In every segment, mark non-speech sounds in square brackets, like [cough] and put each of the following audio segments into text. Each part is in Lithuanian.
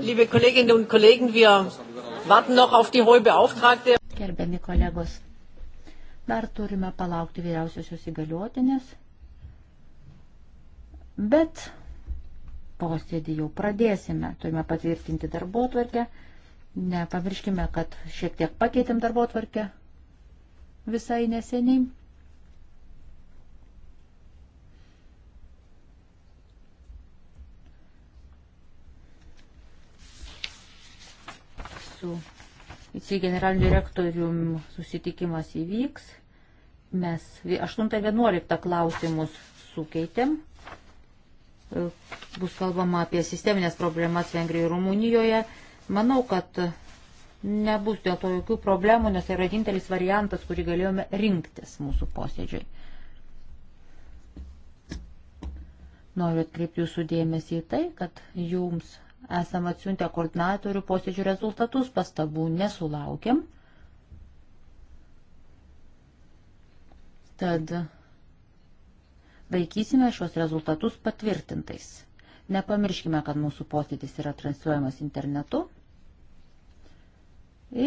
Liebe Kolleginnen und Kollegen, wir warten noch auf die hohe Beauftragte. Gerbiami kolegos, dar turime palaukti vyriausiosios įgaliotinės, bet posėdį jau pradėsime. Turime patvirtinti darbo tvarkę. Nepamirškime, kad šiek tiek pakeitėm darbo tvarkę visai neseniai. su vici generaliniu direktorium susitikimas įvyks. Mes 8.11 klausimus sukeitėm. Bus kalbama apie sisteminės problemas Vengrijoje ir Rumunijoje. Manau, kad nebus dėl to jokių problemų, nes tai yra vienintelis variantas, kurį galėjome rinktis mūsų posėdžiai. Noriu atkreipti jūsų dėmesį į tai, kad jums Esam atsiuntę koordinatorių posėdžių rezultatus, pastabų nesulaukėm. Tad laikysime šios rezultatus patvirtintais. Nepamirškime, kad mūsų posėdis yra transliuojamas internetu.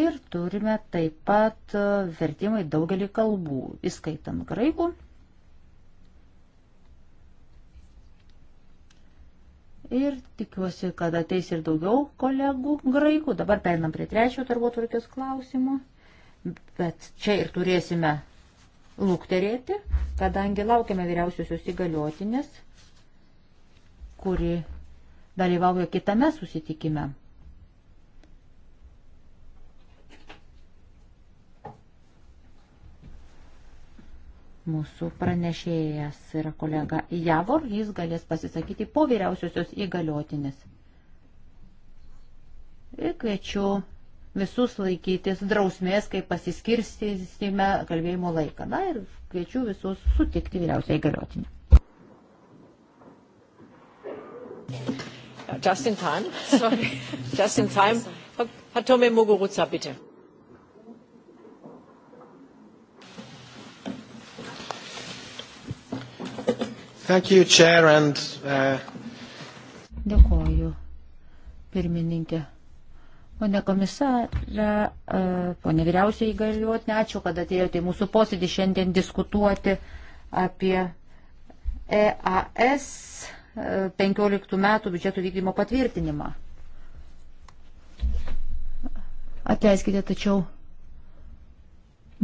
Ir turime taip pat vertimai daugelį kalbų, įskaitant graikų. ir tikiuosi, kad ateis ir daugiau kolegų graikų. Dabar perinam prie trečiojo darbotvarkės klausimo, bet čia ir turėsime lūkterėti, kadangi laukiame vyriausiosios įgaliotinės, kuri dalyvauja kitame susitikime. Mūsų pranešėjas yra kolega Javor, jis galės pasisakyti po vyriausiosios įgaliotinis. Ir kviečiu visus laikytis drausmės, kai pasiskirstysime kalbėjimo laiką. Na ir kviečiu visus sutikti vyriausiai įgaliotinį. Just in time. Sorry. Just in time. Herr Tome Muguruza, bitte. Thank you, Chair, and, uh... Dėkoju, pirmininkė. Pone komisarė, e, pone vyriausiai įgaliuotinė, ačiū, kad atėjote į mūsų posėdį šiandien diskutuoti apie EAS 15 e, metų biudžeto vykdymo patvirtinimą. Atleiskite, tačiau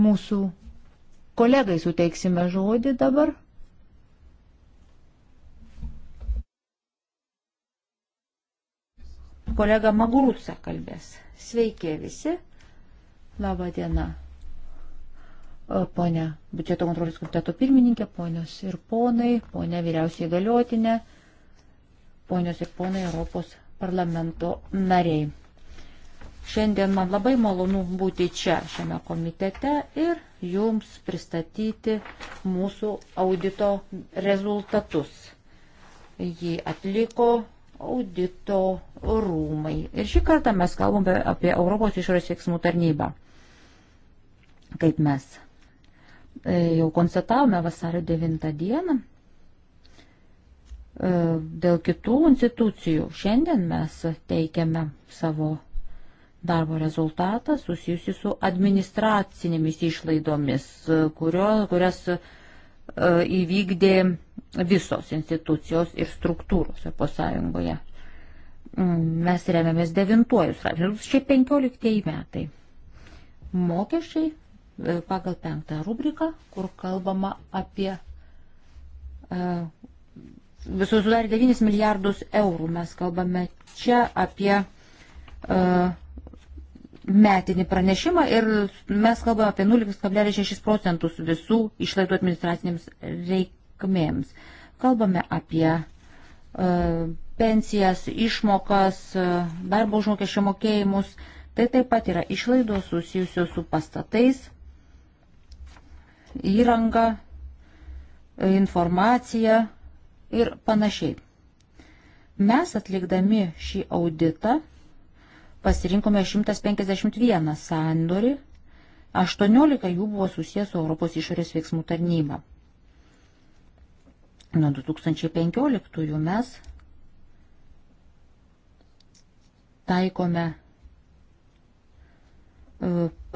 mūsų kolegai suteiksime žodį dabar. kolega Magruca kalbės. Sveiki visi. Labą dieną. E, Pone biudžeto kontrolės komiteto pirmininkė, ponios ir ponai, ponė vyriausiai galiotinė, ponios ir ponai Europos parlamento nariai. Šiandien man labai malonu būti čia, šiame komitete ir jums pristatyti mūsų audito rezultatus. Jį atliko audito rūmai. Ir šį kartą mes kalbame apie Europos išorės veiksmų tarnybą. Kaip mes e, jau konstatavome vasario 9 dieną e, dėl kitų institucijų. Šiandien mes teikiame savo darbo rezultatą susijusi su administracinėmis išlaidomis, e, kurio, kurias E, įvykdė visos institucijos ir struktūros Europos Sąjungoje. Mm, mes remiamės devintuoju straipsniu, 2015 metai. Mokesčiai e, pagal penktą rubriką, kur kalbama apie e, visus sudarė 9 milijardus eurų. Mes kalbame čia apie uh, metinį pranešimą ir mes kalbame apie 0,6 procentus visų išlaidų administracinėms reikmėms. Kalbame apie e, pensijas, išmokas, e, darbo užmokesčio mokėjimus. Tai taip pat yra išlaidos susijusios su pastatais, įranga, e, informacija ir panašiai. Mes atlikdami šį auditą pasirinkome 151 sandorį, 18 jų buvo susijęs su Europos išorės veiksmų tarnyba. Nuo 2015 mes taikome e,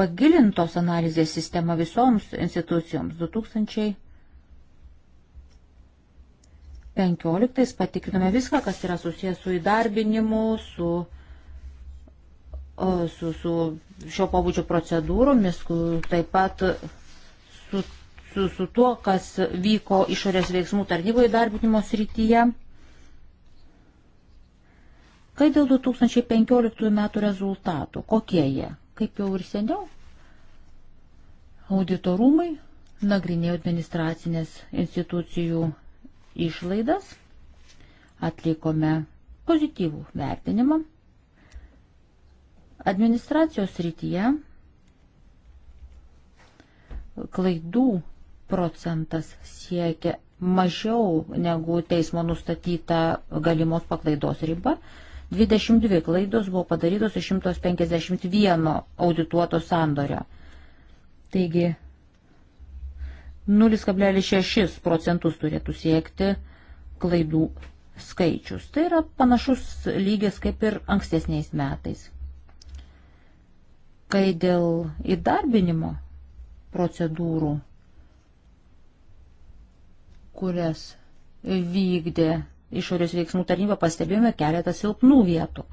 pagilintos analizės sistemą visoms institucijoms. 2015 patikrinome viską, kas yra susijęs su įdarbinimu, su uh, su, su šio pobūdžio procedūromis, taip pat su, su, su tuo, kas vyko išorės veiksmų tarnyboje darbinimo srityje. Kai dėl 2015 metų rezultatų, kokie jie, kaip jau ir seniau, auditorumai nagrinėjo administracinės institucijų išlaidas, atlikome pozityvų vertinimą Administracijos rytyje klaidų procentas siekia mažiau negu teismo nustatyta galimos paklaidos riba. 22 klaidos buvo padarytos iš 151 audituoto sandorio. Taigi 0,6 procentus turėtų siekti klaidų skaičius. Tai yra panašus lygis kaip ir ankstesniais metais. Kai dėl įdarbinimo procedūrų, kurias vykdė išorės veiksmų tarnyba, pastebėjome keletą silpnų vietų.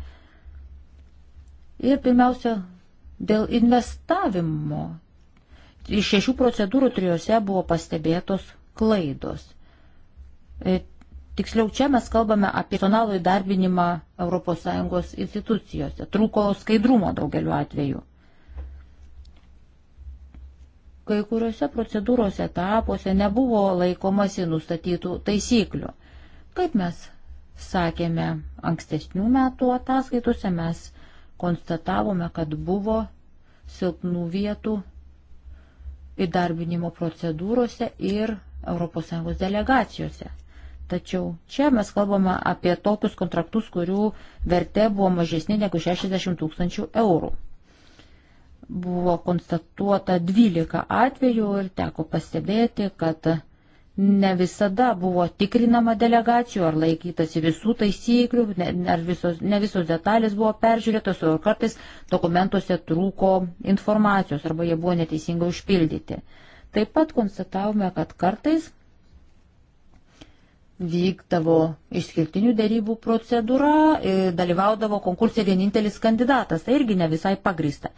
Ir pirmiausia, dėl investavimo. Iš šešių procedūrų trijose buvo pastebėtos klaidos. E, tiksliau, čia mes kalbame apie personalo įdarbinimą ES institucijose. Trūko skaidrumo daugeliu atveju. Kai kuriuose procedūros etapuose nebuvo laikomasi nustatytų taisyklių. Kaip mes sakėme ankstesnių metų ataskaitose, mes konstatavome, kad buvo silpnų vietų įdarbinimo procedūrose ir ES delegacijose. Tačiau čia mes kalbame apie tokius kontraktus, kurių vertė buvo mažesnė negu 60 tūkstančių eurų buvo konstatuota 12 atvejų ir teko pastebėti, kad ne visada buvo tikrinama delegacijų, ar laikytasi visų taisyklių, ne, ar visos, ne visos detalės buvo peržiūrėtos, o kartais dokumentuose trūko informacijos arba jie buvo neteisingai užpildyti. Taip pat konstatavome, kad kartais vykdavo išskirtinių dėrybų procedūra, dalyvaudavo konkursė vienintelis kandidatas, tai irgi ne visai pagrįsta.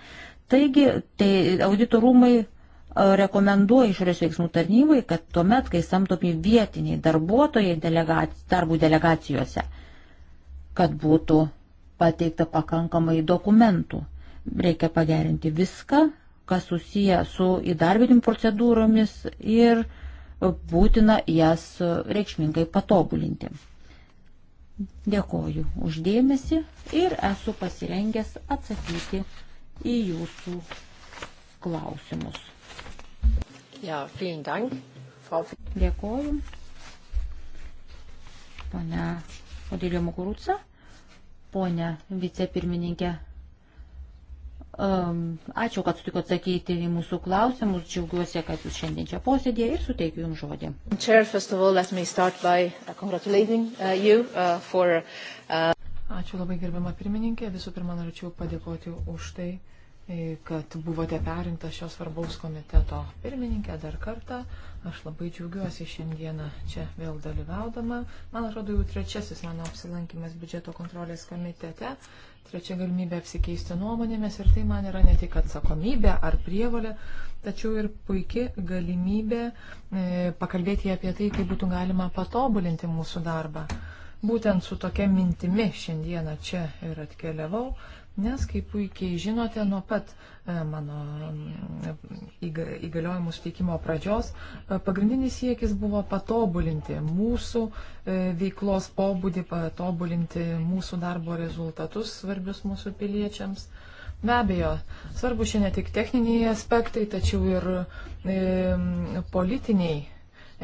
Taigi, tai auditorumai rekomenduoja išorės veiksmų tarnybai, kad tuomet, kai samtomi vietiniai darbuotojai delegac, darbų delegacijose, kad būtų pateikta pakankamai dokumentų. Reikia pagerinti viską, kas susiję su įdarbinimu procedūromis ir būtina jas reikšmingai patobulinti. Dėkoju uždėmesi ir esu pasirengęs atsakyti į jūsų klausimus. Ja, dank, Frau... Dėkoju. Pone Odilio Mukuruca, pone vicepirmininkė. Um, ačiū, kad sutiko atsakyti į mūsų klausimus. Džiaugiuosi, kad jūs šiandien čia posėdėje ir suteikiu jums žodį. Chair, first of all, let me start by uh, congratulating uh, you uh, for uh, Ačiū labai gerbiama pirmininkė. Visų pirma, norėčiau padėkoti už tai, e, kad buvote perinta šios svarbaus komiteto pirmininkė dar kartą. Aš labai džiaugiuosi šiandieną čia vėl dalyvaudama. Man atrodo, jau trečiasis mano apsilankimas biudžeto kontrolės komitete, trečia galimybė apsikeisti nuomonėmis ir tai man yra ne tik atsakomybė ar prievalė, tačiau ir puikia galimybė e, pakalbėti apie tai, kaip būtų galima patobulinti mūsų darbą. Būtent su tokia mintimi šiandieną čia ir atkeliavau, nes, kaip puikiai žinote, nuo pat e, mano mm, įgaliojimų steikimo pradžios e, pagrindinis siekis buvo patobulinti mūsų e, veiklos pobūdį, patobulinti mūsų darbo rezultatus svarbius mūsų piliečiams. Be abejo, svarbu šiandien tik techniniai aspektai, tačiau ir e, politiniai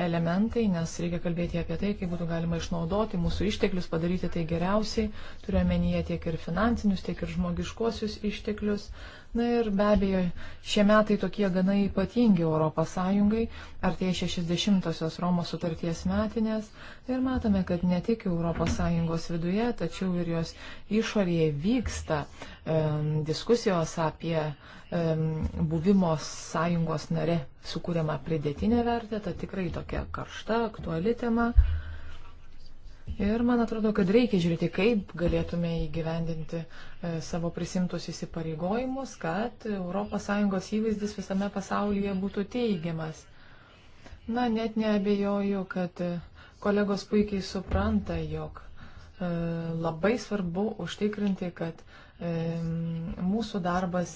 elementai, nes reikia kalbėti apie tai, kaip būtų galima išnaudoti mūsų išteklius, padaryti tai geriausiai, turiuomenyje tiek ir finansinius, tiek ir žmogiškuosius išteklius. Na ir be abejo, šie metai tokie gana ypatingi ES, ar tie 60-osios Romos sutarties metinės, ir matome, kad ne tik ES viduje, tačiau ir jos išorėje vyksta e, diskusijos apie e, buvimo sąjungos nare sukūriamą pridėtinę vertę, tai tikrai tokia karšta, aktuali tema. E, Ir man atrodo, kad reikia žiūrėti, kaip galėtume įgyvendinti e, savo prisimtus įsipareigojimus, kad ES įvaizdis visame pasaulyje būtų teigiamas. Na, net neabejoju, kad e, kolegos puikiai supranta, jog e, labai svarbu užtikrinti, kad mūsų darbas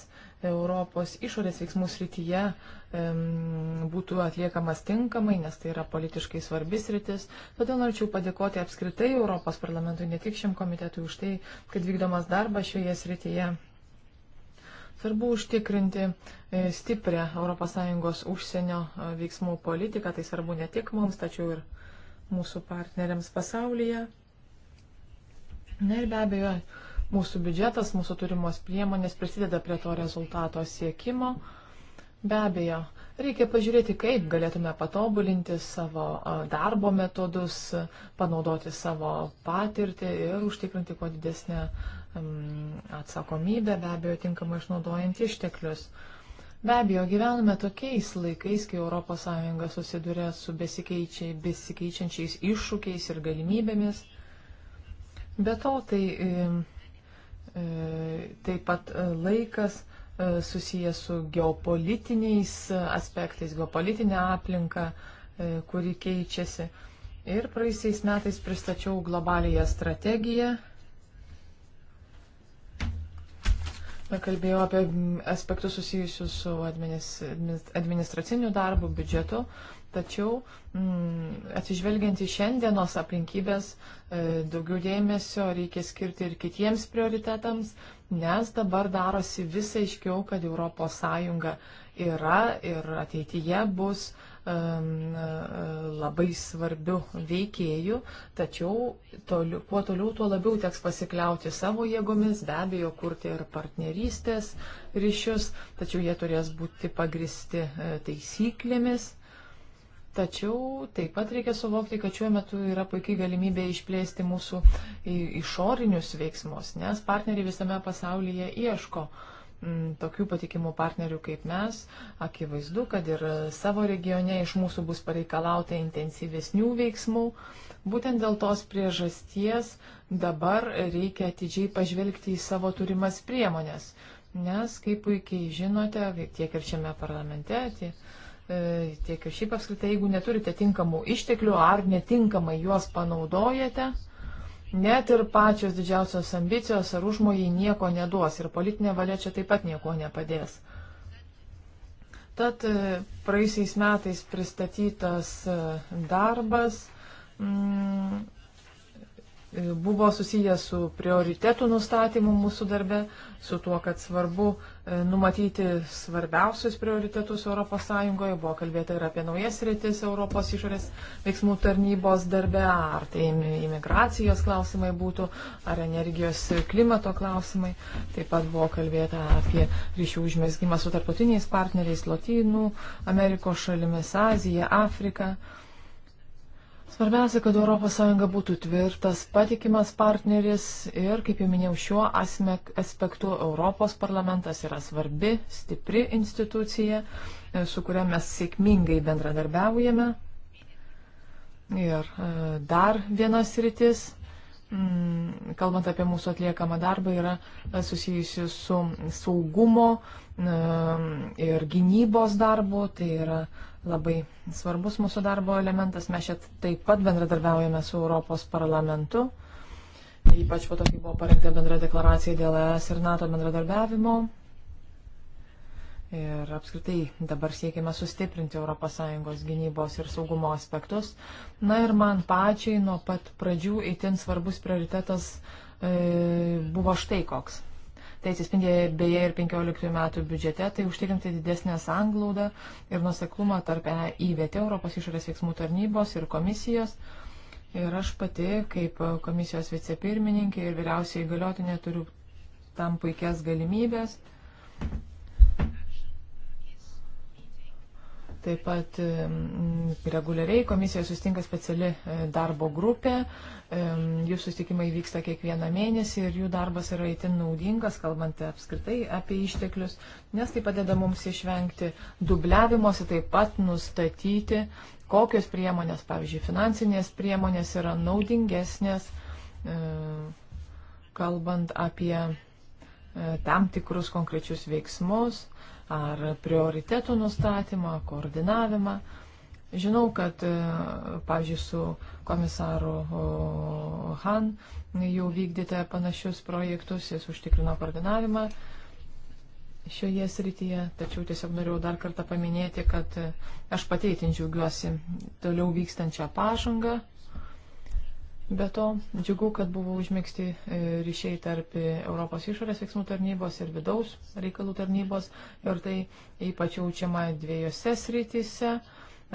Europos išorės veiksmų srityje būtų atliekamas tinkamai, nes tai yra politiškai svarbis rytis. Todėl norėčiau padėkoti apskritai Europos parlamentui, ne tik šiam komitetui, už tai, kad vykdomas darbas šioje srityje. Svarbu užtikrinti e, stiprią ES užsienio e, veiksmų politiką, tai svarbu ne tik mums, tačiau ir mūsų partneriams pasaulyje. Na ir be abejo, mūsų biudžetas, mūsų turimos priemonės prisideda prie to rezultato siekimo. Be abejo, reikia pažiūrėti, kaip galėtume patobulinti savo darbo metodus, panaudoti savo patirtį ir užtikrinti kuo didesnę atsakomybę, be abejo, tinkamai išnaudojant išteklius. Be abejo, gyvename tokiais laikais, kai ES susiduria su besikeičiančiais iššūkiais ir galimybėmis. Be to, tai e, e taip pat e, laikas, E, susijęs su geopolitiniais aspektais, geopolitinė aplinka, e, kuri keičiasi. Ir praeisiais metais pristačiau globaliją strategiją. Kalbėjau apie aspektus susijusius su administraciniu darbu, biudžetu. Tačiau mm, atsižvelgiant į šiandienos aplinkybės, e, daugiau dėmesio reikia skirti ir kitiems prioritetams, nes dabar darosi vis aiškiau, kad ES yra ir ateityje bus e, labai svarbių veikėjų, tačiau toliu, kuo toliau, tuo labiau teks pasikliauti savo jėgomis, be abejo, kurti ir partnerystės ryšius, tačiau jie turės būti pagristi e, taisyklėmis Tačiau taip pat reikia suvokti, kad šiuo metu yra puikiai galimybė išplėsti mūsų išorinius veiksmus, nes partneriai visame pasaulyje ieško mm, tokių patikimų partnerių kaip mes. Akivaizdu, kad ir savo regione iš mūsų bus pareikalauta intensyvesnių veiksmų. Būtent dėl tos priežasties dabar reikia atidžiai pažvelgti į savo turimas priemonės, nes, kaip puikiai žinote, tiek ir šiame parlamente, tiek E, tiek ir šiaip apskritai, jeigu neturite tinkamų išteklių ar netinkamai juos panaudojate, net ir pačios didžiausios ambicijos ar užmojai nieko neduos ir politinė valia čia taip pat nieko nepadės. Tad e, praeisiais metais pristatytas e, darbas. Mm, buvo susijęs su prioritetų nustatymu mūsų darbe, su tuo, kad svarbu e, numatyti svarbiausius prioritetus ES, buvo kalbėta ir apie naujas rytis Europos išorės veiksmų tarnybos darbe, ar tai imigracijos klausimai būtų, ar energijos klimato klausimai, taip pat buvo kalbėta apie ryšių užmėsgymą su tarptautiniais partneriais, Lotynų, Amerikos šalimis, Azija, Afrika. Svarbiausia, kad ES būtų tvirtas, patikimas partneris ir, kaip jau minėjau, šiuo aspektu Europos parlamentas yra svarbi, stipri institucija, e, su kuria mes sėkmingai bendradarbiaujame. Ir e, dar vienas rytis, mm, kalbant apie mūsų atliekamą darbą, yra e, susijusi su saugumo ir gynybos darbu. Tai yra labai svarbus mūsų darbo elementas. Mes čia taip pat bendradarbiaujame su Europos parlamentu, ypač po to, kai buvo parengta bendra deklaracija dėl ES ir NATO bendradarbiavimo. Ir apskritai dabar siekime sustiprinti ES gynybos ir saugumo aspektus. Na ir man pačiai nuo pat pradžių įtin svarbus prioritetas e, buvo štai koks Tai atsispindėjo beje ir 15 metų biudžete, tai užtikrinti didesnę sanglaudą ir nuseklumą tarp EIVT Europos išorės veiksmų tarnybos ir komisijos. Ir aš pati, kaip komisijos vicepirmininkė ir vyriausiai galiotinė, turiu tam puikias galimybės. Taip pat reguliariai komisijoje sustinka speciali e, darbo grupė, jų sustikimai vyksta kiekvieną mėnesį ir jų darbas yra itin naudingas, kalbant apskritai apie išteklius, nes tai padeda mums išvengti dubliavimuose, taip pat nustatyti, kokios priemonės, pavyzdžiui, finansinės priemonės yra naudingesnės, e, kalbant apie e, tam tikrus konkrečius veiksmus ar prioritetų nustatymą, koordinavimą. Žinau, kad, e, pavyzdžiui, su komisaru Han jau vykdėte panašius projektus, jis užtikrino koordinavimą šioje srityje, tačiau tiesiog norėjau dar kartą paminėti, kad e, aš pateitin džiaugiuosi toliau vykstančią pažangą Be to, džiugu, kad buvo užmėgsti e, ryšiai tarp e, Europos išorės veiksmų tarnybos ir vidaus reikalų tarnybos ir tai ypač jaučiama dviejose srityse.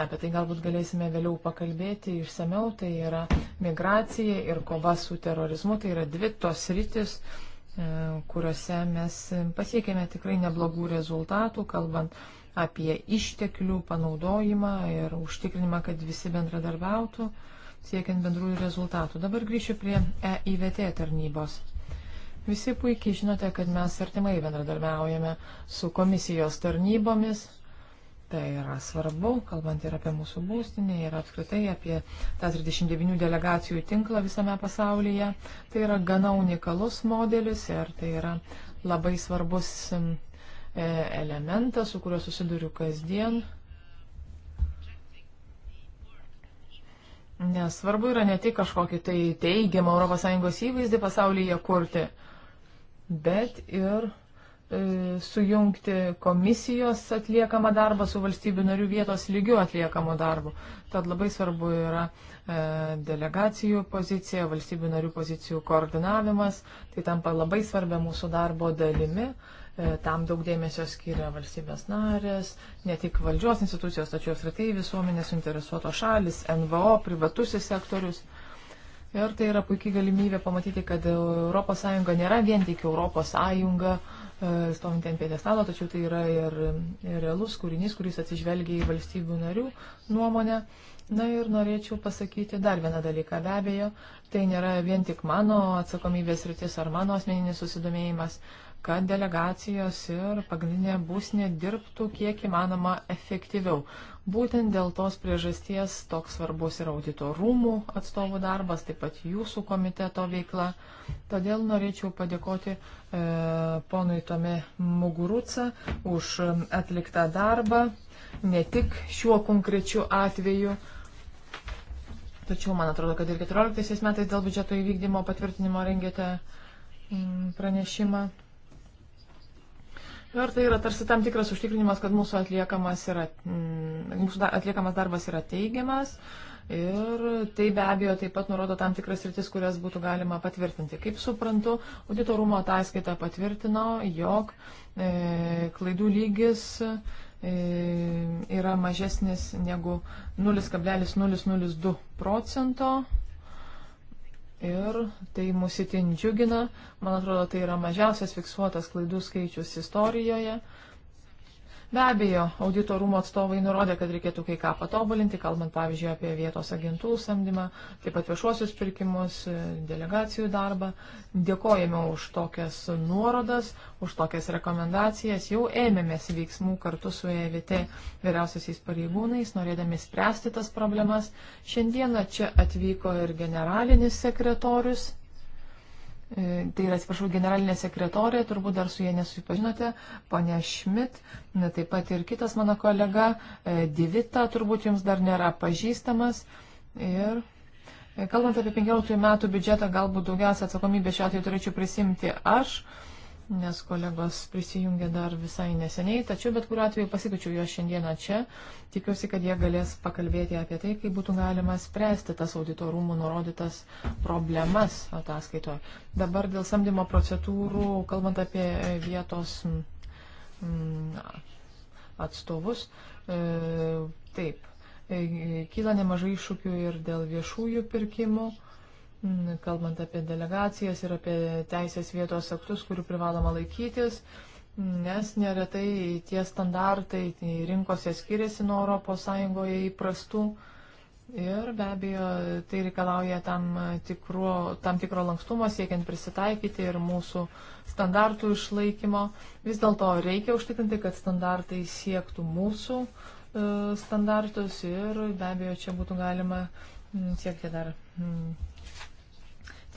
Apie tai galbūt galėsime vėliau pakalbėti išsameu. Tai yra migracija ir kova su terorizmu. Tai yra dvi tos sritis, e, kuriuose mes pasiekėme tikrai neblogų rezultatų, kalbant apie išteklių panaudojimą ir užtikrinimą, kad visi bendradarbiautų siekiant bendrųjų rezultatų. Dabar grįšiu prie EIVT tarnybos. Visi puikiai žinote, kad mes artimai bendradarbiaujame su komisijos tarnybomis. Tai yra svarbu, kalbant ir apie mūsų būstinę, ir apskritai apie tą 39 delegacijų tinklą visame pasaulyje. Tai yra gana unikalus modelis ir tai yra labai svarbus mm, e, elementas, su kuriuo susiduriu kasdien. Nesvarbu yra ne tik kažkokį tai teigiamą ES įvaizdį pasaulyje kurti, bet ir e, sujungti komisijos atliekamą darbą su valstybių narių vietos lygių atliekamu darbu. Tad labai svarbu yra e, delegacijų pozicija, valstybių narių pozicijų koordinavimas, tai tampa labai svarbia mūsų darbo dalimi. E, E, tam daug dėmesio skiria valstybės narės, ne tik valdžios institucijos, tačiau apskritai visuomenės suinteresuotos šalis, NVO, privatusis sektorius. Ir tai yra puikiai galimybė pamatyti, kad ES nėra vien tik ES e, stovint ant piedestalo, tačiau tai yra ir, ir realus kūrinys, kuris atsižvelgia į valstybių narių nuomonę. Na ir norėčiau pasakyti dar vieną dalyką. Be abejo, tai nėra vien tik mano atsakomybės rytis ar mano asmeninis susidomėjimas. Uh, kad delegacijos ir pagrindinė būsnė dirbtų kiek įmanoma efektyviau. Būtent dėl tos priežasties toks svarbus yra audito rūmų atstovų darbas, taip pat jūsų komiteto veikla. Todėl norėčiau padėkoti e, ponui Tome Muguruca už atliktą darbą, ne tik šiuo konkrečiu atveju, Tačiau man atrodo, kad ir 14 metais dėl biudžeto įvykdymo patvirtinimo rengėte pranešimą. Ir tai yra tarsi tam tikras užtikrinimas, kad mūsų atliekamas, yra, mm, mūsų da, atliekamas darbas yra teigiamas. Ir tai be abejo taip pat nurodo tam tikras rytis, kurias būtų galima patvirtinti. Kaip suprantu, auditorumo ataskaita patvirtino, jog e, klaidų lygis e, yra mažesnis negu 0,002 procento. Ir tai mus itin džiugina. Man atrodo, tai yra mažiausias fiksuotas klaidų skaičius istorijoje. Be abejo, audito rūmo atstovai nurodė, kad reikėtų kai ką patobulinti, kalbant pavyzdžiui apie vietos agentų samdymą, taip pat viešuosius pirkimus, delegacijų darbą. Dėkojame už tokias nuorodas, už tokias rekomendacijas. Jau ėmėmės veiksmų kartu su EVT vyriausiaisiais pareigūnais, norėdami spręsti tas problemas. Šiandieną čia atvyko ir generalinis sekretorius E, tai yra, atsiprašau, generalinė sekretorė, turbūt dar su jie nesusipažinote, ponia Šmit, na, taip pat ir kitas mano kolega, e, Divita, turbūt jums dar nėra pažįstamas. Ir e, kalbant apie 15 metų biudžetą, galbūt daugiausia atsakomybė šiuo atveju turėčiau prisimti aš. E, nes kolegos prisijungė dar visai neseniai, tačiau bet kuriuo atveju pasikviečiau juos šiandieną čia. Tikiuosi, kad jie galės pakalbėti apie tai, kaip būtų galima spręsti tas auditorumų nurodytas problemas ataskaitoje. Dabar dėl samdymo procedūrų, kalbant apie vietos mm, mm, atstovus, e, taip, e, kyla nemažai iššūkių ir dėl viešųjų pirkimų Mm, kalbant apie delegacijas ir apie teisės vietos aktus, kurių privaloma laikytis, nes neretai tie standartai tai rinkose skiriasi nuo ES įprastų. Ir be abejo, tai reikalauja tam tikro, tam tikro lankstumo, siekiant prisitaikyti ir mūsų standartų išlaikymo. Vis dėlto reikia užtikrinti, kad standartai siektų mūsų e, standartus ir be abejo, čia būtų galima mm, siekti dar mm,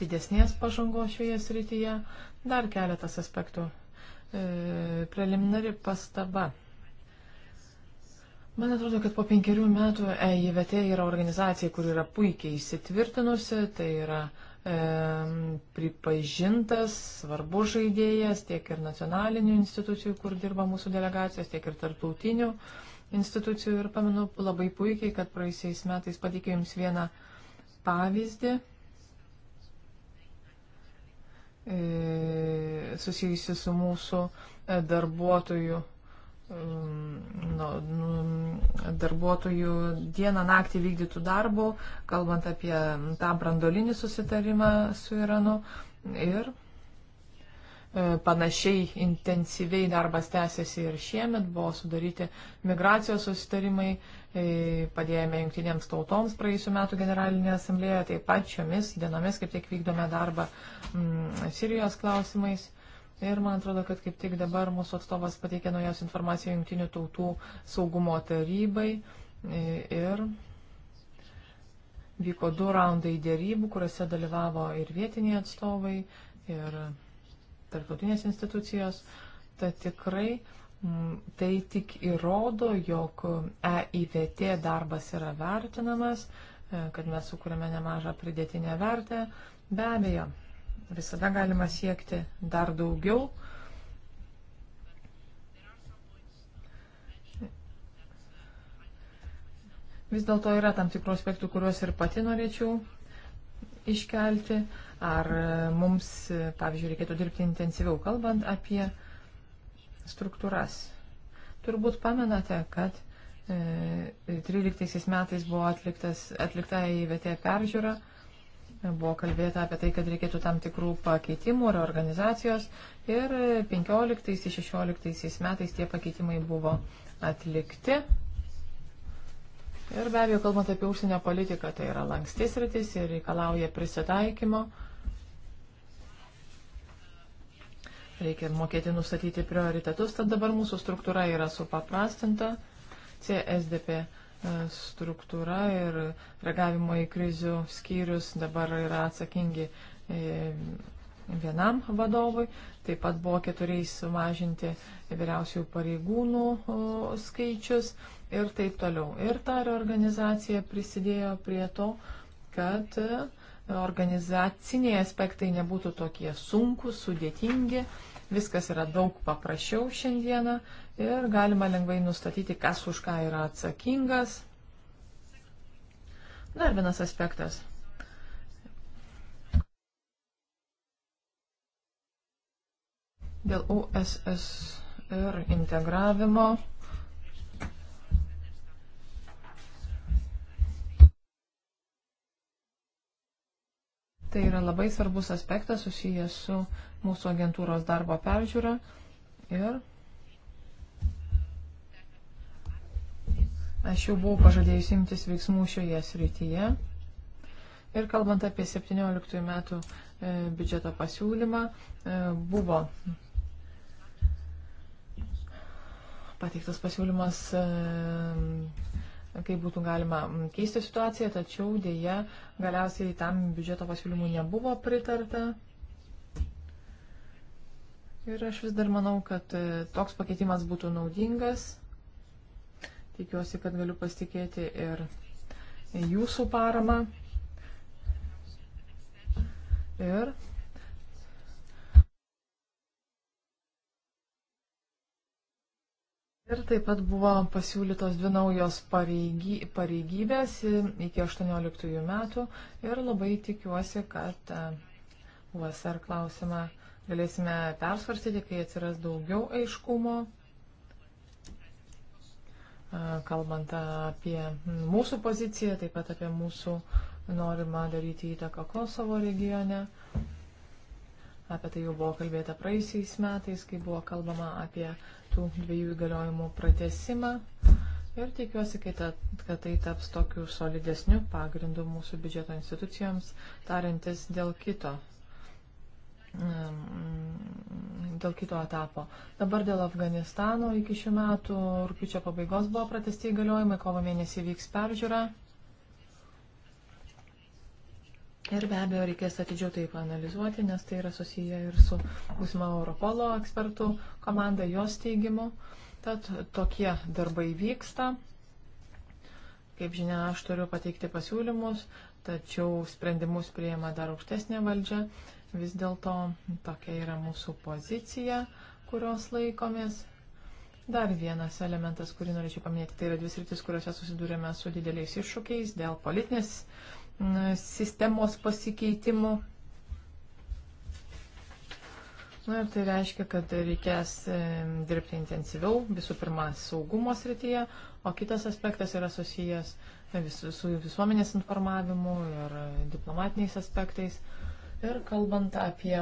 didesnės pažangos šioje srityje. Dar keletas aspektų. E, preliminari pastaba. Man atrodo, kad po penkerių metų EIVT yra organizacija, kur yra puikiai įsitvirtinusi, tai yra e, pripažintas svarbus žaidėjas tiek ir nacionalinių institucijų, kur dirba mūsų delegacijos, tiek ir tarptautinių institucijų. Ir pamenu labai puikiai, kad praeisiais metais patikėjau Jums vieną pavyzdį. E, E, susijusi su mūsų e, darbuotojų, e, nu, darbuotojų dieną naktį vykdytų darbų, kalbant apie tą brandolinį susitarimą su Iranu. Ir E, panašiai intensyviai darbas tęsiasi ir šiemet buvo sudaryti migracijos susitarimai, e, padėjome jungtinėms tautoms praėjusiu metu generalinėje asamblėje, taip pat šiomis dienomis kaip tik vykdome darbą mm, Sirijos klausimais. Ir man atrodo, kad kaip tik dabar mūsų atstovas pateikė naujos informaciją jungtinių tautų saugumo tarybai. E, ir vyko du raundai dėrybų, kuriuose dalyvavo ir vietiniai atstovai, ir tarptautinės institucijos, tad tikrai mm, tai tik įrodo, jog EIVT darbas yra vertinamas, e, kad mes sukūrėme nemažą pridėtinę vertę. Be abejo, visada galima siekti dar daugiau. Vis dėlto yra tam tikrų aspektų, kuriuos ir pati norėčiau iškelti. Uh, Ar e, mums, e, pavyzdžiui, reikėtų dirbti intensyviau, kalbant apie struktūras. Turbūt pamenate, kad 2013 e, metais buvo atliktas, atlikta įvietė peržiūra, buvo kalbėta apie tai, kad reikėtų tam tikrų pakeitimų ir organizacijos ir 2015-2016 metais tie pakeitimai buvo atlikti. Ir be abejo, kalbant apie užsienio politiką, tai yra lankstis rytis ir reikalauja prisitaikymo. Reikia mokėti nustatyti prioritetus, tad dabar mūsų struktūra yra supaprastinta. CSDP e, struktūra ir reagavimo į krizių skyrius dabar yra atsakingi e, vienam vadovui. Taip pat buvo keturiais sumažinti vyriausių pareigūnų skaičius ir taip toliau. Ir ta reorganizacija prisidėjo prie to, kad e, organizaciniai aspektai nebūtų tokie sunkus, sudėtingi Viskas yra daug paprasčiau šiandieną ir galima lengvai nustatyti, kas už ką yra atsakingas. Dar vienas aspektas. Dėl USSR integravimo. Tai yra labai svarbus aspektas susijęs su mūsų agentūros darbo peržiūrą ir aš jau buvau pažadėjusi imtis veiksmų šioje srityje. Ir kalbant apie 17 metų e, biudžeto pasiūlymą, e, buvo pateiktas pasiūlymas, e, kaip būtų galima keisti situaciją, tačiau dėja galiausiai tam biudžeto pasiūlymui nebuvo pritarta. Ir aš vis dar manau, kad e, toks pakeitimas būtų naudingas. Tikiuosi, kad galiu pasitikėti ir jūsų paramą. Ir Ir taip pat buvo pasiūlytos dvi naujos pareigy, pareigybės iki 18 metų ir labai tikiuosi, kad e, USR klausimą galėsime persvarstyti, kai atsiras daugiau aiškumo, kalbant apie mūsų poziciją, taip pat apie mūsų norimą daryti įtaką Kosovo regione. Apie tai jau buvo kalbėta praeisiais metais, kai buvo kalbama apie tų dviejų įgaliojimų pratesimą. Ir tikiuosi, kad tai taps tokiu solidesniu pagrindu mūsų biudžeto institucijoms, tarintis dėl kito dėl kito etapo. Dabar dėl Afganistano iki šių metų rūpiučio pabaigos buvo pratesti įgaliojimai, kovo mėnesį vyks peržiūra. Ir be abejo reikės atidžiau tai panalizuoti, nes tai yra susiję ir su būsimo Europolo ekspertų komanda jos teigimu. Tad tokie darbai vyksta. Kaip žinia, aš turiu pateikti pasiūlymus, tačiau sprendimus prieima dar aukštesnė valdžia. Vis dėlto tokia yra mūsų pozicija, kurios laikomės. Dar vienas elementas, kurį norėčiau paminėti, tai yra dvi sritis, kuriuose susidūrėme su dideliais iššūkiais dėl politinės sistemos pasikeitimų. Na ir tai reiškia, kad reikės e, dirbti intensyviau, visų pirma, saugumo srityje, o kitas aspektas yra susijęs vis, su visuomenės informavimu ir e, diplomatiniais aspektais. Uh, Ir kalbant apie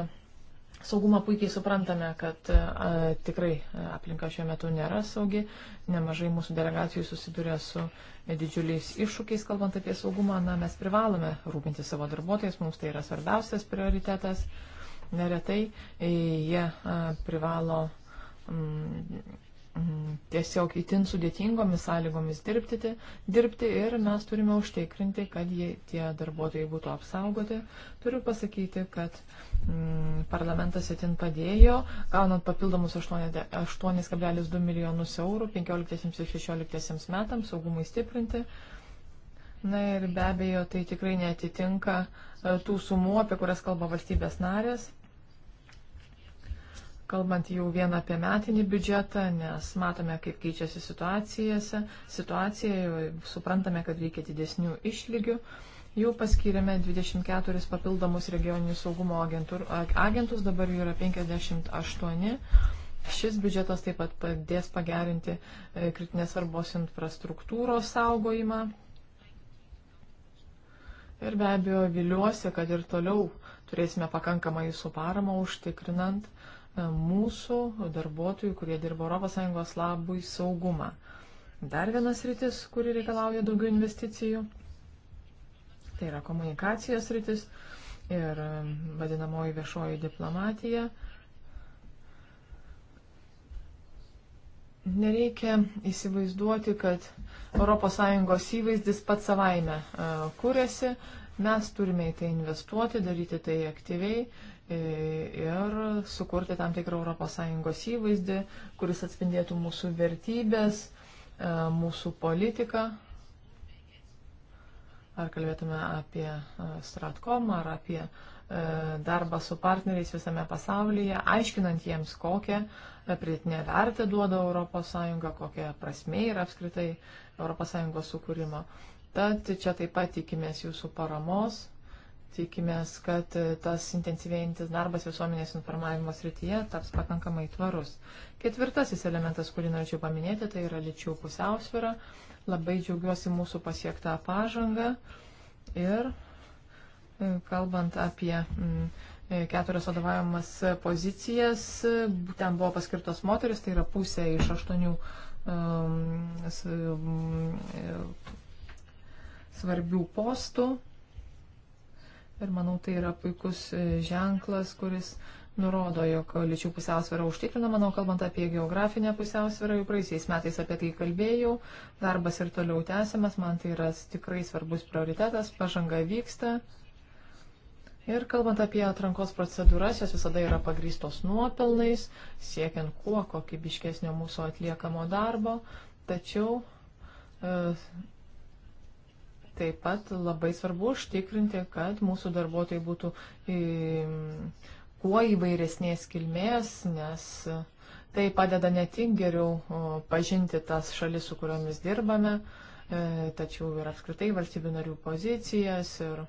saugumą, puikiai suprantame, kad e, a, tikrai e, aplinka šiuo metu nėra saugi. Nemažai mūsų delegacijų susiduria su e, didžiuliais iššūkiais, kalbant apie saugumą. Na, mes privalome rūpinti savo darbuotojais, mums tai yra svarbiausias prioritetas. Neretai jie a, privalo. M, Mm, tiesiog įtin sudėtingomis sąlygomis dirbti, dirbti ir mes turime užtikrinti, kad jie, tie darbuotojai būtų apsaugoti. Turiu pasakyti, kad mm, parlamentas įtin padėjo, gaunant papildomus 8,2 milijonus eurų 15-16 metams saugumui stiprinti. Na ir be abejo, tai tikrai netitinka e, tų sumų, apie kurias kalba valstybės narės kalbant jau vien apie metinį biudžetą, nes matome, kaip keičiasi situacijose, situacija, suprantame, kad reikia didesnių išlygių. Jau paskyrėme 24 papildomus regioninių saugumo agentur, agentus, dabar jų yra 58. Šis biudžetas taip pat padės pagerinti e, kritinės svarbos infrastruktūros saugojimą. Ir be abejo, viliuosi, kad ir toliau turėsime pakankamą jūsų paramą užtikrinant uh, E, mūsų darbuotojų, kurie dirba ES labui, saugumą. Dar vienas rytis, kuri reikalauja daugiau investicijų, tai yra komunikacijos rytis ir e, vadinamoji viešoji diplomatija. Nereikia įsivaizduoti, kad ES įvaizdis pats savaime e, kūrėsi, mes turime į tai investuoti, daryti tai aktyviai E, ir sukurti tam tikrą ES įvaizdį, kuris atspindėtų mūsų vertybės, e, mūsų politiką. Ar kalbėtume apie e, Stratcom, ar apie darbą su partneriais visame pasaulyje, aiškinant jiems, kokią pridėtinę vertę duoda ES, kokia prasme yra apskritai ES sukūrimo. Tad čia taip pat tikimės jūsų paramos. Tikimės, kad e, tas intensyvėjantis darbas visuomenės informavimo srityje taps pakankamai tvarus. Ketvirtasis elementas, kurį norėčiau paminėti, tai yra lyčių pusiausvyrą. Labai džiaugiuosi mūsų pasiektą pažangą ir e, kalbant apie e, keturias vadovavimas pozicijas, ten buvo paskirtos moteris, tai yra pusė iš aštuonių um, svarbių postų. Ir manau, tai yra puikus e, ženklas, kuris nurodo, jog lyčių pusiausvėra užtikrina, manau, kalbant apie geografinę pusiausvėrą, jau praeisiais metais apie tai kalbėjau, darbas ir toliau tęsiamas, man tai yra tikrai svarbus prioritetas, pažanga vyksta. Ir kalbant apie atrankos procedūras, jos visada yra pagrystos nuopelnais, siekiant kuo kokybiškesnio mūsų atliekamo darbo, tačiau e, Taip pat labai svarbu užtikrinti, kad mūsų darbuotojai būtų kuo įvairesnės kilmės, nes tai padeda ne tik geriau pažinti tas šalis, su kuriomis dirbame, e, tačiau ir apskritai valstybių narių pozicijas. Ir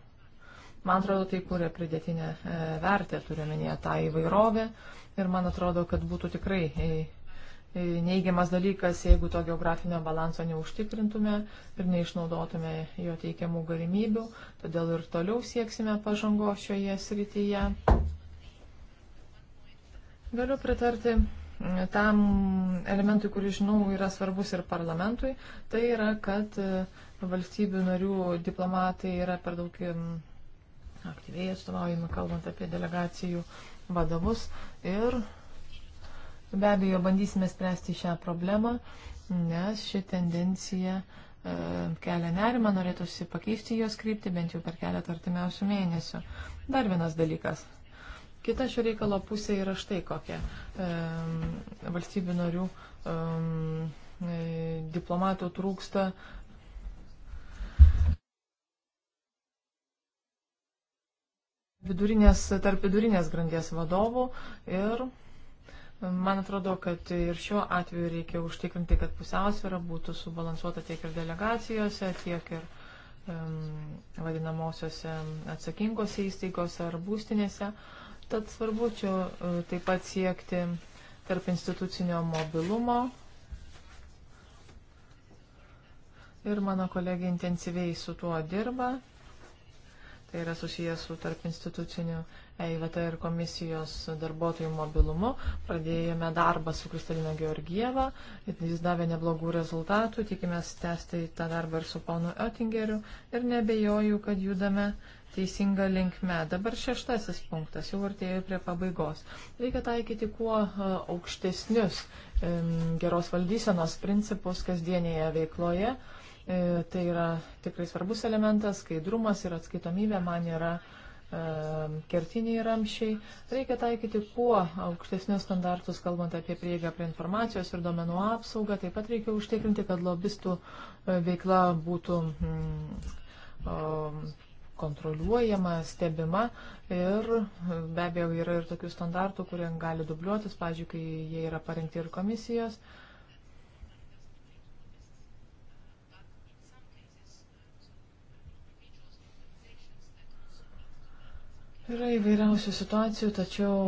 man atrodo, tai kūrė pridėtinę e, vertę, turiuomenėje tą įvairovę. Ir man atrodo, kad būtų tikrai e, E, neigiamas dalykas, jeigu to geografinio balanso neužtikrintume ir neišnaudotume jo teikiamų galimybių. Todėl ir toliau sieksime pažango šioje srityje. Galiu pritarti tam elementui, kuris, žinau, yra svarbus ir parlamentui. Tai yra, kad e, valstybių narių diplomatai yra per daug aktyviai atstovaujami, kalbant apie delegacijų vadovus. Ir Be abejo, bandysime spręsti šią problemą, nes ši tendencija e, kelia nerimą, norėtųsi pakeisti jos kryptį bent jau per keletą artimiausių mėnesių. Dar vienas dalykas. Kita šio reikalo pusė yra štai kokia. E, valstybių narių e, diplomatų trūksta. Vidurinės, tarp vidurinės grandies vadovų ir Man atrodo, kad ir šiuo atveju reikia užtikrinti, kad pusiausvėra būtų subalansuota tiek ir delegacijose, tiek ir um, vadinamosiose atsakingose įstaigose ar būstinėse. Tad svarbu čia uh, taip pat siekti tarp institucinio mobilumo. Ir mano kolegė intensyviai su tuo dirba. Tai yra susijęs su tarp instituciniu EIVT ir komisijos darbuotojų mobilumu. Pradėjome darbą su Kristalina Georgieva, jis davė neblogų rezultatų, tikimės tęsti tą darbą ir su ponu Oettingeriu ir nebejoju, kad judame teisinga linkme. Dabar šeštasis punktas, jau artėjau prie pabaigos. Reikia taikyti kuo e, aukštesnius geros valdysenos principus kasdienėje veikloje. E, tai yra tikrai svarbus elementas, skaidrumas ir atskaitomybė man yra uh, Ehm, kertiniai ramšiai. Reikia taikyti kuo aukštesnius standartus, kalbant apie prieigą prie informacijos ir domenų apsaugą. Taip pat reikia užtikrinti, kad lobistų e, veikla būtų mm, ehm, kontroliuojama, stebima ir e, be abejo yra ir tokių standartų, kurie gali dubliuotis, pavyzdžiui, kai jie yra parengti ir komisijos. Yra įvairiausių situacijų, tačiau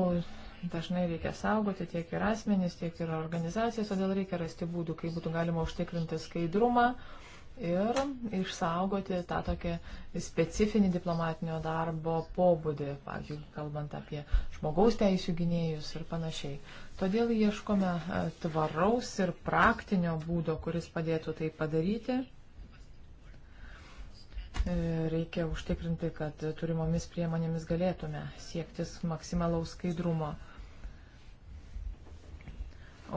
dažnai reikia saugoti tiek ir asmenys, tiek ir organizacijas, todėl reikia rasti būdų, kaip būtų galima užtikrinti skaidrumą ir išsaugoti tą tokį specifinį diplomatinio darbo pobūdį, pavyzdžiui, kalbant apie žmogaus teisų gynėjus ir panašiai. Todėl ieškome e, tvaraus ir praktinio būdo, kuris padėtų tai padaryti. E, reikia užtikrinti, kad turimomis priemonėmis galėtume siektis maksimalaus skaidrumo.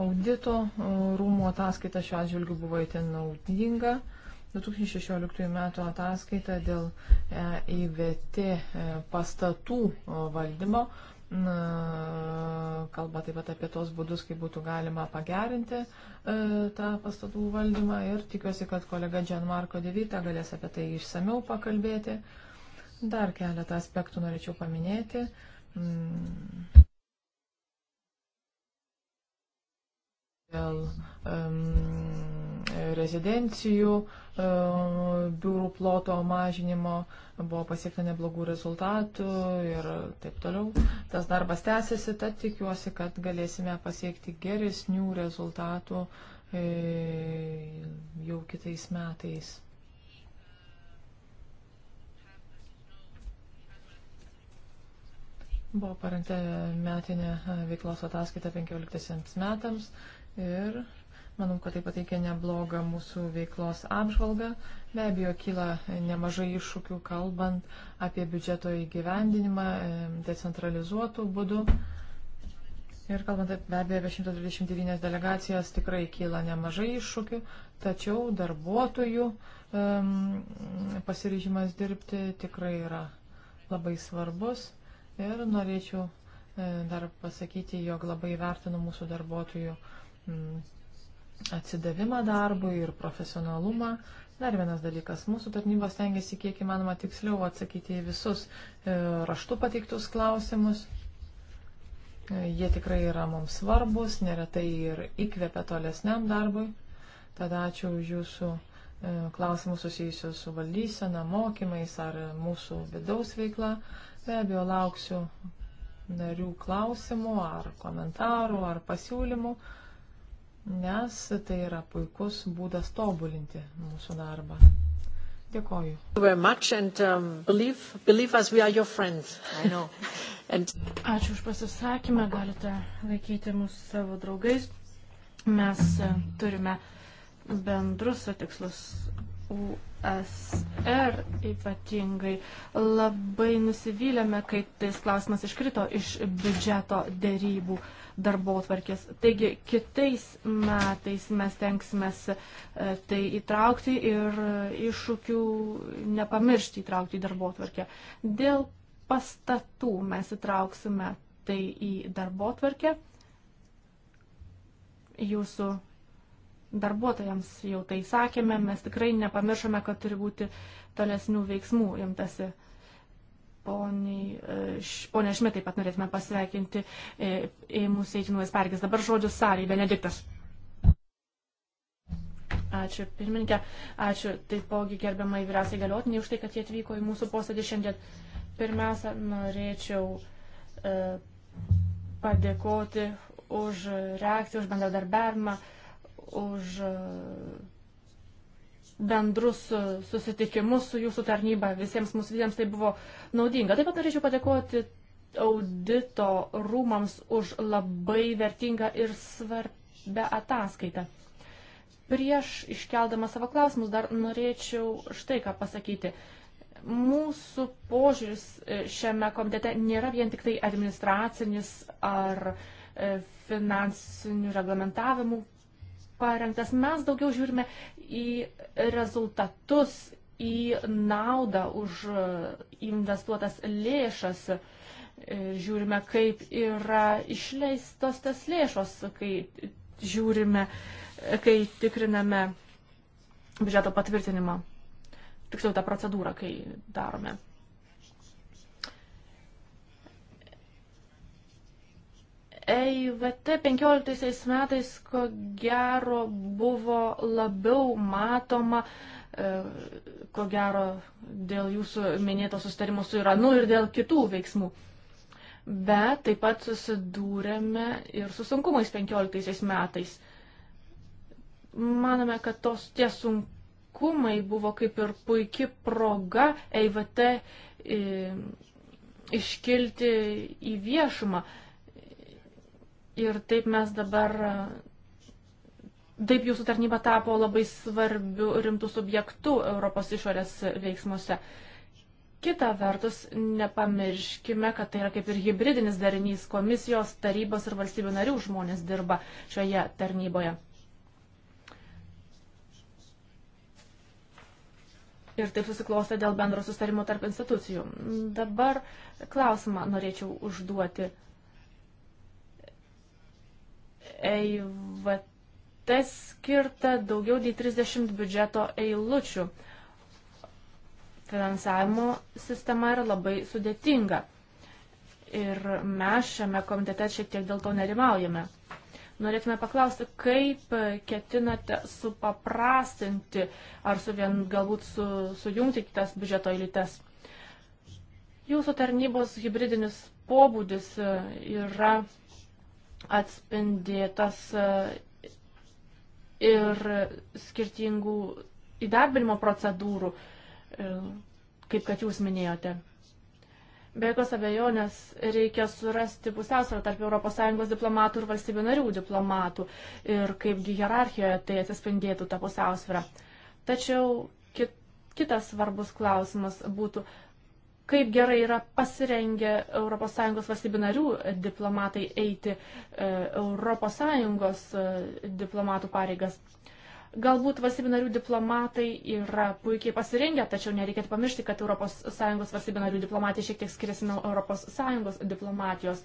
Audito e, rūmų ataskaita šiuo atžvilgiu buvo itin naudinga. 2016 m. ataskaita dėl EIVT e pastatų valdymo Na, kalba taip pat apie tos būdus, kaip būtų galima pagerinti e, tą pastatų valdymą ir tikiuosi, kad kolega Gianmarco Devita galės apie tai išsameu pakalbėti. Dar keletą aspektų norėčiau paminėti. Mm. dėl um, rezidencijų um, biurų ploto mažinimo buvo pasiekta neblogų rezultatų ir taip toliau. Tas darbas tęsiasi, tad tikiuosi, kad galėsime pasiekti geresnių rezultatų e, jau kitais metais. Buvo parengta metinė veiklos ataskaita 15 metams ir manau, kad tai pateikia neblogą mūsų veiklos apžvalgą. Be abejo, kyla nemažai iššūkių kalbant apie biudžeto įgyvendinimą e, decentralizuotų būdų. Ir kalbant be abejo apie 129 delegacijas, tikrai kyla nemažai iššūkių, tačiau darbuotojų um, pasiryžimas dirbti tikrai yra labai svarbus. Ir norėčiau um, dar pasakyti, jog labai vertinu mūsų darbuotojų uh, Mm. atsidavimą darbui ir profesionalumą. Dar vienas dalykas, mūsų tarnybos tengiasi kiek įmanoma tiksliau atsakyti į visus e, raštų pateiktus klausimus. E, jie tikrai yra mums svarbus, neretai ir įkvepia tolesniam darbui. Tada ačiū už jūsų e, klausimus susijusius su valdysena, mokymais ar mūsų vidaus veikla. Be abejo, lauksiu narių klausimų ar komentarų ar pasiūlymų nes tai yra puikus būdas tobulinti mūsų darbą. Dėkoju. And, um, believe, believe [laughs] and... Ačiū už pasisakymą, galite laikyti mus savo draugais. Mes e, turime bendrus tikslus USR ypatingai. Labai nusivylėme, kai tais klausimas iškrito iš biudžeto dėrybų. Uh, darbo tvarkės. Taigi kitais metais mes tenksimės e, tai įtraukti ir iššūkių nepamiršti įtraukti į darbo tvarkę. Dėl pastatų mes įtrauksime tai į darbo tvarkę. Jūsų darbuotojams jau tai sakėme, mes tikrai nepamiršome, kad turi būti tolesnių veiksmų imtasi. Pone Šmit taip pat norėtume pasveikinti į e, mūsų eitinuvės pareigas. Dabar žodžius sąlyje, Benediktas. Ačiū pirmininkė, ačiū taipogi gerbiamai vyriausiai galiotiniai už tai, kad jie atvyko į mūsų posėdį šiandien. Pirmiausia, norėčiau e, padėkoti už reakciją, už bendradarbiavimą, už e, bendrus e, susitikimus su jūsų tarnyba. Visiems mūsų visiems tai buvo naudinga. Taip pat norėčiau padėkoti audito rūmams už labai vertingą ir svarbę ataskaitą. Prieš iškeldama savo klausimus dar norėčiau štai ką pasakyti. Mūsų požiūris e, šiame komitete nėra vien tik tai administracinis ar e, finansinių reglamentavimų parengtas. Mes daugiau žiūrime į rezultatus, į naudą už investuotas lėšas. E, žiūrime, kaip yra išleistos tas lėšos, kai žiūrime, kai tikriname biudžeto patvirtinimą. Tiksliau tą procedūrą, kai darome EIVT 15 metais ko gero buvo labiau matoma, e, ko gero dėl jūsų minėto sustarimo su Iranu ir dėl kitų veiksmų. Bet taip pat susidūrėme ir su sunkumais 15 metais. Manome, kad tos tie sunkumai buvo kaip ir puikia proga EIVT e, iškilti į viešumą. Ir taip mes dabar, taip jūsų tarnyba tapo labai svarbiu rimtų subjektų Europos išorės veiksmuose. Kita vertus, nepamirškime, kad tai yra kaip ir hybridinis darinys komisijos, tarybos ir valstybių narių žmonės dirba šioje tarnyboje. Ir taip susiklostė dėl bendro sustarimo tarp institucijų. Dabar klausimą norėčiau užduoti EIVT skirta daugiau nei 30 biudžeto eilučių. Finansavimo sistema yra labai sudėtinga. Ir mes šiame komitete šiek tiek dėl to nerimaujame. Norėtume paklausti, kaip ketinate supaprastinti ar su vien galbūt su, sujungti kitas biudžeto eilutes. Jūsų tarnybos hybridinis pobūdis e, yra atspindėtas e, ir skirtingų įdarbinimo procedūrų, e, kaip kad jūs minėjote. Be jokios abejonės reikia surasti pusiausvyrą tarp ES diplomatų ir valstybių narių diplomatų ir kaipgi hierarchijoje tai atsispindėtų tą pusiausvyrą. Tačiau kit, kitas svarbus klausimas būtų, kaip gerai yra pasirengę ES valstybių narių diplomatai eiti ES e, diplomatų pareigas. Galbūt valstybių narių diplomatai yra puikiai pasirengę, tačiau nereikėtų pamiršti, kad ES valstybių narių diplomatija šiek tiek skiriasi nuo ES diplomatijos.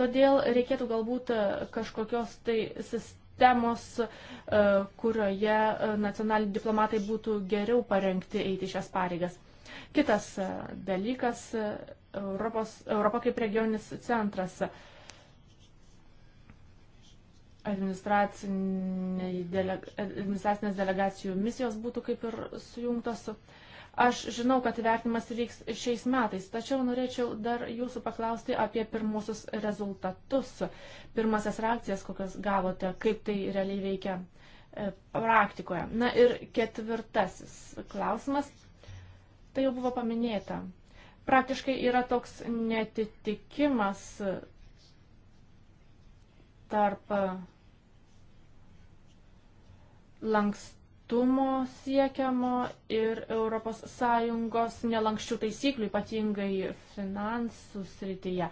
Todėl reikėtų galbūt e, kažkokios tai sistemos, e, kurioje nacionaliniai diplomatai būtų geriau parengti eiti šias pareigas. Kitas e, dalykas e, Europos, Europa kaip regioninis centras delega, administracinės delegacijų misijos būtų kaip ir sujungtos. Aš žinau, kad vertinimas vyks šiais metais, tačiau norėčiau dar jūsų paklausti apie pirmusius rezultatus, pirmasias reakcijas, kokias gavote, kaip tai realiai veikia e, praktikoje. Na ir ketvirtasis klausimas Tai jau buvo paminėta. Praktiškai yra toks netitikimas tarp lankstumo siekiamo ir ES nelankščių taisyklių, ypatingai finansų srityje.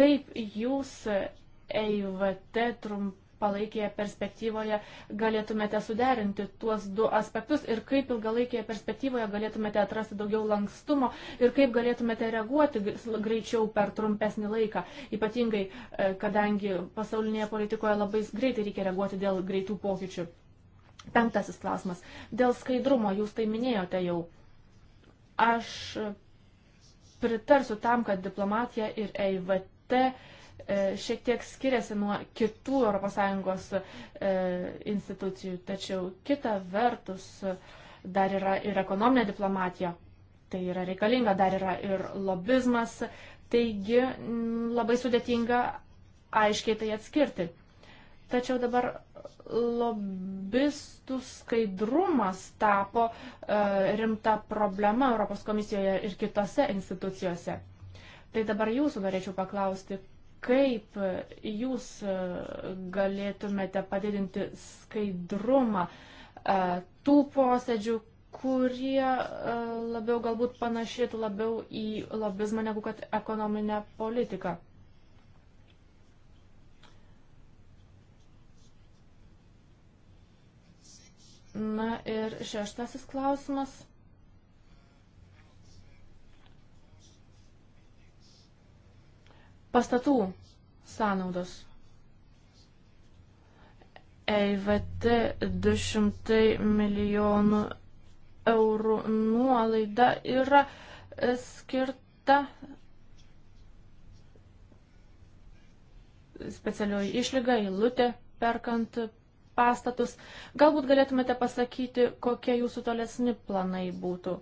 Kaip jūs EIVT trumpai palaikėje perspektyvoje galėtumėte suderinti tuos du aspektus ir kaip ilgalaikėje perspektyvoje galėtumėte atrasti daugiau lankstumo ir kaip galėtumėte reaguoti greičiau per trumpesnį laiką, ypatingai e, kadangi pasaulinėje politikoje labai greitai reikia reaguoti dėl greitų pokyčių. Penktasis klausimas. Dėl skaidrumo jūs tai minėjote jau. Aš pritarsiu tam, kad diplomatija ir EIVT E, šiek tiek skiriasi nuo kitų ES e, institucijų, tačiau kita vertus e, dar yra ir ekonominė diplomatija, tai yra reikalinga, dar yra ir lobizmas, taigi labai sudėtinga aiškiai tai atskirti. Tačiau dabar lobistų skaidrumas tapo rimta problema Europos komisijoje ir kitose institucijose. Tai dabar jūsų norėčiau paklausti, kaip jūs e, galėtumėte padidinti skaidrumą e, tų posėdžių, kurie e, labiau galbūt panašėtų labiau į lobizmą negu kad ekonominę politiką. Na ir šeštasis klausimas. Pastatų sąnaudos. EIVT 200 milijonų eurų nuolaida yra e, skirta specialioji išlyga, eilutė, perkant pastatus. Galbūt galėtumėte pasakyti, kokie jūsų tolesni planai būtų,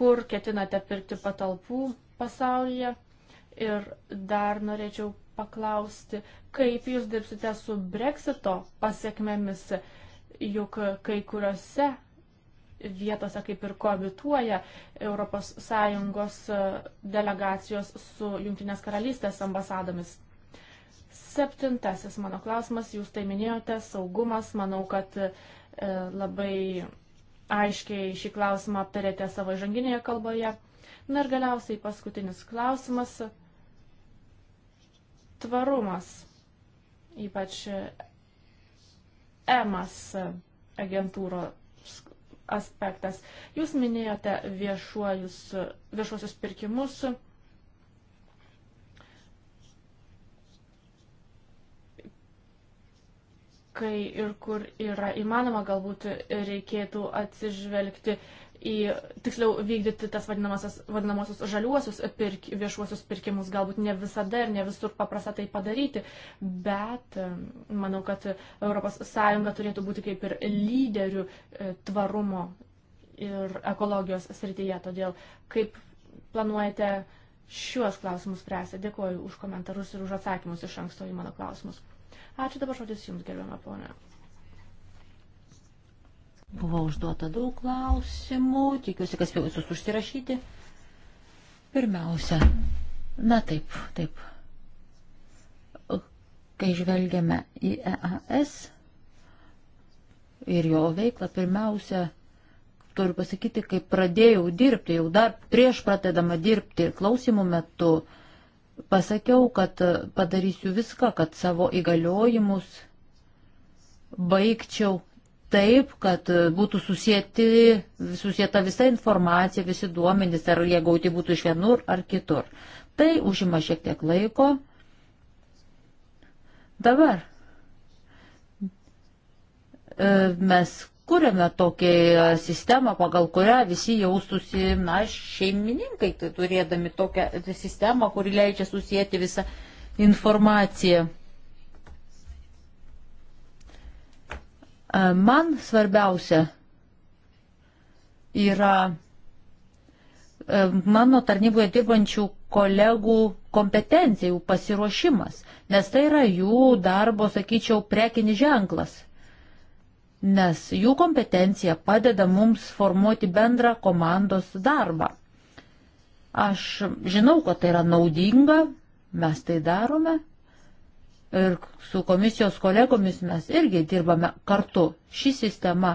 kur ketinate pirkti patalpų pasaulyje, Ir dar norėčiau paklausti, kaip jūs dirbsite su breksito pasiekmėmis, juk kai kuriuose vietose kaip ir koabituoja ES e, delegacijos su Junktinės karalystės ambasadomis. Septintasis mano klausimas, jūs tai minėjote, saugumas, manau, kad e, labai aiškiai šį klausimą aptarėte savo žanginėje kalboje. Na ir galiausiai paskutinis klausimas Tvarumas, ypač EMAS agentūros aspektas. Jūs minėjote viešuojus, viešuosius pirkimus. kai ir kur yra įmanoma, galbūt reikėtų atsižvelgti į, tiksliau, vykdyti tas vadinamosius žaliuosius pirk, viešuosius pirkimus. Galbūt ne visada ir ne visur paprasta tai padaryti, bet manau, kad ES turėtų būti kaip ir lyderių e, tvarumo ir ekologijos srityje. Todėl kaip planuojate šiuos klausimus spręsti? Dėkuoju už komentarus ir už atsakymus iš anksto į mano klausimus. Ačiū dabar žodis Jums, gerbiama ponia. Buvo užduota daug klausimų, tikiuosi, kas jau visus užsirašyti. Pirmiausia, na taip, taip. Kai žvelgiame į EAS ir jo veiklą, pirmiausia, turiu pasakyti, kai pradėjau dirbti, jau dar prieš pradedama dirbti ir klausimų metu, pasakiau, kad padarysiu viską, kad savo įgaliojimus baigčiau taip, kad būtų susieti, susieta visa informacija, visi duomenys, ar jie gauti būtų iš vienur ar kitur. Tai užima šiek tiek laiko. Dabar e, mes kuriame tokią sistemą, pagal kurią visi jaustųsi, na, šeimininkai, tai turėdami tokią sistemą, kuri leidžia susijęti visą informaciją. E, man svarbiausia yra e, mano tarnyboje dirbančių kolegų kompetencija, jų pasiruošimas, nes tai yra jų darbo, sakyčiau, prekinis ženklas. Nes jų kompetencija padeda mums formuoti bendrą komandos darbą. Aš žinau, kad tai yra naudinga, mes tai darome, ir su komisijos kolegomis mes irgi dirbame kartu. Ši sistema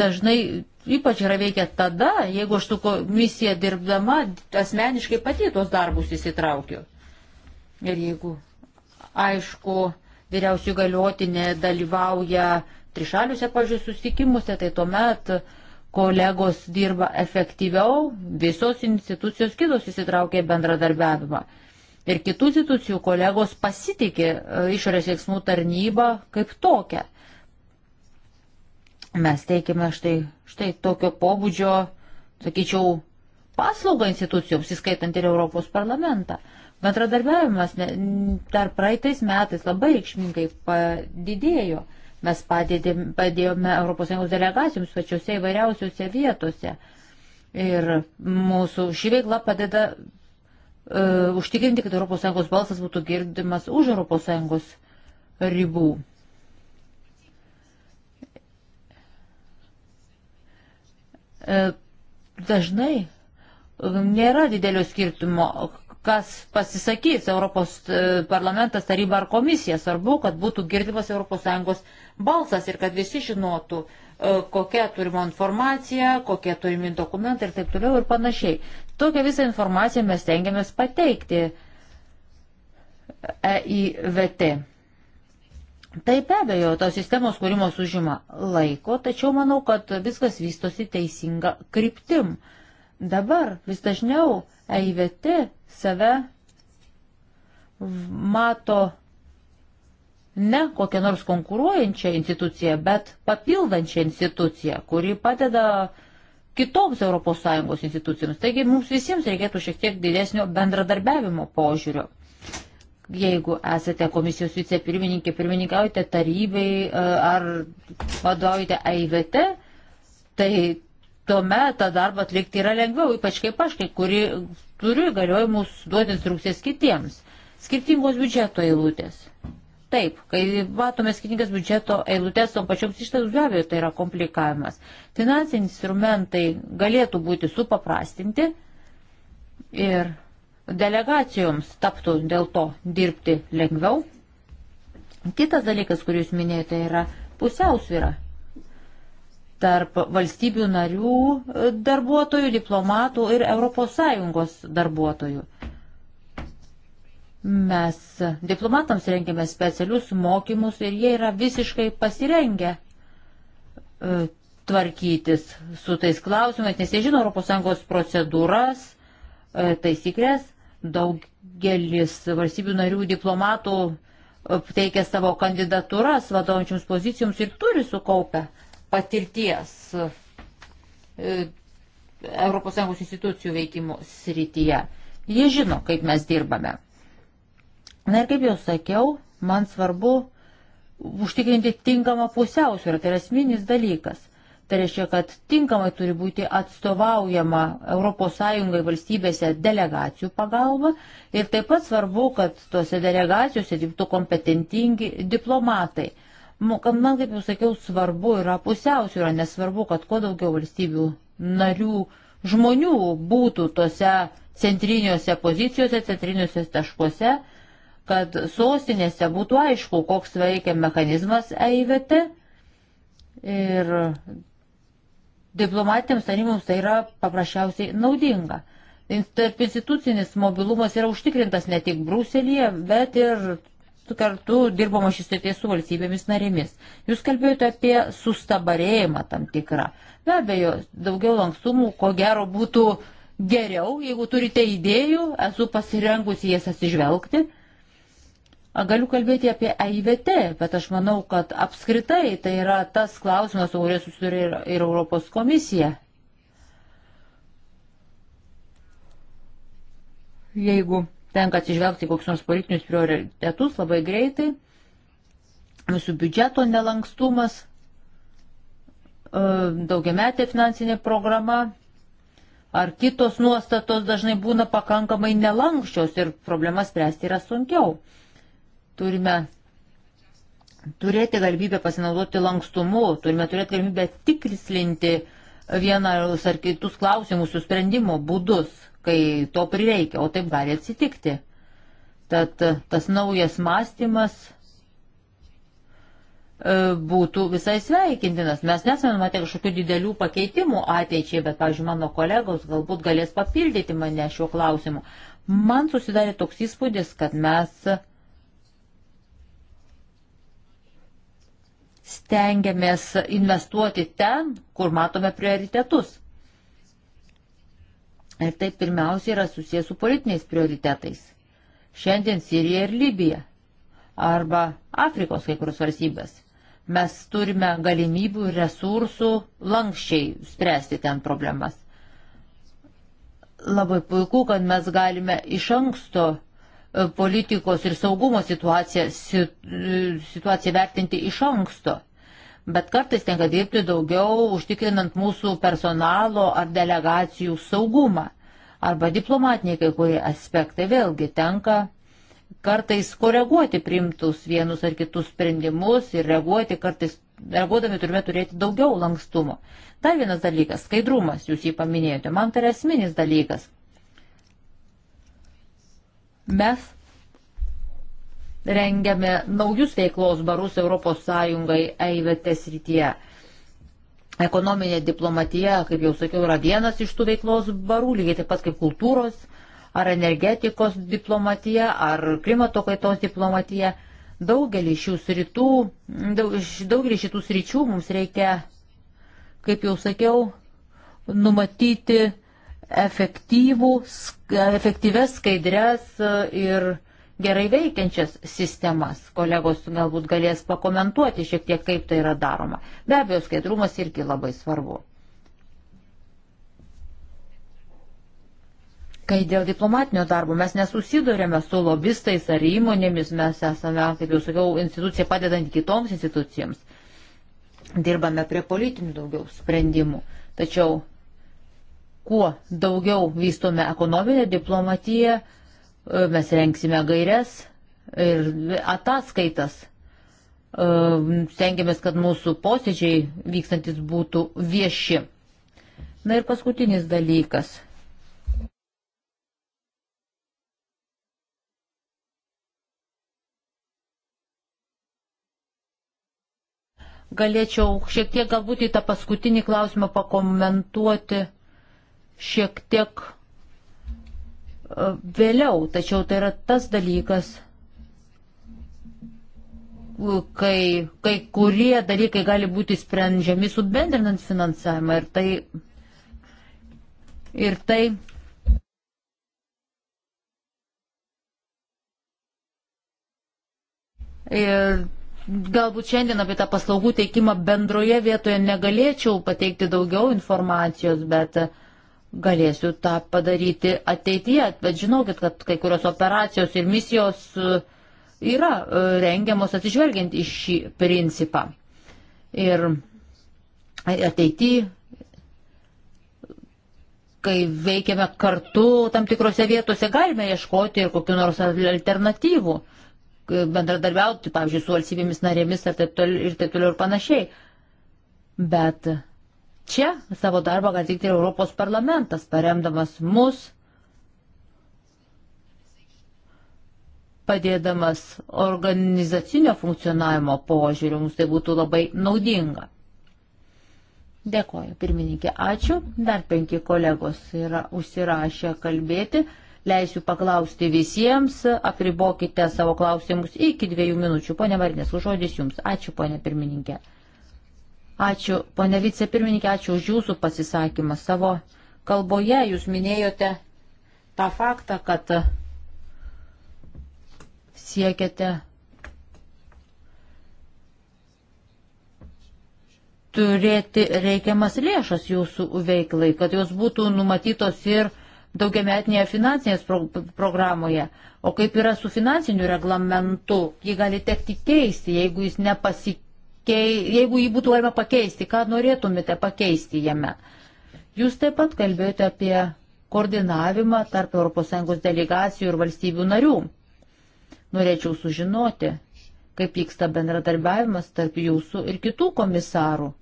dažnai ypač yra veikia tada, jeigu aš su komisija dirbdama asmeniškai pati tuos darbus įsitraukiu. Ir jeigu, aišku, vyriausių galiotinė dalyvauja trišaliuose, pažiūrėjau, susitikimuose, tai tuomet kolegos dirba efektyviau, visos institucijos kitos įsitraukia bendradarbiavimą ir kitų institucijų kolegos pasitikė e, išorės veiksmų tarnybą kaip tokią. Mes teikime štai, štai tokio pobūdžio, sakyčiau, paslaugą institucijoms, įskaitant ir Europos parlamentą. Bendradarbiavimas dar praeitais metais labai reikšmingai padidėjo. Mes padėdėm, padėjome ES delegacijoms pačiose įvairiausiose vietose. Ir mūsų ši veikla padeda uh, užtikrinti, kad ES balsas būtų girdimas už ES ribų. Uh, dažnai nėra didelio skirtumo, kas pasisakys Europos e, parlamentas, taryba ar komisija. Svarbu, kad būtų girdimas ES balsas ir kad visi žinotų, uh, E, kokia turima informacija, kokie turimi dokumentai ir taip toliau ir panašiai. Tokią visą informaciją mes tengiamės pateikti EIVT. Tai be abejo, tos sistemos kūrimas užima laiko, tačiau manau, kad viskas vystosi teisinga kryptim. Dabar vis dažniau EIVT save mato ne kokią nors konkuruojančią instituciją, bet papildančią instituciją, kuri padeda kitoms ES institucijoms. Taigi mums visiems reikėtų šiek tiek didesnio bendradarbiavimo požiūrio. Jeigu esate komisijos vicepirmininkė, pirmininkaujate tarybai e, ar vadovaujate AIVT, tai tuomet tą darbą atlikti yra lengviau, ypač kaip aš, kai kuri turiu įgaliojimus duoti instrukcijas kitiems. Skirtingos biudžeto eilutės kitaip. Kai matome skirtingas biudžeto eilutės tom pačioms išlaidoms, be abejo, tai yra komplikavimas. Finansiniai instrumentai galėtų būti supaprastinti ir delegacijoms taptų dėl to dirbti lengviau. Kitas dalykas, kurį jūs minėjote, yra pusiausvyra tarp valstybių narių darbuotojų, diplomatų ir ES darbuotojų. Mes diplomatams rengiame specialius mokymus ir jie yra visiškai pasirengę e, tvarkytis su tais klausimais, nes jie žino ES procedūras, e, taisyklės, daugelis valstybių narių diplomatų e, teikia savo kandidatūras vadovančiams pozicijoms ir turi sukaupę patirties ES institucijų veikimo srityje. Jie žino, kaip mes dirbame. Na ir kaip jau sakiau, man svarbu užtikrinti tinkamą pusiausvyrą, tai yra esminis dalykas. Tai reiškia, kad tinkamai turi būti atstovaujama ES valstybėse delegacijų pagalba ir taip pat svarbu, kad tuose delegacijose dirbtų kompetentingi diplomatai. Man, kaip jau sakiau, svarbu yra pusiausvyrą, nes svarbu, kad kuo daugiau valstybių narių žmonių būtų tose centriniuose pozicijose, centriniuose taškuose kad sostinėse būtų aišku, koks veikia mechanizmas EIVT ir diplomatiniams tarimams tai yra paprasčiausiai naudinga. Tarp institucinis mobilumas yra užtikrintas ne tik Bruselėje, bet ir kartu dirbama šis rytis su valstybėmis narėmis. Jūs kalbėjote apie sustabarėjimą tam tikrą. Be abejo, daugiau lankstumų, ko gero būtų geriau, jeigu turite idėjų, esu pasirengusi jas atsižvelgti. Galiu kalbėti apie EIVT, bet aš manau, kad apskritai tai yra tas klausimas, su kuriuo susiduria ir, ir Europos komisija. Jeigu tenka atsižvelgti kokius nors politinius prioritetus labai greitai, mūsų biudžeto nelankstumas, e, daugiametė finansinė programa ar kitos nuostatos dažnai būna pakankamai nelankščios ir problemas spręsti yra sunkiau. Turime turėti galimybę pasinaudoti lankstumu, turime turėti galimybę tikrislinti vienus ar kitus klausimus, jų sprendimo būdus, kai to prireikia, o taip gali atsitikti. Tad tas naujas mąstymas e, būtų visai sveikintinas. Mes nesame matę kažkokių didelių pakeitimų ateičiai, bet, pavyzdžiui, mano kolegos galbūt galės papildyti mane šiuo klausimu. Man susidarė toks įspūdis, kad mes stengiamės investuoti ten, kur matome prioritetus. Ir tai pirmiausia yra susijęs su politiniais prioritetais. Šiandien Sirija ir Libija arba Afrikos kai kurios valstybės. Mes turime galimybių ir resursų lankščiai spręsti ten problemas. Labai puiku, kad mes galime iš anksto E, politikos ir saugumo situaciją, e, situaciją vertinti iš anksto. Bet kartais tenka dirbti daugiau, užtikrinant mūsų personalo ar delegacijų saugumą. Arba diplomatiniai kai kurie aspektai vėlgi tenka kartais koreguoti primtus vienus ar kitus sprendimus ir reaguoti kartais, reaguodami turime turėti daugiau lankstumo. Dar vienas dalykas - skaidrumas, jūs jį paminėjote, man tai yra esminis dalykas. Mes rengiame naujus veiklos barus ES EIVT srityje. Ekonominė diplomatija, kaip jau sakiau, yra vienas iš tų veiklos barų, lygiai taip pat kaip kultūros ar energetikos diplomatija, ar klimato kaitos diplomatija. Daugelį šių sritų, daug, daugelį šitų sričių mums reikia, kaip jau sakiau, numatyti efektyvų, efektyves, skaidres e, ir gerai veikiančias sistemas. Kolegos galbūt galės pakomentuoti šiek tiek, kaip tai yra daroma. Be abejo, skaidrumas irgi labai svarbu. Kai dėl diplomatinio darbo mes nesusidurėme su lobistais ar įmonėmis, mes esame, kaip jau sakiau, institucija padedant kitoms institucijoms. Dirbame prie politinių daugiau sprendimų. Tačiau kuo daugiau vystome ekonominę diplomatiją, e, mes renksime gairias ir ataskaitas. E, stengiamės, kad mūsų posėdžiai vykstantis būtų vieši. Na ir paskutinis dalykas. Galėčiau šiek tiek galbūt į tą paskutinį klausimą pakomentuoti šiek tiek e, vėliau, tačiau tai yra tas dalykas, kai, kai kurie dalykai gali būti sprendžiami subendrinant finansavimą ir tai, ir tai Ir galbūt šiandien apie tą paslaugų teikimą bendroje vietoje negalėčiau pateikti daugiau informacijos, bet uh, galėsiu tą padaryti ateityje, bet žinokit, kad kai kurios operacijos ir misijos e, yra e, rengiamos atsižvelgiant į šį principą. Ir ateityje, kai veikiame kartu tam tikrose vietose, galime ieškoti ir kokiu nors alternatyvų, e, bendradarbiauti, pavyzdžiui, su valstybėmis narėmis ir taip toliau ir, taip toliau ir panašiai. Bet Čia savo darbą gali tik ir Europos parlamentas, paremdamas mus, padėdamas organizacinio funkcionavimo požiūriu, mums tai būtų labai naudinga. Dėkoju, pirmininkė, ačiū. Dar penki kolegos yra užsirašę kalbėti. Leisiu paklausti visiems, apribokite savo klausimus iki dviejų minučių. Pone Varinės, žodis jums. Ačiū, ponė pirmininkė. Ačiū, ponė vicepirmininkė, ačiū už jūsų pasisakymą. Savo kalboje jūs minėjote tą faktą, kad siekiate turėti reikiamas lėšas jūsų veiklai, kad jos būtų numatytos ir daugiametinėje finansinės pro programoje. O kaip yra su finansiniu reglamentu, jį gali tekti keisti, jeigu jis nepasi pakei, jeigu jį būtų galima pakeisti, ką norėtumėte pakeisti jame. Jūs taip pat kalbėjote apie koordinavimą tarp ES delegacijų ir valstybių narių. Norėčiau sužinoti, kaip vyksta bendradarbiavimas tarp jūsų ir kitų komisarų.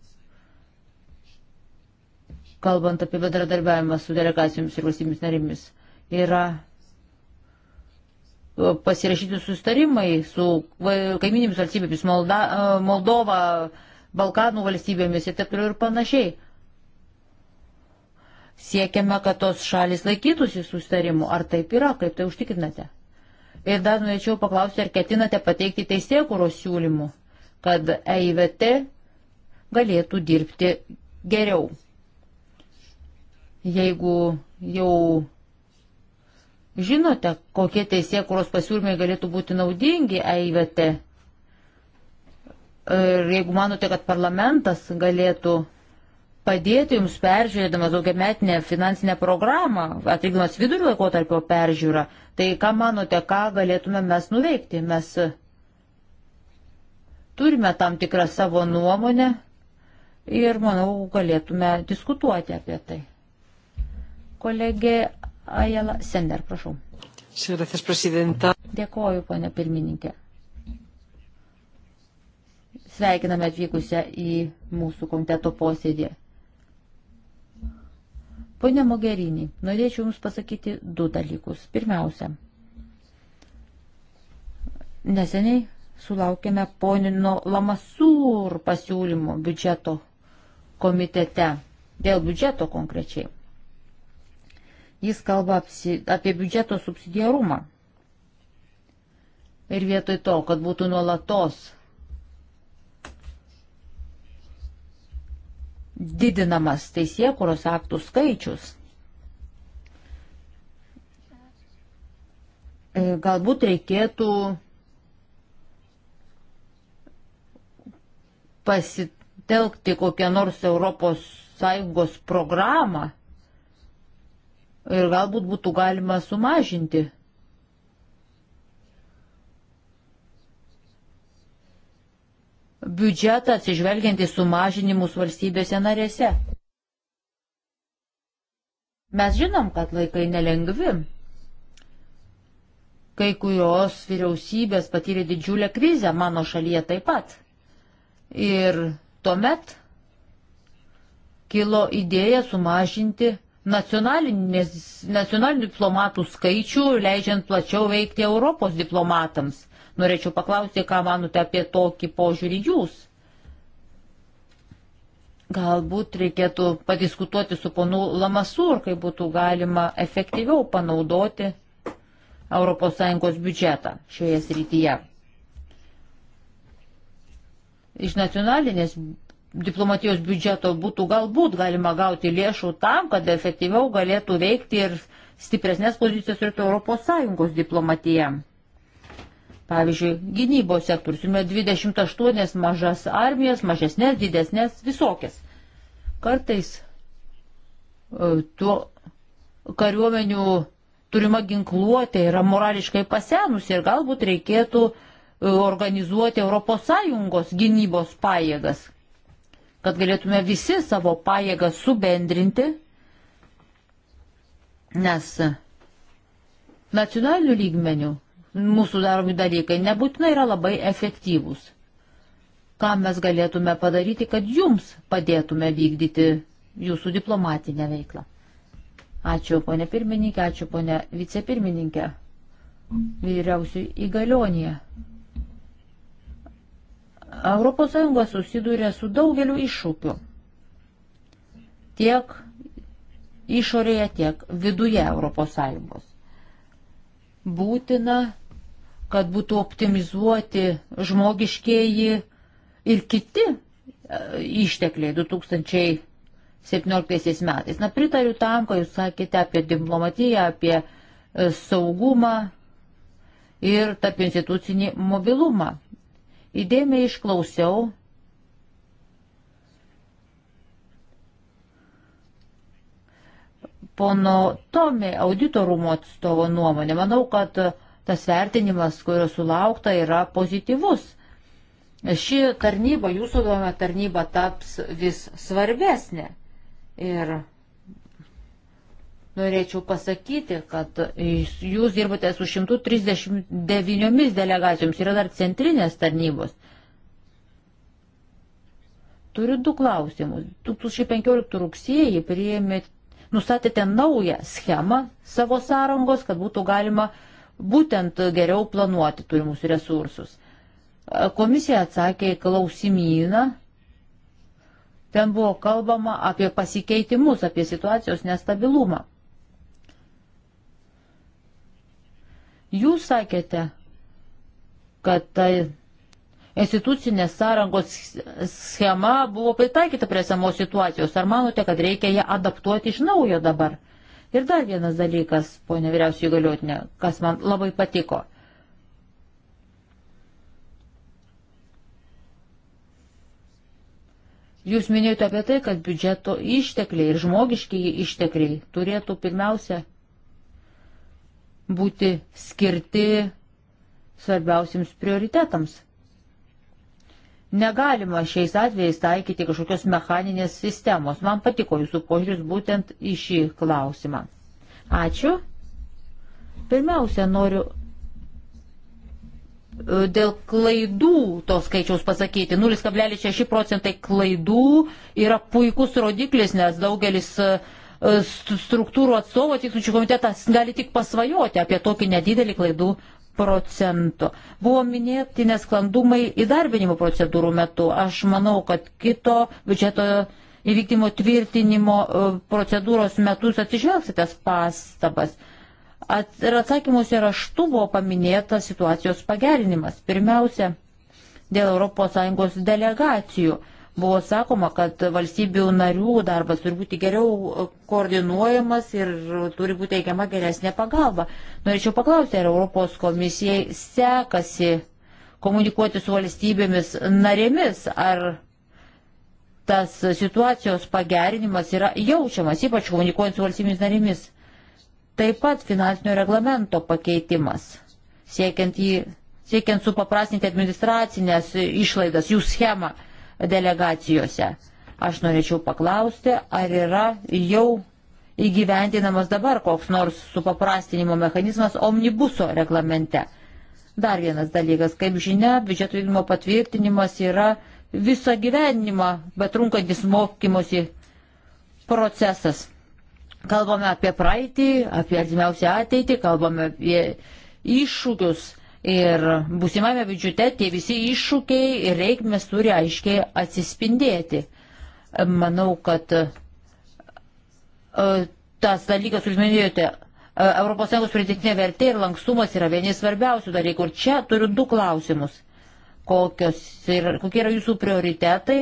Kalbant apie bendradarbiavimą su delegacijomis ir valstybėmis narimis, yra pasirašyti sustarimai su kaiminėmis valstybėmis, Molda, e, Moldova, Balkanų valstybėmis ir taip toliau ir panašiai. Siekiame, kad tos šalis laikytųsi sustarimų. Ar taip yra, kaip tai užtikrinate? Ir dar norėčiau paklausti, ar ketinate pateikti teisėkūros siūlymų, kad EIVT galėtų dirbti geriau. Jeigu jau žinote, kokie teisėkuros pasiūlymai galėtų būti naudingi EIVT. Ir jeigu manote, kad parlamentas galėtų padėti jums peržiūrėdamas daugiametinę finansinę programą, atlikdamas vidurį laikotarpio peržiūrą, tai ką manote, ką galėtume mes nuveikti? Mes turime tam tikrą savo nuomonę ir, manau, galėtume diskutuoti apie tai. Kolegė Ajala Sender, prašau. Dėkoju, ponė pirmininkė. Sveikiname atvykusią į mūsų komiteto posėdį. Pone Mogerinį, norėčiau Jums pasakyti du dalykus. Pirmiausia, neseniai sulaukėme ponino Lamasūr pasiūlymo biudžeto komitete, dėl biudžeto konkrečiai. Jis kalba apie biudžeto subsidiarumą. Ir vietoj to, kad būtų nuolatos didinamas teisėkuros aktų skaičius, e, galbūt reikėtų pasitelkti kokią nors Europos Sąjungos programą ir galbūt būtų galima sumažinti. Biudžetą atsižvelgiant į sumažinimus valstybėse narėse. Mes žinom, kad laikai nelengvi. Kai kurios vyriausybės patyrė didžiulę krizę, mano šalyje taip pat. Ir tuomet kilo idėja sumažinti nacionalinių diplomatų skaičių, leidžiant plačiau veikti Europos diplomatams. Norėčiau paklausti, ką manote apie tokį požiūrį jūs. Galbūt reikėtų padiskutuoti su ponu Lamasur, kaip būtų galima efektyviau panaudoti ES biudžetą šioje srityje. Iš nacionalinės diplomatijos biudžeto būtų galbūt galima gauti lėšų tam, kad efektyviau galėtų veikti ir stipresnės pozicijas turėtų ES diplomatija. Pavyzdžiui, gynybos sektorius, turime 28 mažas armijas, mažesnės, didesnės, visokias. Kartais e, tuo kariuomenių turima ginkluotė yra morališkai pasenusi ir galbūt reikėtų e, organizuoti ES gynybos pajėgas, kad galėtume visi savo pajėgą subendrinti, nes nacionalinių lygmenių mūsų daromi dalykai nebūtinai yra labai efektyvūs. Ką mes galėtume padaryti, kad jums padėtume vykdyti jūsų diplomatinę veiklą. Ačiū, ponė pirmininkė, ačiū, ponė vicepirmininkė, vyriausiai įgalionėje. ES susiduria su daugeliu iššūkių. Tiek išorėje, tiek viduje ES. Būtina, kad būtų optimizuoti žmogiškieji ir kiti e, ištekliai 2017 metais. Na, pritariu tam, ką jūs sakėte apie diplomatiją, apie e, saugumą ir tarp institucinį mobilumą. Įdėmiai išklausiau. Pono Tomė auditorumo atstovo nuomonė. Manau, kad tas vertinimas, kurio sulaukta, yra pozityvus. Ši tarnyba, jūsų duoma tarnyba taps vis svarbesnė. Ir Norėčiau pasakyti, kad jūs dirbate su 139 delegacijoms, yra dar centrinės tarnybos. Turiu du klausimus. 2015 rugsėjį priėmė, nustatėte naują schemą savo sąrangos, kad būtų galima būtent geriau planuoti turimus resursus. Komisija atsakė į klausimyną. Ten buvo kalbama apie pasikeitimus, apie situacijos nestabilumą. Jūs sakėte, kad ta institucinė sąrangos schema buvo pritaikyta prie samos situacijos. Ar manote, kad reikia ją adaptuoti iš naujo dabar? Ir dar vienas dalykas, ponė vyriausiai galiotinė, kas man labai patiko. Jūs minėjote apie tai, kad biudžeto ištekliai ir žmogiškiai ištekliai turėtų pirmiausia būti skirti svarbiausiams prioritetams. Negalima šiais atvejais taikyti kažkokios mechaninės sistemos. Man patiko jūsų požiūris būtent į šį klausimą. Ačiū. Pirmiausia, noriu e, dėl klaidų to skaičiaus pasakyti. 0,6 procentai klaidų yra puikus rodiklis, nes daugelis uh, E, struktūrų atstovų atvykstančių komitetas gali tik pasvajoti apie tokį nedidelį klaidų procentų. Buvo minėti nesklandumai įdarbinimo procedūrų metu. Aš manau, kad kito biudžeto įvykdymo tvirtinimo e, procedūros metus atsižvelgsite pastabas. At, ir atsakymuose raštu buvo paminėtas situacijos pagerinimas. Pirmiausia, dėl ES delegacijų. Buvo sakoma, kad valstybių narių darbas turi būti geriau koordinuojamas ir turi būti teikiama geresnė pagalba. Norėčiau paklausti, ar Europos komisijai sekasi komunikuoti su valstybėmis narėmis, ar tas situacijos pagerinimas yra jaučiamas, ypač komunikuojant su valstybėmis narėmis. Taip pat finansinio reglamento pakeitimas, siekiant, jį, siekiant supaprastinti administracinės išlaidas, jų schemą delegacijose. Aš norėčiau paklausti, ar yra jau įgyvendinamas dabar koks nors supaprastinimo mechanizmas omnibuso reglamente. Dar vienas dalykas, kaip žinia, biudžeto vykdymo patvirtinimas yra visą gyvenimą betrunkantis mokymosi procesas. Kalbame apie praeitį, apie artimiausią ateitį, kalbame apie iššūkius Ir būsimame biudžete tie visi iššūkiai ir reikmės turi aiškiai atsispindėti. Manau, kad e, tas dalykas, kurį minėjote, e, ES pridėtinė vertė ir lankstumas yra vieni svarbiausių dalykų. Ir čia turiu du klausimus. Kokios ir kokie yra jūsų prioritetai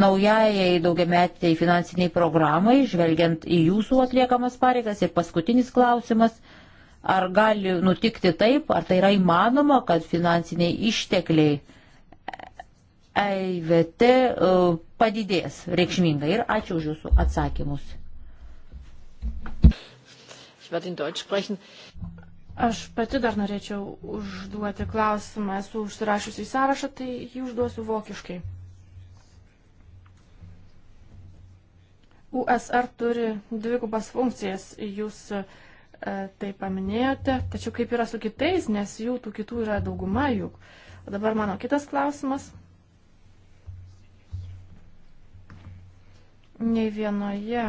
naujajai daugiametiai finansiniai programai, žvelgiant į jūsų atliekamas pareigas. Ir paskutinis klausimas Ar gali nutikti taip, ar tai yra įmanoma, kad finansiniai ištekliai EIVT e, padidės reikšmingai? Ir ačiū už Jūsų atsakymus. Aš pati dar norėčiau užduoti klausimą, esu užsirašiusi į sąrašą, tai jį užduosiu vokiškai. USR turi dvigubas funkcijas. Jūs uh, E, tai paminėjote, tačiau kaip yra su kitais, nes jų tų kitų yra dauguma juk. O dabar mano kitas klausimas. Nei vienoje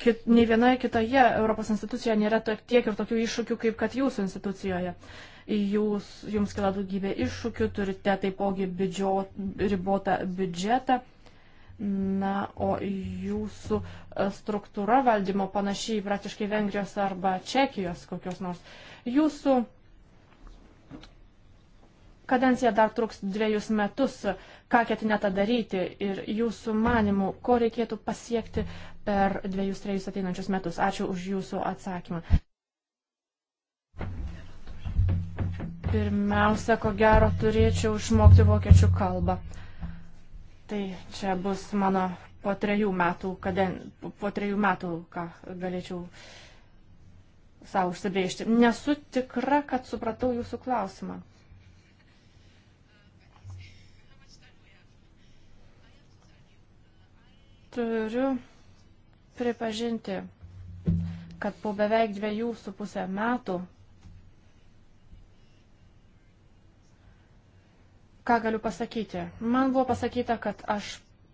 Kit, nei vienoje kitoje Europos institucijoje nėra tiek ir tokių iššūkių, kaip kad jūsų institucijoje. Jūs, jums kila daugybė iššūkių, turite taipogi bidžio, ribotą biudžetą. Na, o jūsų e, struktūra valdymo panašiai praktiškai Vengrijos arba Čekijos kokios nors. Jūsų kadencija dar truks dviejus metus, ką ketinate daryti ir jūsų manimų, ko reikėtų pasiekti per dviejus, trejus ateinančius metus. Ačiū už jūsų atsakymą. Pirmiausia, ko gero, turėčiau išmokti vokiečių kalbą. Uh, Tai čia bus mano po trejų metų, kaden, po trejų metų, ką galėčiau savo užsibriežti. Nesu tikra, kad supratau jūsų klausimą. Turiu pripažinti, kad po beveik dviejų su pusę metų ką galiu pasakyti? Man buvo pasakyta, kad aš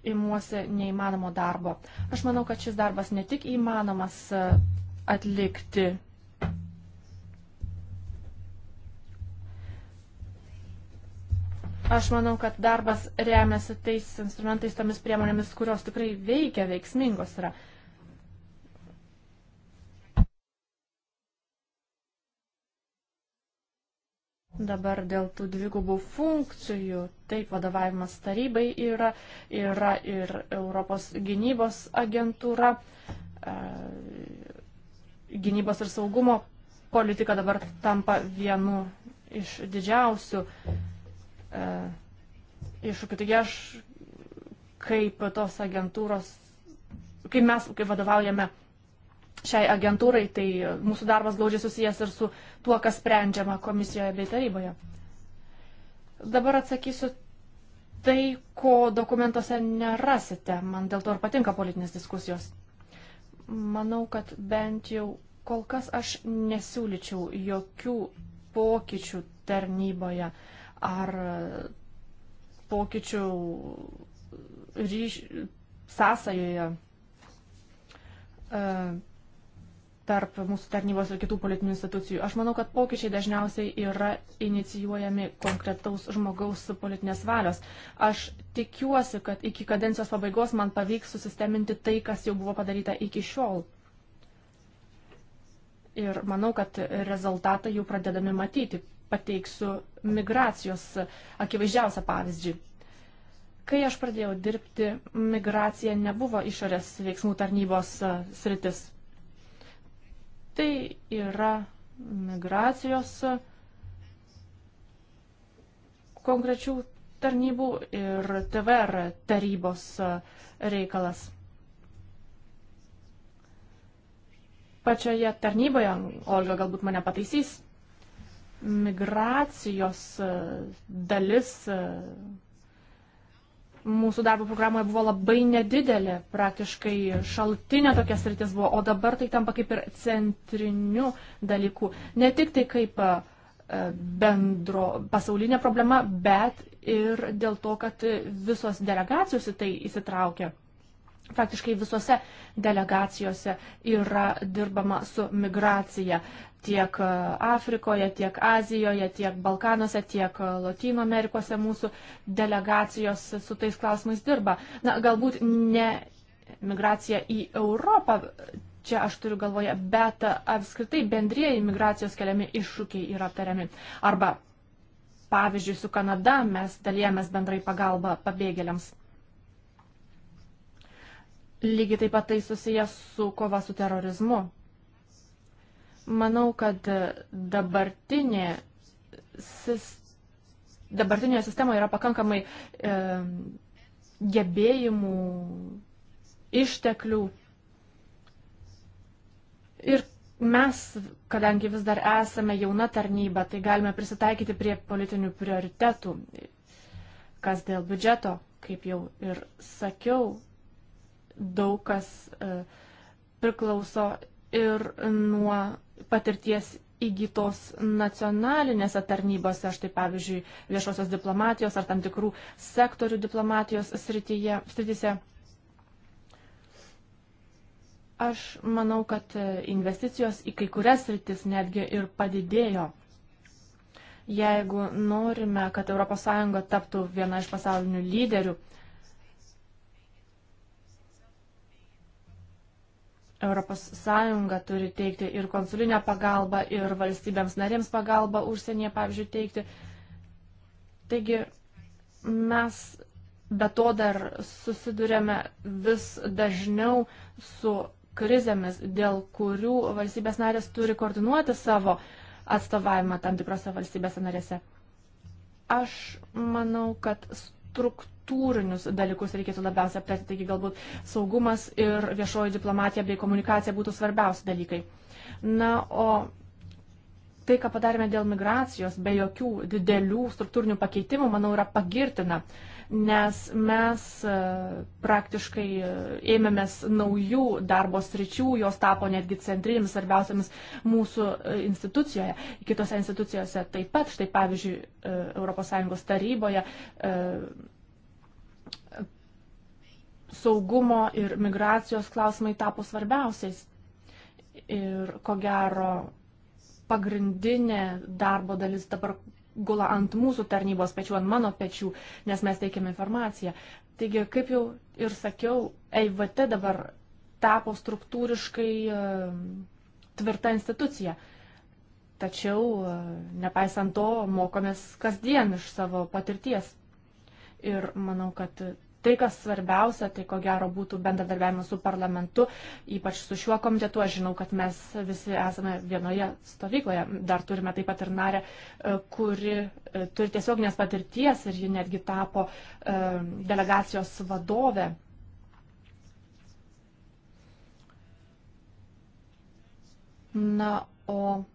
imuosi neįmanomo darbo. Aš manau, kad šis darbas ne tik įmanomas e, atlikti. Aš manau, kad darbas remiasi tais instrumentais, tomis priemonėmis, kurios tikrai veikia, veiksmingos yra. Dabar dėl tų dvigubų funkcijų, taip vadovavimas tarybai yra, yra ir Europos gynybos agentūra, e, gynybos ir saugumo politika dabar tampa vienu iš didžiausių e, iššūkių. Taigi aš kaip tos agentūros, kaip mes, kaip vadovaujame šiai agentūrai, tai mūsų darbas glaudžiai susijęs ir su tuo, kas sprendžiama komisijoje bei taryboje. Dabar atsakysiu tai, ko dokumentuose nerasite. Man dėl to ir patinka politinės diskusijos. Manau, kad bent jau kol kas aš nesiūlyčiau jokių pokyčių tarnyboje ar pokyčių ryš, sąsajoje e, tarp mūsų tarnybos ir kitų politinių institucijų. Aš manau, kad pokyčiai dažniausiai yra inicijuojami konkretaus žmogaus politinės valios. Aš tikiuosi, kad iki kadencijos pabaigos man pavyks susisteminti tai, kas jau buvo padaryta iki šiol. Ir manau, kad rezultatai jau pradedami matyti. Pateiksiu migracijos akivaizdžiausią pavyzdį. Kai aš pradėjau dirbti, migracija nebuvo išorės veiksmų tarnybos e, sritis Tai yra migracijos konkrečių tarnybų ir TVR tarybos reikalas. Pačioje tarnyboje, Olga galbūt mane pataisys, migracijos dalis mūsų darbo programoje buvo labai nedidelė, praktiškai šaltinė tokia sritis buvo, o dabar tai tampa kaip ir centriniu dalyku. Ne tik tai kaip e, bendro pasaulinė problema, bet ir dėl to, kad visos delegacijos į tai įsitraukia. Praktiškai visose delegacijose yra dirbama su migracija tiek e, Afrikoje, tiek Azijoje, tiek Balkanuose, tiek e, Latino Amerikose mūsų delegacijos su tais klausimais dirba. Na, galbūt ne migracija į Europą, čia aš turiu galvoje, bet apskritai bendrieji migracijos keliami iššūkiai yra aptariami. Arba, pavyzdžiui, su Kanada mes dalyjamės bendrai pagalbą pabėgėliams. Lygiai taip pat tai susijęs su kova su terorizmu. Manau, kad dabartinė sistema dabartinėje sistemoje yra pakankamai e, gebėjimų, išteklių. Ir mes, kadangi vis dar esame jauna tarnyba, tai galime prisitaikyti prie politinių prioritetų. Kas dėl biudžeto, kaip jau ir sakiau, daug kas e, priklauso ir nuo patirties įgytos nacionalinėse tarnybose, štai pavyzdžiui, viešosios diplomatijos ar tam tikrų sektorių diplomatijos srityje, srityse. Aš manau, kad investicijos į kai kurias sritis netgi ir padidėjo. Jeigu norime, kad ES taptų viena iš pasaulinių lyderių, ES turi teikti ir konsulinę pagalbą, ir valstybėms narėms pagalbą užsienyje, pavyzdžiui, teikti. Taigi mes be to dar susidurėme vis dažniau su krizėmis, dėl kurių valstybės narės turi koordinuoti savo atstovavimą tam tikrose valstybėse narėse. Aš manau, kad struktūra struktūrinius dalykus reikėtų labiausiai aptarti. Taigi galbūt saugumas ir viešoji diplomatija bei komunikacija būtų svarbiausi dalykai. Na, o tai, ką padarėme dėl migracijos, be jokių didelių struktūrinių pakeitimų, manau, yra pagirtina nes mes e, praktiškai e, ėmėmės naujų darbo sričių, jos tapo netgi centrinėmis svarbiausiamis mūsų e, institucijoje, kitose institucijose taip pat, štai pavyzdžiui, ES taryboje saugumo ir migracijos klausimai tapo svarbiausiais. Ir ko gero pagrindinė darbo dalis dabar gula ant mūsų tarnybos pečių, ant mano pečių, nes mes teikiame informaciją. Taigi, kaip jau ir sakiau, EIVT dabar tapo struktūriškai e, tvirta institucija. Tačiau, e, nepaisant to, mokomės kasdien iš savo patirties. Ir manau, kad Tai, kas svarbiausia, tai ko gero būtų bendradarbiavimas su parlamentu, ypač su šiuo komitetu. Aš žinau, kad mes visi esame vienoje stovykloje. Dar turime taip pat ir narę, e, kuri e, turi tiesioginės patirties ir ji netgi tapo e, delegacijos vadovė. Na, o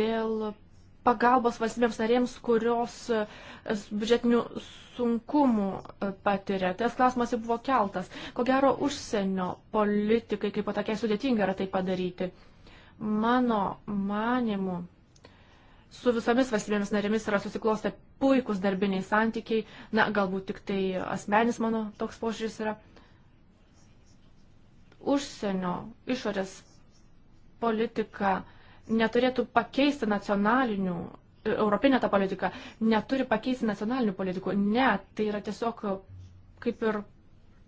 dėl pagalbos valstybėms narėms, kurios e, biudžetinių sunkumų e, patiria. Tas klausimas jau buvo keltas. Ko gero, užsienio politikai kaip patakiai sudėtinga yra tai padaryti. Mano manimu, su visomis valstybėmis narėmis yra susiklostę puikūs darbiniai santykiai. Na, galbūt tik tai asmenis mano toks požiūris yra. Užsienio išorės politika neturėtų pakeisti nacionalinių, e, europinė ta politika neturi pakeisti nacionalinių politikų. Ne, tai yra tiesiog kaip ir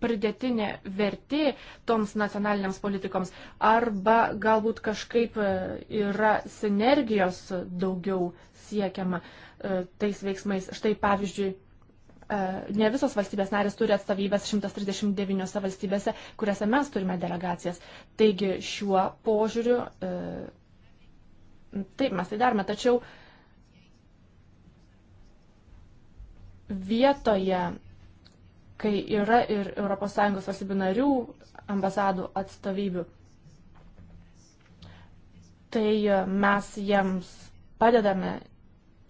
pridėtinė vertė toms nacionaliniams politikoms arba galbūt kažkaip e, yra sinergijos daugiau siekiama e, tais veiksmais. Štai pavyzdžiui, ne visos valstybės narės turi atstovybės 139 valstybėse, kuriuose mes turime delegacijas. Taigi šiuo požiūriu Taip, mes tai darome, tačiau vietoje, kai yra ir ES valstybių narių ambasadų atstovybių, tai e, mes jiems padedame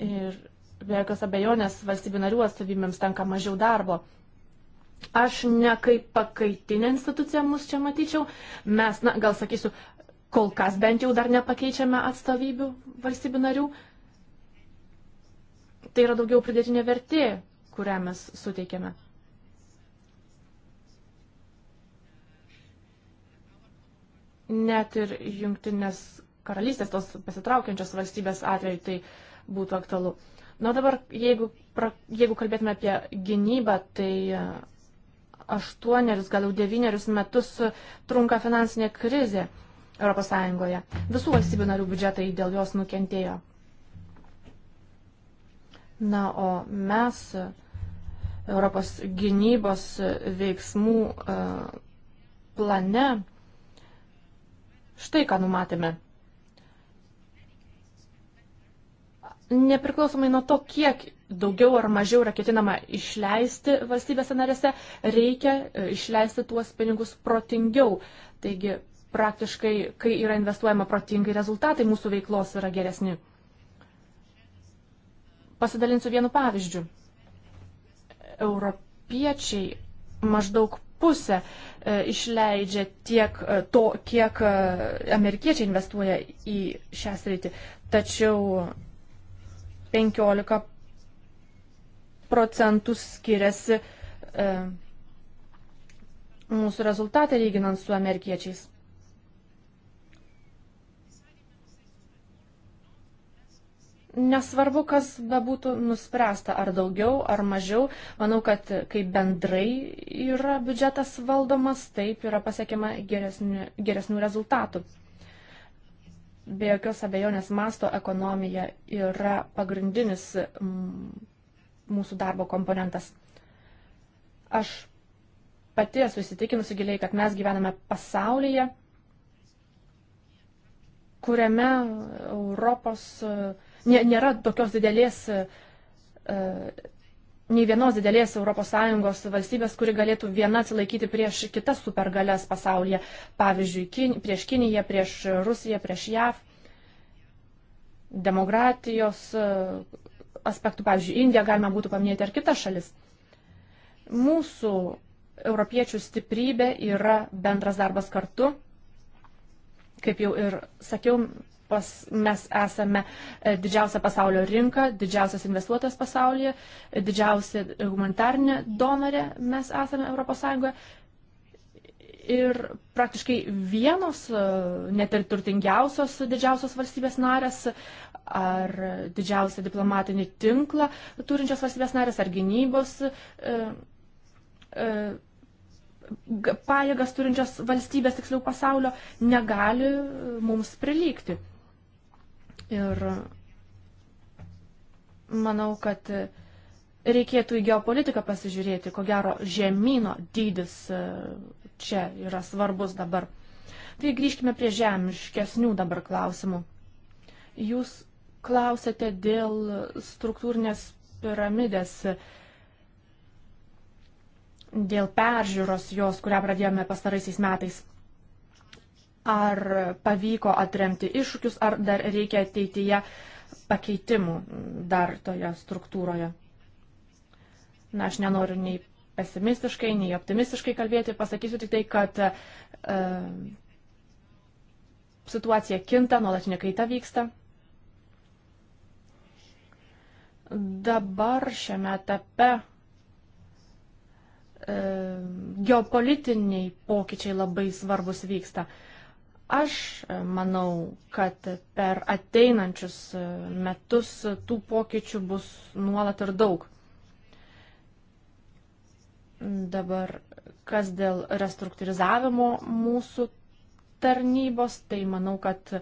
ir be jokios abejonės valstybių narių atstovybėms tenka mažiau darbo. Aš ne kaip pakaitinę instituciją mus čia matyčiau, mes, na, gal sakysiu, kol kas bent jau dar nepakeičiame atstovybių valstybių narių. Tai yra daugiau pridėtinė vertė, kurią mes suteikiame. Net ir jungtinės karalystės, tos pasitraukiančios valstybės atveju tai būtų aktualu. Na dabar, jeigu, pra, jeigu kalbėtume apie gynybą, tai e, aštuonerius, gal jau devynerius metus trunka finansinė krizė. ES. Visų valstybių narių biudžetai dėl jos nukentėjo. Na, o mes Europos gynybos veiksmų e, plane štai ką numatėme. nepriklausomai nuo to, kiek daugiau ar mažiau yra ketinama išleisti valstybėse narėse, reikia e, išleisti tuos pinigus protingiau. Taigi praktiškai, kai yra investuojama protingai, rezultatai mūsų veiklos yra geresni. Pasidalinsiu vienu pavyzdžiu. Europiečiai maždaug pusę e, išleidžia tiek e, to, kiek e, amerikiečiai investuoja į šią sritį. Tačiau 15 procentų skiriasi mūsų rezultatai lyginant su amerikiečiais. Nesvarbu, kas bebūtų nuspręsta, ar daugiau, ar mažiau, manau, kad kai bendrai yra biudžetas valdomas, taip yra pasiekima geresnių, geresnių rezultatų. Be jokios abejonės masto ekonomija yra pagrindinis mūsų darbo komponentas. Aš pati esu įsitikinusi giliai, kad mes gyvename pasaulyje, kuriame Europos uh, nėra tokios didelės, e, e, nei vienos didelės ES valstybės, kuri galėtų viena atsilaikyti prieš kitas supergalias pasaulyje, pavyzdžiui, kin, prieš Kiniją, prieš Rusiją, prieš JAV, demokratijos e, aspektų, pavyzdžiui, Indiją galima būtų paminėti ar kitas šalis. Mūsų europiečių stiprybė yra bendras darbas kartu, kaip jau ir sakiau, pas, mes esame e, didžiausia pasaulio rinka, didžiausias investuotojas pasaulyje, e, didžiausia humanitarinė donorė mes esame ES. Ir praktiškai vienos, e, net ir turtingiausios didžiausios valstybės narės ar didžiausią diplomatinį tinklą turinčios valstybės narės ar gynybos e, e, pajėgas turinčios valstybės, tiksliau pasaulio, negali mums prilygti. Ir manau, kad reikėtų į geopolitiką pasižiūrėti, ko gero žemynų dydis e, čia yra svarbus dabar. Tai grįžkime prie žemiškesnių dabar klausimų. Jūs klausėte dėl struktūrinės piramidės, dėl peržiūros jos, kurią pradėjome pastaraisiais metais ar pavyko atremti iššūkius, ar dar reikia ateityje pakeitimų dar toje struktūroje. Na, aš nenoriu nei pesimistiškai, nei optimistiškai kalbėti, pasakysiu tik tai, kad e, situacija kinta, nuolatinė kaita vyksta. Dabar šiame etape e, geopolitiniai pokyčiai labai svarbus vyksta. E, Aš e, manau, kad per ateinančius e, metus tų pokyčių bus nuolat ir daug. Dabar, kas dėl restruktūrizavimo mūsų tarnybos, tai manau, kad e,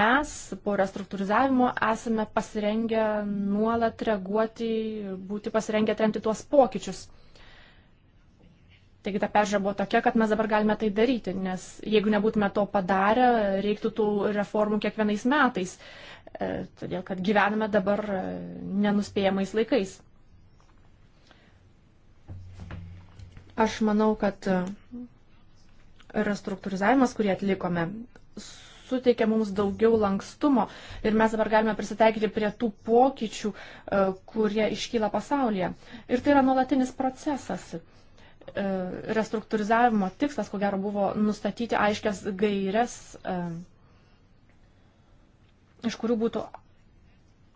mes po restruktūrizavimo esame pasirengę nuolat reaguoti, būti pasirengę atremti tuos pokyčius. Taigi ta peržiūra buvo tokia, kad mes dabar galime tai daryti, nes jeigu nebūtume to padarę, reiktų tų reformų kiekvienais metais, e, todėl kad gyvename dabar e, nenuspėjamais laikais. Aš manau, kad e, restruktūrizavimas, kurį atlikome, suteikia mums daugiau lankstumo ir mes dabar galime prisitaikyti prie tų pokyčių, kurie iškyla pasaulyje. Ir tai yra nuolatinis procesas. E, restruktūrizavimo tikslas, ko gero, buvo nustatyti aiškias gairias, e, iš kurių būtų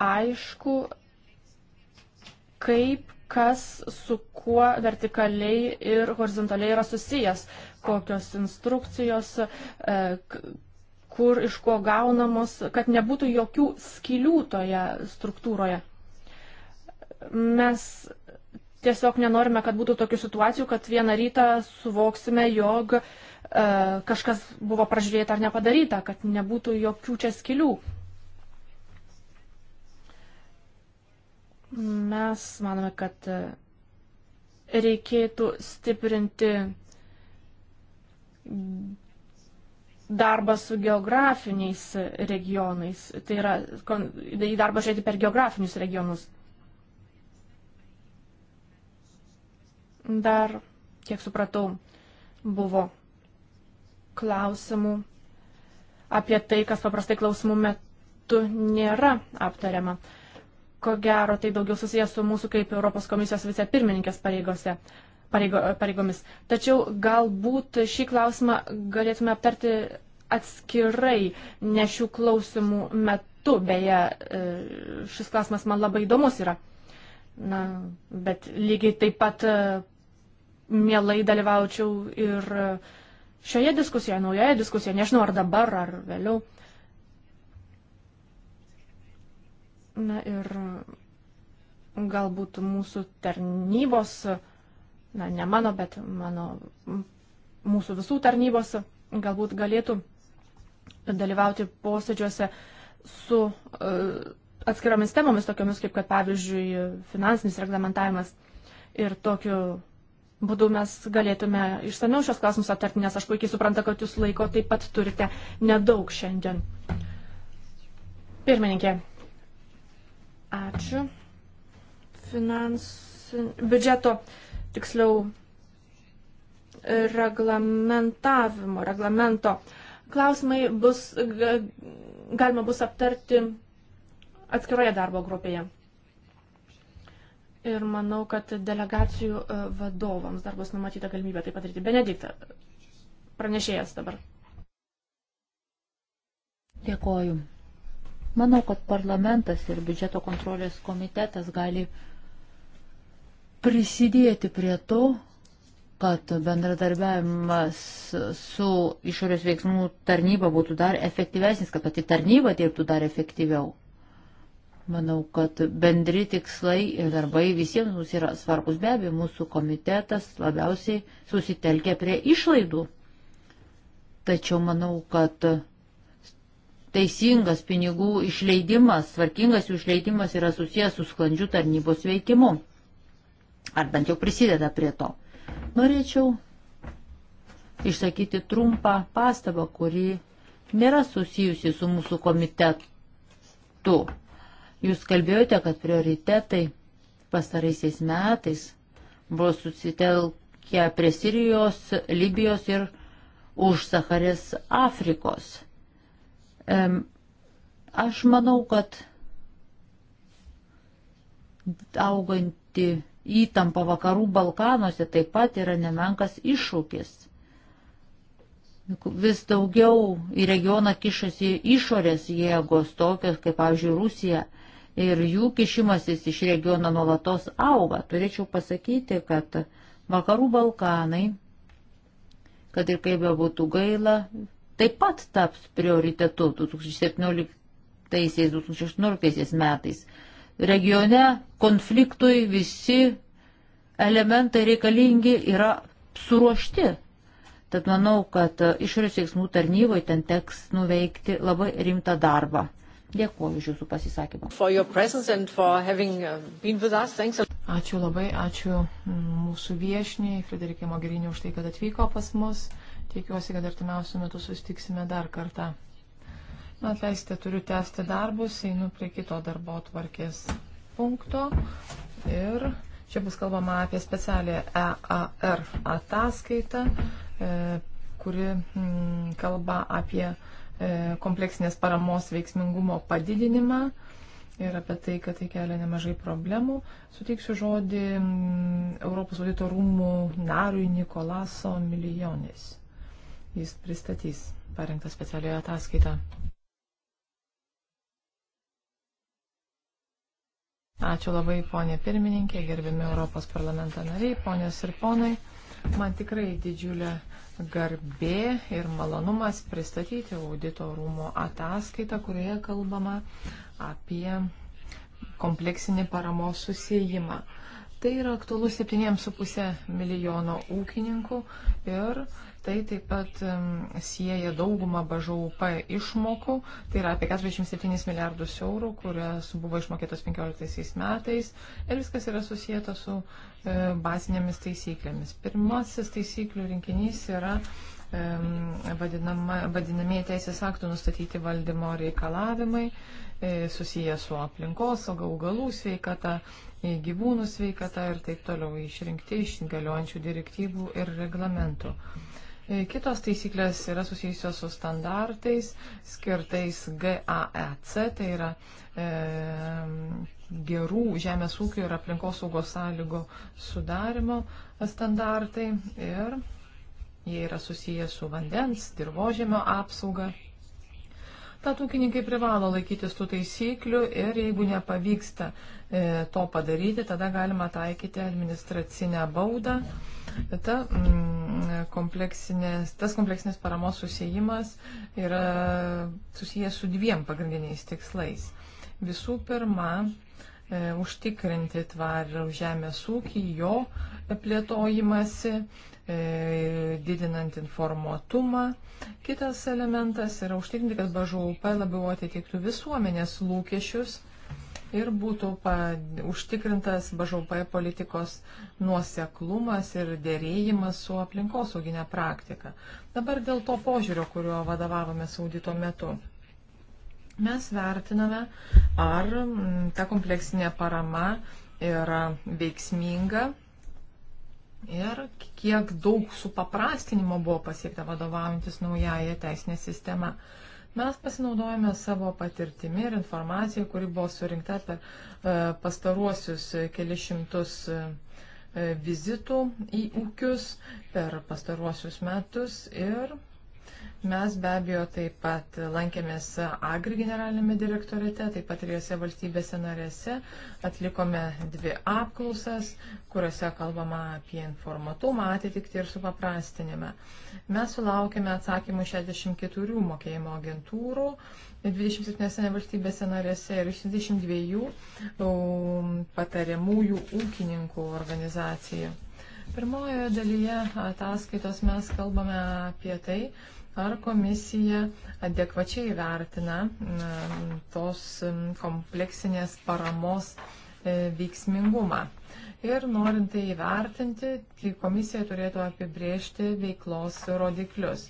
aišku, kaip, kas, su kuo vertikaliai ir horizontaliai yra susijęs, kokios instrukcijos, e, kur iš ko gaunamos, kad nebūtų jokių skylių toje struktūroje. Mes Tiesiog nenorime, kad būtų tokių situacijų, kad vieną rytą suvoksime, jog e, kažkas buvo pražiūrėta ar nepadaryta, kad nebūtų jokių čia skilių. Mes manome, kad e, reikėtų stiprinti darbą su geografiniais regionais, tai yra į darbą žiūrėti per geografinius regionus. dar, kiek supratau, buvo klausimų apie tai, kas paprastai klausimų metu nėra aptariama. Ko gero, tai daugiau susijęs su mūsų kaip Europos komisijos vicepirmininkės pareigose, pareigo, pareigomis. Tačiau galbūt šį klausimą galėtume aptarti atskirai, ne šių klausimų metu. Beje, e, šis klausimas man labai įdomus yra. Na, bet lygiai taip pat e, mielai dalyvaučiau ir e, šioje diskusijoje, naujoje diskusijoje, nežinau ar dabar, ar vėliau. Na ir e, galbūt mūsų tarnybos, na ne mano, bet mano, mūsų visų tarnybos galbūt galėtų dalyvauti posėdžiuose su atskiromis temomis, tokiamis kaip, kad pavyzdžiui, finansinis reglamentavimas. Ir tokiu būdu mes galėtume išsameu šios klausimus aptarti, nes aš puikiai suprantu, kad jūs laiko taip pat turite nedaug šiandien. Pirmininkė, ačiū. Finansų, biudžeto, tiksliau, reglamentavimo, reglamento klausimai bus, galima bus aptarti atskiroje darbo grupėje. Ir manau, kad delegacijų e, vadovams dar bus numatyta galimybė tai padaryti. Benediktą, pranešėjas dabar. Dėkoju. Manau, kad parlamentas ir biudžeto kontrolės komitetas gali prisidėti prie to, kad bendradarbiavimas su išorės veiksmų tarnyba būtų dar efektyvesnis, kad pati tarnyba dirbtų dar efektyviau. Manau, kad bendri tikslai ir darbai visiems mums yra svarbus. Be abejo, mūsų komitetas labiausiai susitelkia prie išlaidų. Tačiau manau, kad teisingas pinigų išleidimas, tvarkingas jų išleidimas yra susijęs su sklandžiu tarnybos veikimu. Ar bent jau prisideda prie to. Norėčiau išsakyti trumpą pastabą, kuri nėra susijusi su mūsų komitetu. Jūs kalbėjote, kad prioritetai pastaraisiais metais buvo susitelkę prie Sirijos, Libijos ir už Saharės Afrikos. Aš manau, kad auganti įtampa vakarų Balkanuose taip pat yra nemenkas iššūkis. Vis daugiau į regioną kišasi išorės jėgos, tokios kaip, pavyzdžiui, Rusija ir jų kišimasis iš regiono nuolatos auga. Turėčiau pasakyti, kad vakarų Balkanai, kad ir kaip be būtų gaila, taip pat taps prioritetu 2017-2018 metais. Regione konfliktui visi elementai reikalingi yra suruošti. Tad manau, kad išorės veiksmų tarnyboje ten teks nuveikti labai rimtą darbą. Dėkuoju už Jūsų pasisakymą. Uh, ačiū labai, ačiū mm, mūsų viešniai, Frederikai Mogherini, už tai, kad atvyko pas mus. Tikiuosi, kad artimiausių metų susitiksime dar kartą. Na, atleiskite, turiu tęsti darbus, einu prie kito darbo tvarkės punkto. Ir čia bus kalbama apie specialią EAR ataskaitą, e, kuri mm, kalba apie E, kompleksinės paramos veiksmingumo padidinimą ir apie tai, kad tai kelia nemažai problemų. Suteiksiu žodį Europos audito rūmų narui Nikolaso Milijonis. Jis pristatys parengtą specialioje ataskaitą. Ačiū labai, ponė pirmininkė, gerbimi Europos parlamento nariai, ponios ir ponai. Man tikrai didžiulė garbė ir malonumas pristatyti audito rūmo ataskaitą, kurioje kalbama apie kompleksinį paramos susijimą. Tai yra aktualu 7,5 milijono ūkininkų ir Tai taip pat sieja daugumą BŽUP išmokų, tai yra apie 47 milijardus eurų, kurias buvo išmokėtos 15 metais ir viskas yra susijęta su e, bazinėmis taisyklėmis. Pirmasis taisyklių rinkinys yra e, vadinamieji teisės aktų nustatyti valdymo reikalavimai e, susiję su aplinkos, augalų sveikata, gyvūnų sveikata ir taip toliau išrinkti iš galiojančių direktyvų ir reglamentų. E, kitos taisyklės yra susijusios su standartais skirtais GAEC, tai yra e, gerų žemės ūkio ir aplinkosaugos sąlygų sudarimo standartai ir jie yra susiję su vandens, dirbožėmio apsauga. Tad ūkininkai privalo laikytis tų taisyklių ir jeigu nepavyksta e, to padaryti, tada galima taikyti administracinę baudą. E, Ta, mm, kompleksinės, tas kompleksinės paramos susijimas yra susijęs su dviem pagrindiniais tikslais. Visų pirma, e, užtikrinti tvarų žemės ūkį, jo plėtojimąsi, e, didinant informuotumą. Kitas elementas yra užtikrinti, kad BŽUP labiau atitiktų visuomenės lūkesčius ir būtų pa, užtikrintas BŽP politikos nuoseklumas ir dėrėjimas su aplinkosauginė praktika. Dabar dėl to požiūrio, kuriuo vadovavome audito metu. Mes vertiname, ar ta kompleksinė parama yra veiksminga ir kiek daug supaprastinimo buvo pasiekta vadovaujantis naująją teisinę sistemą. Mes pasinaudojame savo patirtimi ir informaciją, kuri buvo surinkta per e, pastaruosius kelišimtus e, vizitų į ūkius per pastaruosius metus ir Mes be abejo taip pat lankėmės Agri generalinėme direktorate, taip pat trijose valstybėse narėse, atlikome dvi apklausas, kuriuose kalbama apie informatumą, atitikti ir supaprastinimą. Mes sulaukėme atsakymų 64 mokėjimo agentūrų, 27 valstybėse narėse ir 62 patariamųjų ūkininkų organizacijų. Pirmojoje dalyje ataskaitos mes kalbame apie tai, ar komisija adekvačiai vertina tos kompleksinės paramos e, veiksmingumą. Ir norint tai įvertinti, tai komisija turėtų apibriežti veiklos rodiklius.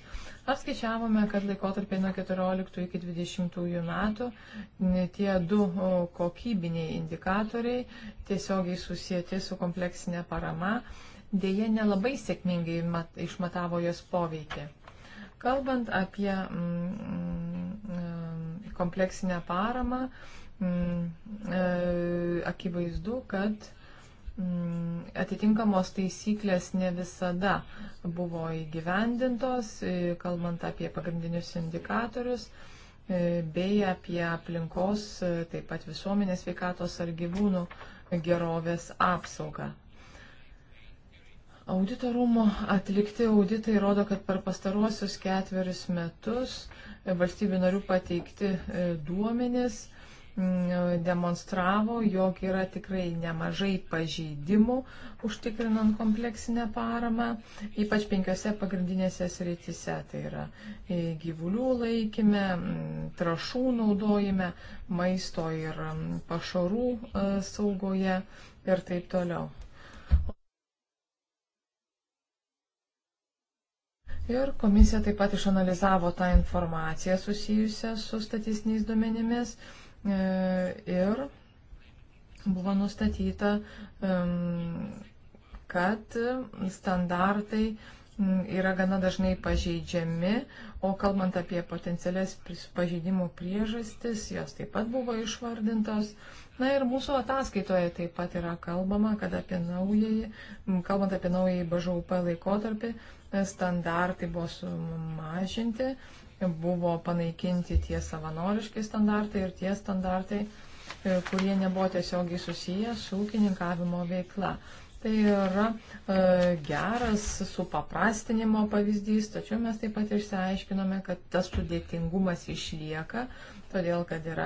Apskaičiavome, kad laikotarpiai nuo 14 iki 20 metų tie du kokybiniai indikatoriai tiesiogiai susijęti su kompleksinė parama dėje nelabai sėkmingai mat, išmatavo jos poveikį. Kalbant apie mm, mm, mm, kompleksinę paramą, e, akivaizdu, kad atitinkamos taisyklės ne visada buvo įgyvendintos, e, kalbant apie pagrindinius indikatorius e, bei apie aplinkos, taip pat visuomenės veikatos ar gyvūnų gerovės apsaugą. Auditorumo atlikti auditai rodo, kad per pastaruosius ketverius metus e, valstybių narių pateikti e, duomenys e, demonstravo, jog yra tikrai nemažai pažeidimų užtikrinant kompleksinę paramą, ypač penkiose pagrindinėse srityse. Tai yra gyvulių laikime, trašų naudojime, maisto ir pašarų saugoje ir taip toliau. Ir komisija taip pat išanalizavo tą informaciją susijusią su statistiniais duomenimis e, ir buvo nustatyta, kad standartai yra gana dažnai pažeidžiami, o kalbant apie potencialias pažeidimų priežastis, jos taip pat buvo išvardintos. Na ir mūsų ataskaitoje taip pat yra kalbama, kad apie naująjį, kalbant apie naująjį BŽUP laikotarpį, standartai buvo sumažinti, buvo panaikinti tie savanoriški standartai ir tie standartai, e, kurie nebuvo tiesiogiai susiję su ūkininkavimo veikla. Tai yra e, geras supaprastinimo pavyzdys, tačiau mes taip pat išsiaiškinome, kad tas sudėtingumas išlieka todėl kad yra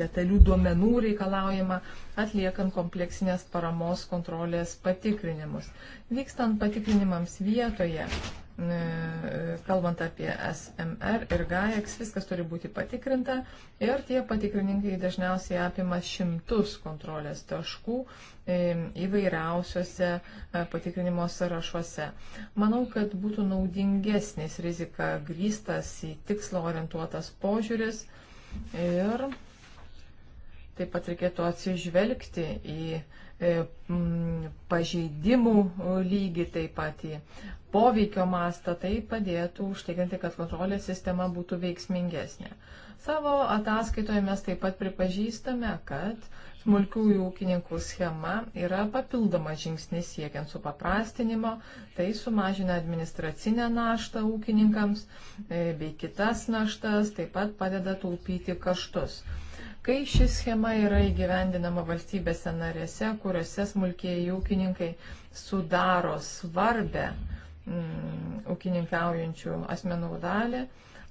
detalių duomenų reikalaujama atliekant kompleksinės paramos kontrolės patikrinimus. Vykstant patikrinimams vietoje, kalbant apie SMR ir GAEX, viskas turi būti patikrinta ir tie patikrininkai dažniausiai apima šimtus kontrolės taškų e, įvairiausiose e, patikrinimo sąrašuose. Manau, kad būtų naudingesnis rizika grįstas į tikslo orientuotas požiūris. Ir taip pat reikėtų atsižvelgti į e, pažeidimų lygį, taip pat į poveikio mastą, tai padėtų užtikrinti, kad kontrolės sistema būtų veiksmingesnė. Savo ataskaitoje mes taip pat pripažįstame, kad smulkiųjų ūkininkų schema yra papildomas žingsnis siekiant supaprastinimo, tai sumažina administracinę naštą ūkininkams e, bei kitas naštas, taip pat padeda taupyti kaštus. Kai ši schema yra įgyvendinama valstybėse narėse, kuriuose smulkieji ūkininkai sudaro svarbę mm, ūkininkaujančių asmenų dalį,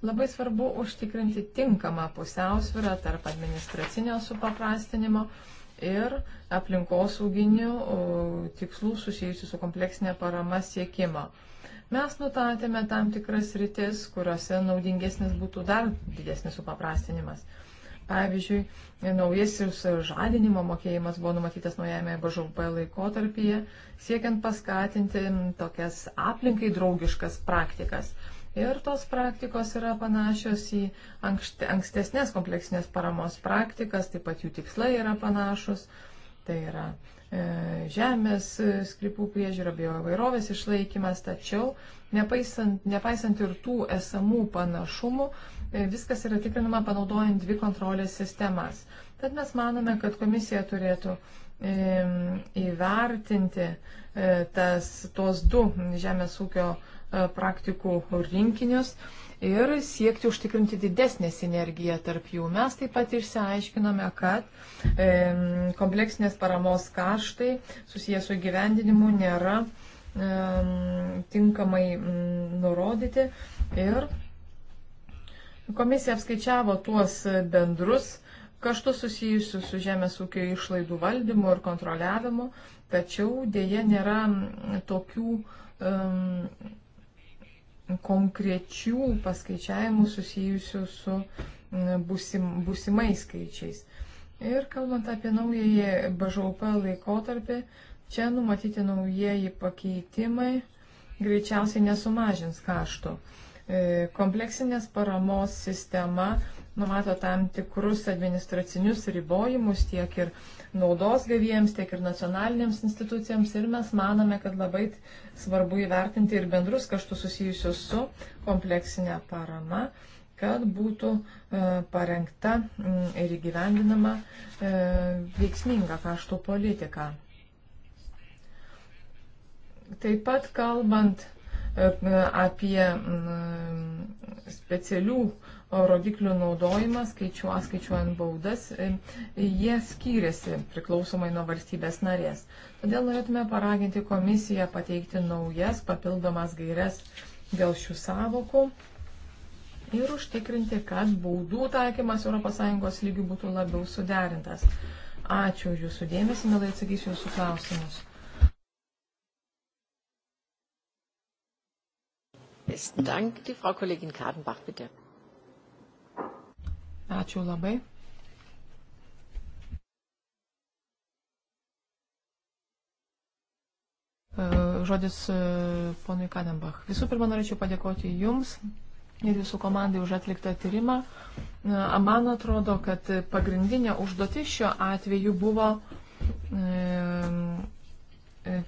Labai svarbu užtikrinti tinkamą pusiausvyrą tarp administracinio supaprastinimo ir aplinkosauginių tikslų susijusių su kompleksinė parama siekimo. Mes nutatėme tam tikras rytis, kuriuose naudingesnis būtų dar didesnis supaprastinimas. Pavyzdžiui, naujasis žadinimo mokėjimas buvo numatytas naujame BŽP laikotarpyje, siekiant paskatinti tokias aplinkai draugiškas praktikas. Ir tos praktikos yra panašios į ankstesnės kompleksinės paramos praktikas, taip pat jų tikslai yra panašus. Tai yra e, žemės e, sklypų priežiūra, biovairovės išlaikymas, tačiau nepaisant, nepaisant ir tų esamų panašumų, e, viskas yra tikrinama panaudojant dvi kontrolės sistemas. Tad mes manome, kad komisija turėtų e, įvertinti e, tas, tuos du žemės ūkio E, praktikų rinkinius ir siekti užtikrinti didesnę sinergiją tarp jų. Mes taip pat išsiaiškinome, kad e, kompleksinės paramos kaštai susijęs su gyvendinimu nėra e, tinkamai m, mm, nurodyti ir komisija apskaičiavo tuos bendrus kaštus susijusius su žemės ūkio išlaidų valdymu ir kontroliavimu, tačiau dėje nėra tokių um, konkrečių paskaičiavimų susijusių su mm, būsim, būsimais skaičiais. Ir kalbant apie naująjį BŽUP laikotarpį, čia numatyti naujieji pakeitimai greičiausiai nesumažins kaštų. E, kompleksinės paramos sistema numato tam tikrus administracinius ribojimus tiek ir naudos gavėjams, tiek ir nacionalinėms institucijams ir mes manome, kad labai svarbu įvertinti ir bendrus kaštus susijusius su kompleksinė parama, kad būtų e, parengta mm, ir įgyvendinama e, veiksminga kaštų politika. Taip pat kalbant e, apie mm, specialių rodiklių naudojimas, skaičiuo, skaičiuojant baudas, e, jie skyrėsi priklausomai nuo valstybės narės. Todėl norėtume paraginti komisiją pateikti naujas papildomas gairias dėl šių savokų ir užtikrinti, kad baudų taikymas ES lygių būtų labiau suderintas. Ačiū už Jūsų dėmesį, mielai atsakysiu Jūsų klausimus. Besten Dank. Die Frau Kollegin Kadenbach, bitte. Ačiū labai. E, žodis e, ponui Kadembach. Visų pirma, norėčiau padėkoti Jums ir Jūsų komandai už atliktą tyrimą. E, man atrodo, kad pagrindinė užduotis šiuo atveju buvo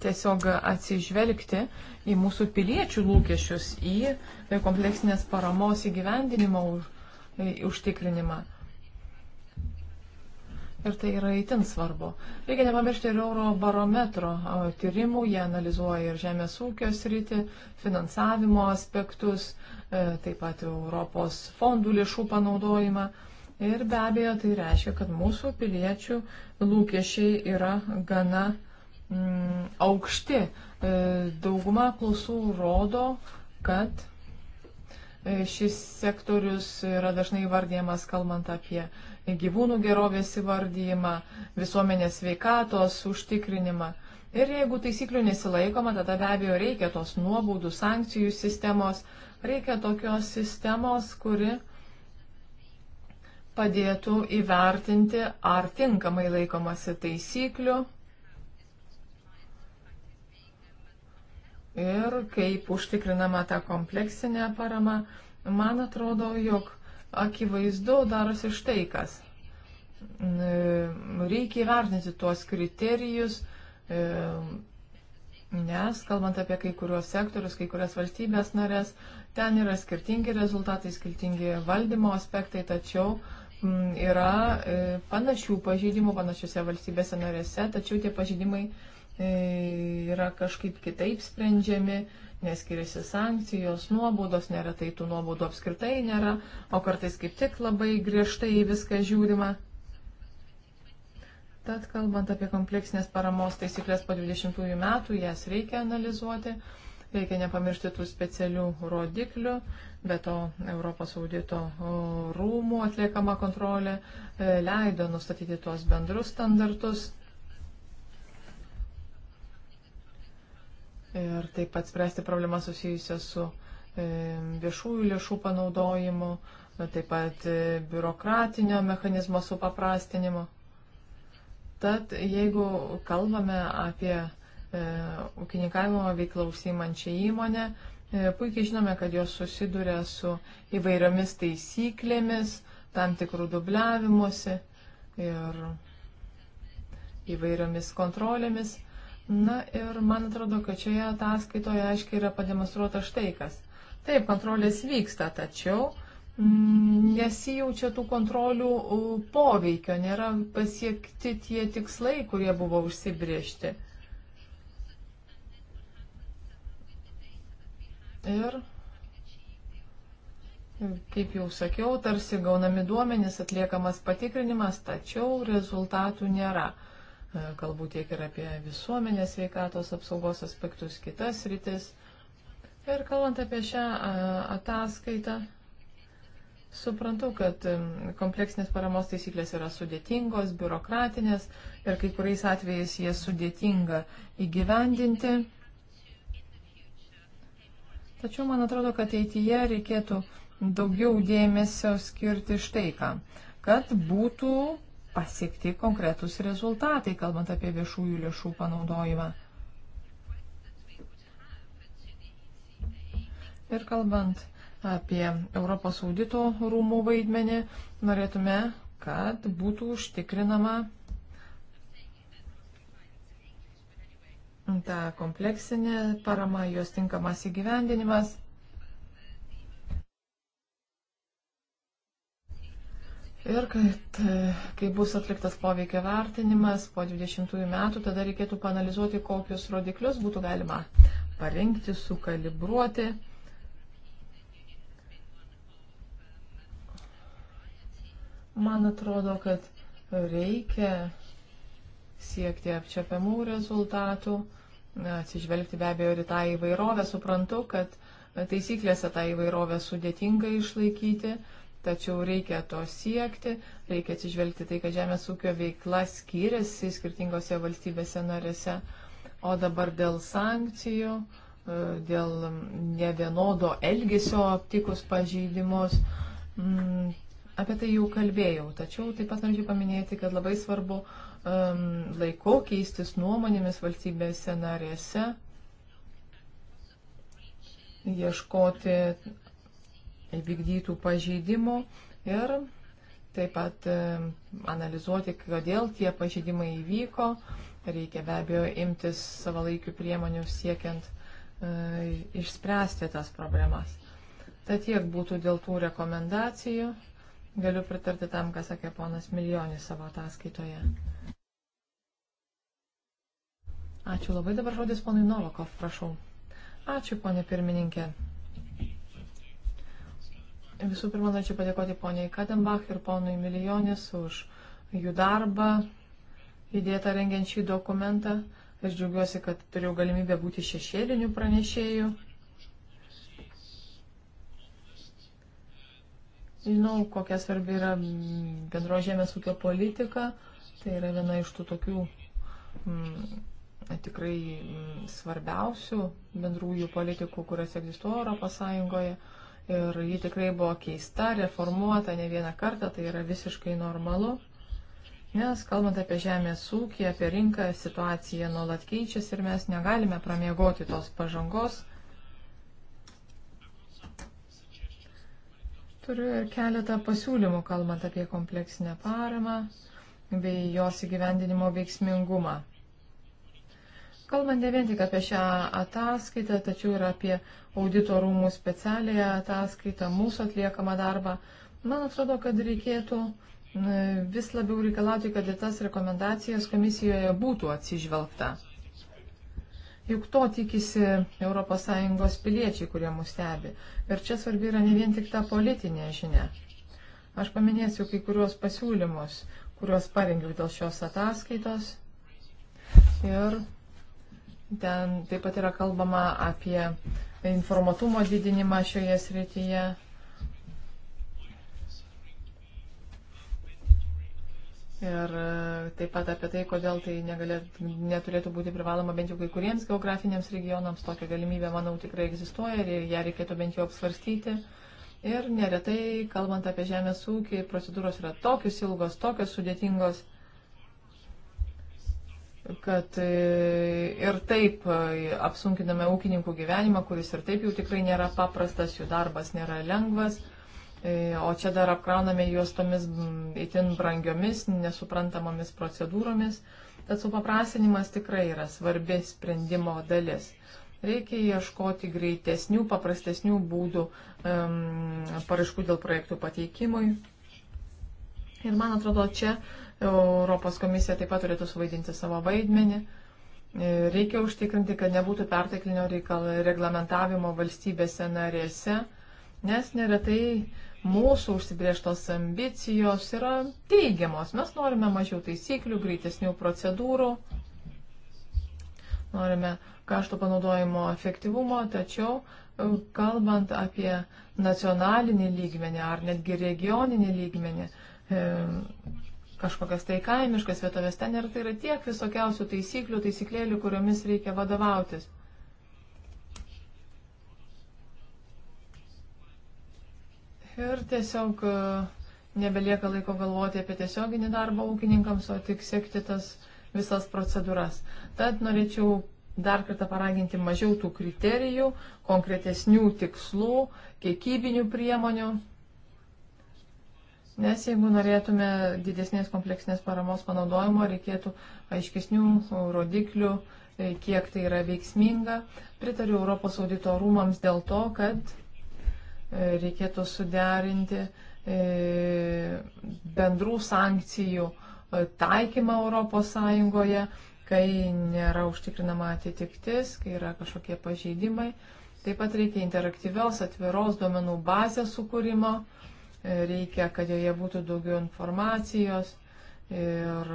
tiesiog atsižvelgti į mūsų piliečių lūkesčius, į kompleksinės paramos įgyvendinimo užduotis užtikrinimą. Ir tai yra itin svarbu. Reikia nepamiršti ir euro barometro tyrimų, jie analizuoja ir žemės ūkio sritį, finansavimo aspektus, e, taip pat Europos fondų lėšų panaudojimą. Ir be abejo, tai reiškia, kad mūsų piliečių lūkesčiai yra gana mm, aukšti. E, dauguma klausų rodo, kad E, šis sektorius yra dažnai vardėjamas, kalbant apie gyvūnų gerovės įvardyjimą, visuomenės veikatos užtikrinimą. Ir jeigu taisyklių nesilaikoma, tada be abejo reikia tos nuobaudų, sankcijų sistemos, reikia tokios sistemos, kuri padėtų įvertinti, ar tinkamai laikomasi taisyklių ir kaip užtikrinama ta kompleksinė parama, man atrodo, jog akivaizdu darosi štai kas. Reikia įvertinti tuos kriterijus, e, nes, kalbant apie kai kuriuos sektorius, kai kurias valstybės narės, ten yra skirtingi rezultatai, skirtingi valdymo aspektai, tačiau yra e, panašių pažydimų panašiose valstybėse narėse, tačiau tie pažydimai E, yra kažkaip kitaip sprendžiami, neskiriasi sankcijos, nuobaudos, neretai tų nuobaudų apskritai nėra, o kartais kaip tik labai griežtai į viską žiūrima. Tad kalbant apie kompleksinės paramos taisyklės po 20 metų, jas reikia analizuoti, reikia nepamiršti tų specialių rodiklių, be to Europos audito rūmų atliekama kontrolė e, leido nustatyti tuos bendrus standartus ir taip pat spręsti problemas susijusias su e, viešųjų lėšų panaudojimu, taip pat e, biurokratinio mechanizmo supaprastinimu. Tad jeigu kalbame apie e, ūkininkavimo veiklą užsiimančią įmonę, puikiai žinome, kad jos susiduria su įvairiomis taisyklėmis, tam tikrų dubliavimuose ir įvairiomis kontrolėmis. Na ir man atrodo, kad šioje ataskaitoje aiškiai yra pademonstruota štai kas. Taip, kontrolės vyksta, tačiau mm, nesijaučia tų kontrolių poveikio, nėra pasiekti tie tikslai, kurie buvo užsibriežti. Ir, kaip jau sakiau, tarsi gaunami duomenys, atliekamas patikrinimas, tačiau rezultatų nėra. E, kalbu tiek ir apie visuomenės veikatos apsaugos aspektus, kitas rytis. Ir kalbant apie šią e, ataskaitą, suprantu, kad e, kompleksinės paramos taisyklės yra sudėtingos, biurokratinės ir kai kuriais atvejais jie sudėtinga įgyvendinti. Tačiau man atrodo, kad ateityje reikėtų daugiau dėmesio skirti štai ką, kad būtų pasiekti konkretus rezultatai, kalbant apie viešųjų lėšų panaudojimą. Ir kalbant apie Europos audito rūmų vaidmenį, norėtume, kad būtų užtikrinama ta kompleksinė parama, jos tinkamas įgyvendinimas. Ir kad e, kai bus atliktas poveikio vertinimas po 20 metų, tada reikėtų panalizuoti, kokius rodiklius būtų galima parinkti, sukalibruoti. Man atrodo, kad reikia siekti apčiapiamų rezultatų, atsižvelgti be abejo ir tą įvairovę. Suprantu, kad taisyklėse tą įvairovę sudėtinga išlaikyti tačiau reikia to siekti, reikia atsižvelgti tai, kad žemės ūkio veikla skiriasi skirtingose valstybėse narėse. O dabar dėl sankcijų, e, dėl nevienodo elgesio aptikus pažeidimus, m, mm, apie tai jau kalbėjau. Tačiau taip pat norėčiau paminėti, kad labai svarbu um, laiku keistis nuomonėmis valstybėse narėse, ieškoti vykdytų pažeidimų ir taip pat e, analizuoti, kodėl tie pažeidimai įvyko. Reikia be abejo imtis savalaikių priemonių siekiant e, išspręsti tas problemas. Tad tiek būtų dėl tų rekomendacijų. Galiu pritarti tam, ką sakė ponas Milijonis savo ataskaitoje. Ačiū labai dabar žodis ponui Novakov, prašau. Ačiū, ponė pirmininkė. Visų pirma, norėčiau padėkoti poniai Kadenbach ir ponui Milijonis už jų darbą įdėtą rengiant šį dokumentą. Aš džiaugiuosi, kad turėjau galimybę būti šešėliniu pranešėju. Žinau, kokia svarbi yra bendro žemės ūkio politika. Tai yra viena iš tų tokių m, mm, tikrai m, mm, svarbiausių bendrųjų politikų, kurias egzistuoja Europos Sąjungoje ir ji tikrai buvo keista, reformuota ne vieną kartą, tai yra visiškai normalu. Nes kalbant apie žemės ūkį, apie rinką, situacija nuolat keičiasi ir mes negalime pramiegoti tos pažangos. Turiu ir keletą pasiūlymų, kalbant apie kompleksinę paramą bei jos įgyvendinimo veiksmingumą. Kalbant ne vien tik apie šią ataskaitą, tačiau ir apie audito rūmų specialiąją ataskaitą, mūsų atliekamą darbą, man atrodo, kad reikėtų vis labiau reikalauti, kad į tas rekomendacijas komisijoje būtų atsižvelgta. Juk to tikisi ES piliečiai, kurie mus stebi. Ir čia svarbi yra ne vien tik ta politinė žinia. Aš paminėsiu kai kuriuos pasiūlymus, kuriuos parengiau dėl šios ataskaitos. Ir Ten taip pat yra kalbama apie informatumo didinimą šioje srityje. Ir e, taip pat apie tai, kodėl tai negalėt, neturėtų būti privaloma bent jau kai kuriems geografiniams regionams. Tokia galimybė, manau, tikrai egzistuoja ir ją reikėtų bent jau apsvarstyti. Ir neretai, kalbant apie žemės ūkį, procedūros yra tokios ilgos, tokios sudėtingos, kad e, ir taip e, apsunkiname ūkininkų gyvenimą, kuris ir taip jau tikrai nėra paprastas, jų darbas nėra lengvas, e, o čia dar apkrauname juos tomis itin brangiomis, nesuprantamomis procedūromis. Tad supaprastinimas tikrai yra svarbi sprendimo dalis. Reikia ieškoti greitesnių, paprastesnių būdų um, paraiškų dėl projektų pateikimui. Ir man atrodo, čia Europos komisija taip pat turėtų suvaidinti savo vaidmenį. Reikia užtikrinti, kad nebūtų perteklinio reglamentavimo valstybėse narėse, nes neretai mūsų užsibrieštos ambicijos yra teigiamos. Mes norime mažiau taisyklių, greitesnių procedūrų, norime kaštų panaudojimo efektyvumo, tačiau e, kalbant apie nacionalinį lygmenį ar netgi regioninį lygmenį, e, kažkokias tai kaimiškas vietovės. Ten ir tai yra tiek visokiausių taisyklių, taisyklėlių, kuriomis reikia vadovautis. Ir tiesiog e, nebelieka laiko galvoti apie tiesioginį darbą ūkininkams, o tik sekti tas visas procedūras. Tad norėčiau dar kartą paraginti mažiau tų kriterijų, konkretesnių tikslų, kiekybinių priemonių. Nes jeigu norėtume didesnės kompleksinės paramos panaudojimo, reikėtų aiškesnių rodiklių, e, kiek tai yra veiksminga. Pritariu Europos audito rūmams dėl to, kad e, reikėtų suderinti e, bendrų sankcijų taikymą Europos Sąjungoje, kai nėra užtikrinama atitiktis, kai yra kažkokie pažeidimai. Taip pat reikia interaktyvios, atviros duomenų bazės sukūrimo. E, reikia, kad joje būtų daugiau informacijos ir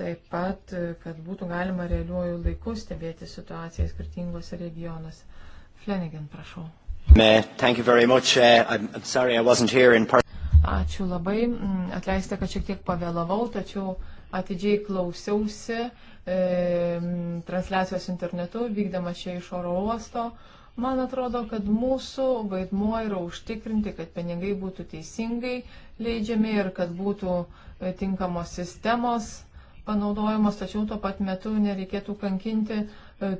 taip pat, e, kad būtų galima realiuoju laiku stebėti situaciją skirtingose regionuose. Flanagan, prašau. Uh, Ačiū labai, mm, atleiskite, kad šiek tiek pavėlavau, tačiau atidžiai klausiausi e, mm, transliacijos internetu, vykdama čia iš oro uosto. E, Man atrodo, kad mūsų vaidmuo yra užtikrinti, kad pinigai būtų teisingai leidžiami ir kad būtų e, tinkamos sistemos panaudojamos, tačiau tuo pat metu nereikėtų kankinti e,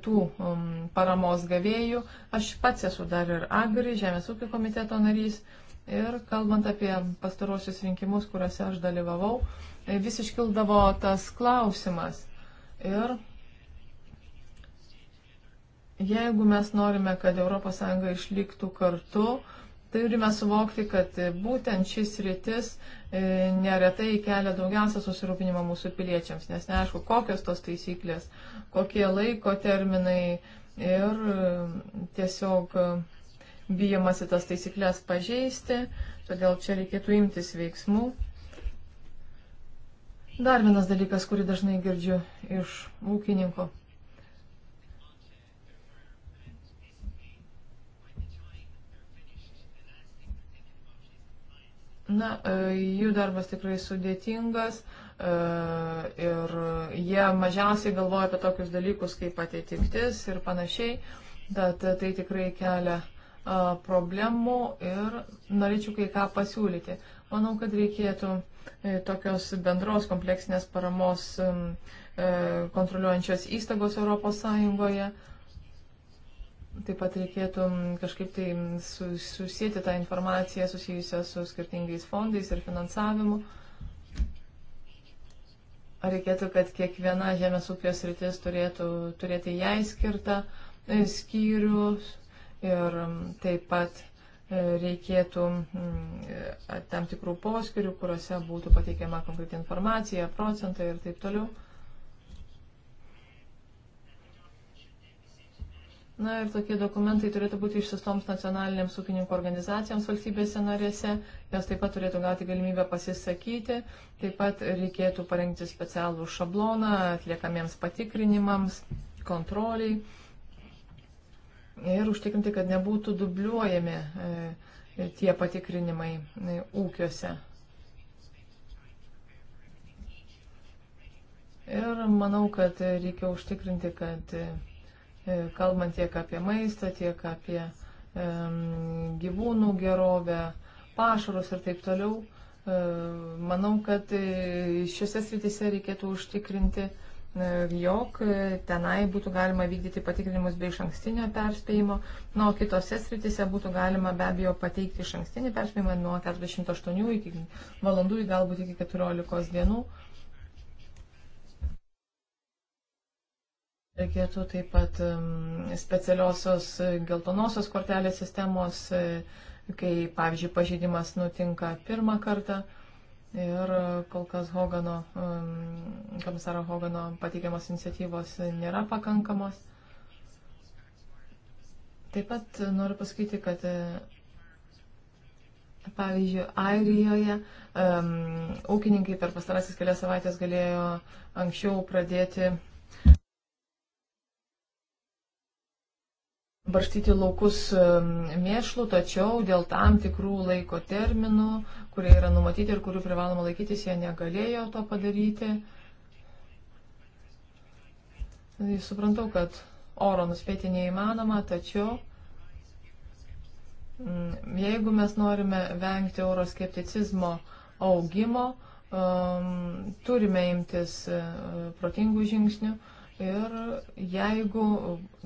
tų um, paramos gavėjų. Aš pats esu dar ir Agri, Žemės ūkio komiteto narys. Ir kalbant apie pastarosius rinkimus, kuriuose aš dalyvavau, e, vis iškildavo tas klausimas. Ir Jeigu mes norime, kad ES išliktų kartu, tai turime suvokti, kad būtent šis rytis e, neretai kelia daugiausia susirūpinimo mūsų piliečiams, nes neaišku, kokios tos taisyklės, kokie laiko terminai ir e, tiesiog e, bijomasi tas taisyklės pažeisti, todėl čia reikėtų imtis veiksmų. Dar vienas dalykas, kurį dažnai girdžiu iš ūkininkų Na, e, jų darbas tikrai sudėtingas e, ir jie mažiausiai galvoja apie tokius dalykus kaip atitiktis ir panašiai, bet tai tikrai kelia e, problemų ir norėčiau kai ką pasiūlyti. Manau, kad reikėtų tokios bendros kompleksinės paramos kontroliuojančios įstaigos Europos Sąjungoje. Taip pat reikėtų kažkaip tai susijęti tą informaciją susijusią su skirtingais fondais ir finansavimu. Ar reikėtų, kad kiekviena žemės ūkio sritis turėtų turėti jai skirtą e, skyrių ir taip pat e, reikėtų e, tam tikrų poskirių, kuriuose būtų pateikiama konkreti informacija, procentai ir taip toliau. Na ir tokie dokumentai turėtų būti išsistoms nacionalinėms ūkininkų organizacijoms valstybėse narėse, jos taip pat turėtų gauti galimybę pasisakyti, taip pat reikėtų parengti specialų šabloną atliekamiems patikrinimams, kontroliai ir užtikrinti, kad nebūtų dubliuojami e, tie patikrinimai e, ūkiuose. Ir manau, kad reikia užtikrinti, kad e, E, kalbant tiek apie maistą, tiek apie gyvūnų gerovę, pašarus ir taip toliau. E, manau, kad e, šiuose srityse reikėtų užtikrinti, jog tenai būtų galima vykdyti patikrinimus bei iš ankstinio perspėjimo, na, o kitose srityse būtų galima be abejo pateikti iš ankstinį perspėjimą nuo 48 iki valandų, galbūt iki 14 dienų. Reikėtų taip pat specialiosios geltonosios kortelės sistemos, e, kai, pavyzdžiui, pažydimas nutinka pirmą kartą. Ir kol kas Hogano, komisaro Hogano pateikiamos iniciatyvos nėra pakankamos. Taip pat noriu pasakyti, kad e, Pavyzdžiui, Airijoje um, ūkininkai per pastarasis kelias savaitės galėjo anksčiau pradėti barstyti laukus mėšlų, tačiau dėl tam tikrų laiko terminų, kurie yra numatyti ir kurių privaloma laikytis, jie negalėjo to padaryti. Tai suprantu, kad oro nuspėti neįmanoma, tačiau mm, jeigu mes norime vengti euroskepticizmo augimo, um, turime imtis uh, protingų žingsnių. Uh, Ir jeigu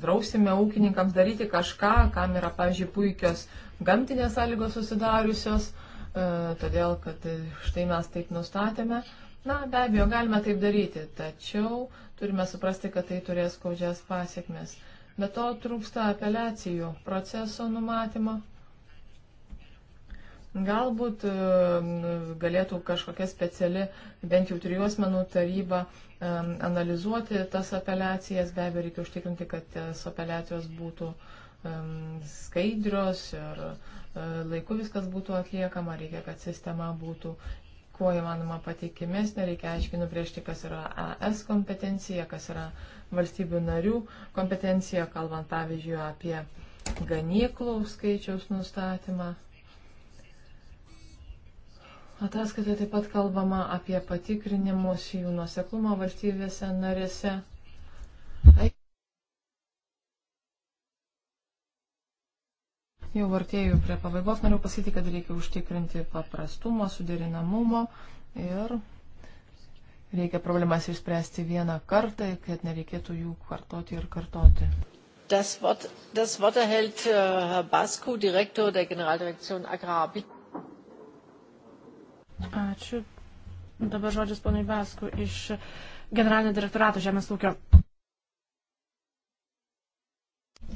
drausime ūkininkams daryti kažką, kam yra, pavyzdžiui, puikios gamtinės sąlygos susidariusios, e, todėl kad štai mes taip nustatėme, na, be abejo, galime taip daryti, tačiau turime suprasti, kad tai turės skaudžias pasiekmes. Be to trūksta apeliacijų proceso numatymo. Galbūt galėtų kažkokia speciali, bent jau trijų asmenų taryba analizuoti tas apeliacijas. Be abejo, reikia užtikrinti, kad tas apeliacijos būtų skaidrios ir e, laiku viskas būtų atliekama. Reikia, kad sistema būtų kuo įmanoma patikimesnė. Reikia aiškiai nubriežti, kas yra ES kompetencija, kas yra valstybių narių kompetencija, kalbant pavyzdžiui apie ganyklų skaičiaus nustatymą. Ataskaitoje taip pat kalbama apie patikrinimus jų nuseklumą valstybėse narėse. Jau artėjau prie pabaigos, noriu pasakyti, kad reikia užtikrinti paprastumą, suderinamumo ir reikia problemas išspręsti vieną kartą, kad nereikėtų jų kartoti ir kartoti. Das Wort, das Wort erhält uh, Herr Basko, Direktor der Generaldirektion Agrar. Bitte. Ačiū. Dabar žodžius ponui Vasku iš Generalinio direktorato Žemės ūkio.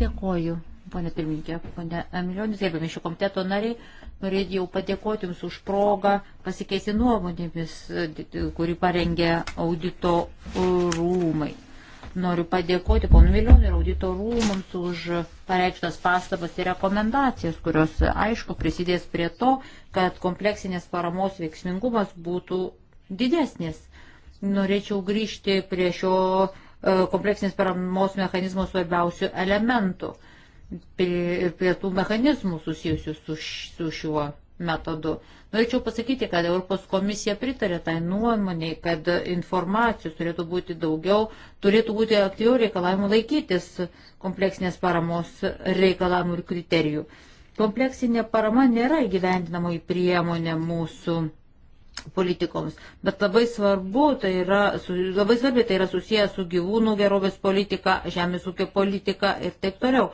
Dėkoju, ponė pirmininkė, ponė Emilionis, gerbėmi šio komiteto nariai. Norėčiau padėkoti Jums už progą pasikeisti nuomonėmis, kuri parengė audito rūmai. Noriu padėkoti ponu Milionu ir audito rūmams už pareikštas pastabas ir rekomendacijas, kurios aišku prisidės prie to, kad kompleksinės paramos veiksmingumas būtų didesnis. Norėčiau grįžti prie šio e, kompleksinės paramos mechanizmo svarbiausių elementų ir prie tų mechanizmų susijusių su, su šiuo metodu. Norėčiau pasakyti, kad Europos komisija pritarė tai nuomoniai, kad informacijos turėtų būti daugiau, turėtų būti aktyviau reikalavimų laikytis kompleksinės paramos reikalavimų ir kriterijų. Kompleksinė parama nėra įgyvendinamoji priemonė mūsų politikoms. Bet labai svarbu, tai yra, labai svarbi tai yra susijęs su gyvūnų gerovės politika, žemės ūkio politika ir taip toliau.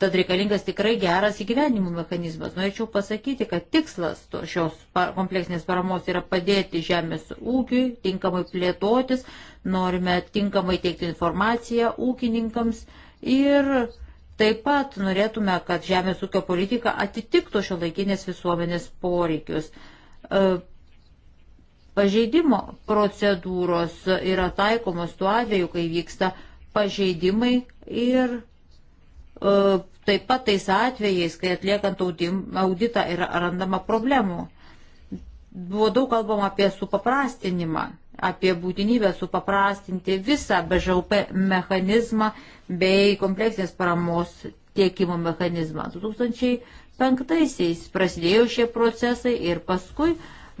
Tad reikalingas tikrai geras įgyvenimo mechanizmas. Norėčiau pasakyti, kad tikslas to šios kompleksinės paramos yra padėti žemės ūkiui, tinkamai plėtotis, norime tinkamai teikti informaciją ūkininkams ir Taip pat norėtume, kad žemės ūkio politika atitiktų šio laikinės visuomenės poreikius. E, pažeidimo procedūros yra taikomos tuo atveju, kai vyksta pažeidimai ir E, taip pat tais atvejais, kai atliekant auditą yra randama problemų. Buvo daug kalbama apie supaprastinimą, apie būtinybę supaprastinti visą BŽUP mechanizmą bei kompleksinės paramos tiekimo mechanizmą. 2005-aisiais prasidėjo šie procesai ir paskui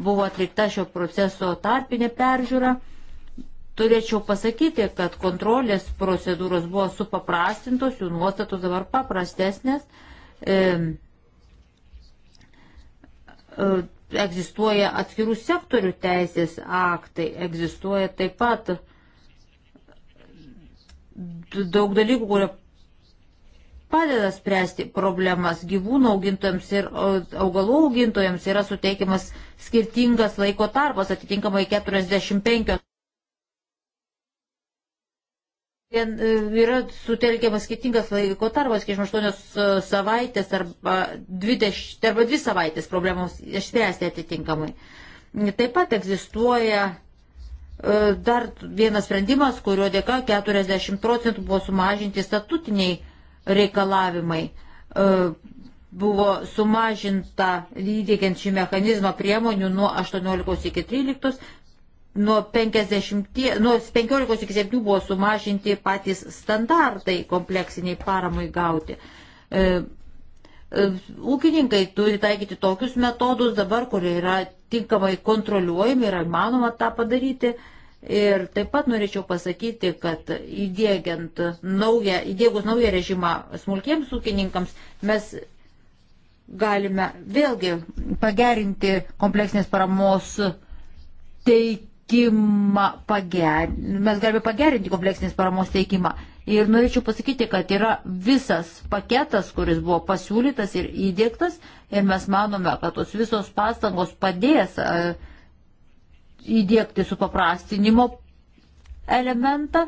buvo atlikta šio proceso tarpinė peržiūra Turėčiau pasakyti, kad kontrolės procedūros buvo supaprastintos, jų nuostatos dabar paprastesnės. E, e, egzistuoja atskirų sektorių teisės aktai, egzistuoja taip pat daug dalykų, kurie padeda spręsti problemas gyvūnų augintojams ir augalų augintojams yra suteikiamas skirtingas laiko tarpas, atitinkamai 45 Ten e, yra sutelkiamas skirtingas laiko tarpas, 8 e, savaitės arba 20 arba 2 savaitės problemos išspręsti atitinkamai. Taip pat egzistuoja e, dar vienas sprendimas, kurio dėka 40 procentų buvo sumažinti statutiniai reikalavimai. Buvo sumažinta įdėkiant šį mechanizmą priemonių nuo 18 iki 13, nuo, 50, nuo 15 iki 7 buvo sumažinti patys standartai kompleksiniai paramai gauti. E, e, ūkininkai turi taikyti tokius metodus dabar, kurie yra tinkamai kontroliuojami, yra įmanoma tą padaryti. Ir taip pat norėčiau pasakyti, kad įdėgiant naują, įdėgus naują režimą smulkiems ūkininkams, mes galime vėlgi pagerinti kompleksinės paramos teikimą teikimą pagerinti, mes galime pagerinti kompleksinės paramos teikimą. Ir norėčiau pasakyti, kad yra visas paketas, kuris buvo pasiūlytas ir įdėktas, ir mes manome, kad tos visos pastangos padės e, įdėkti supaprastinimo elementą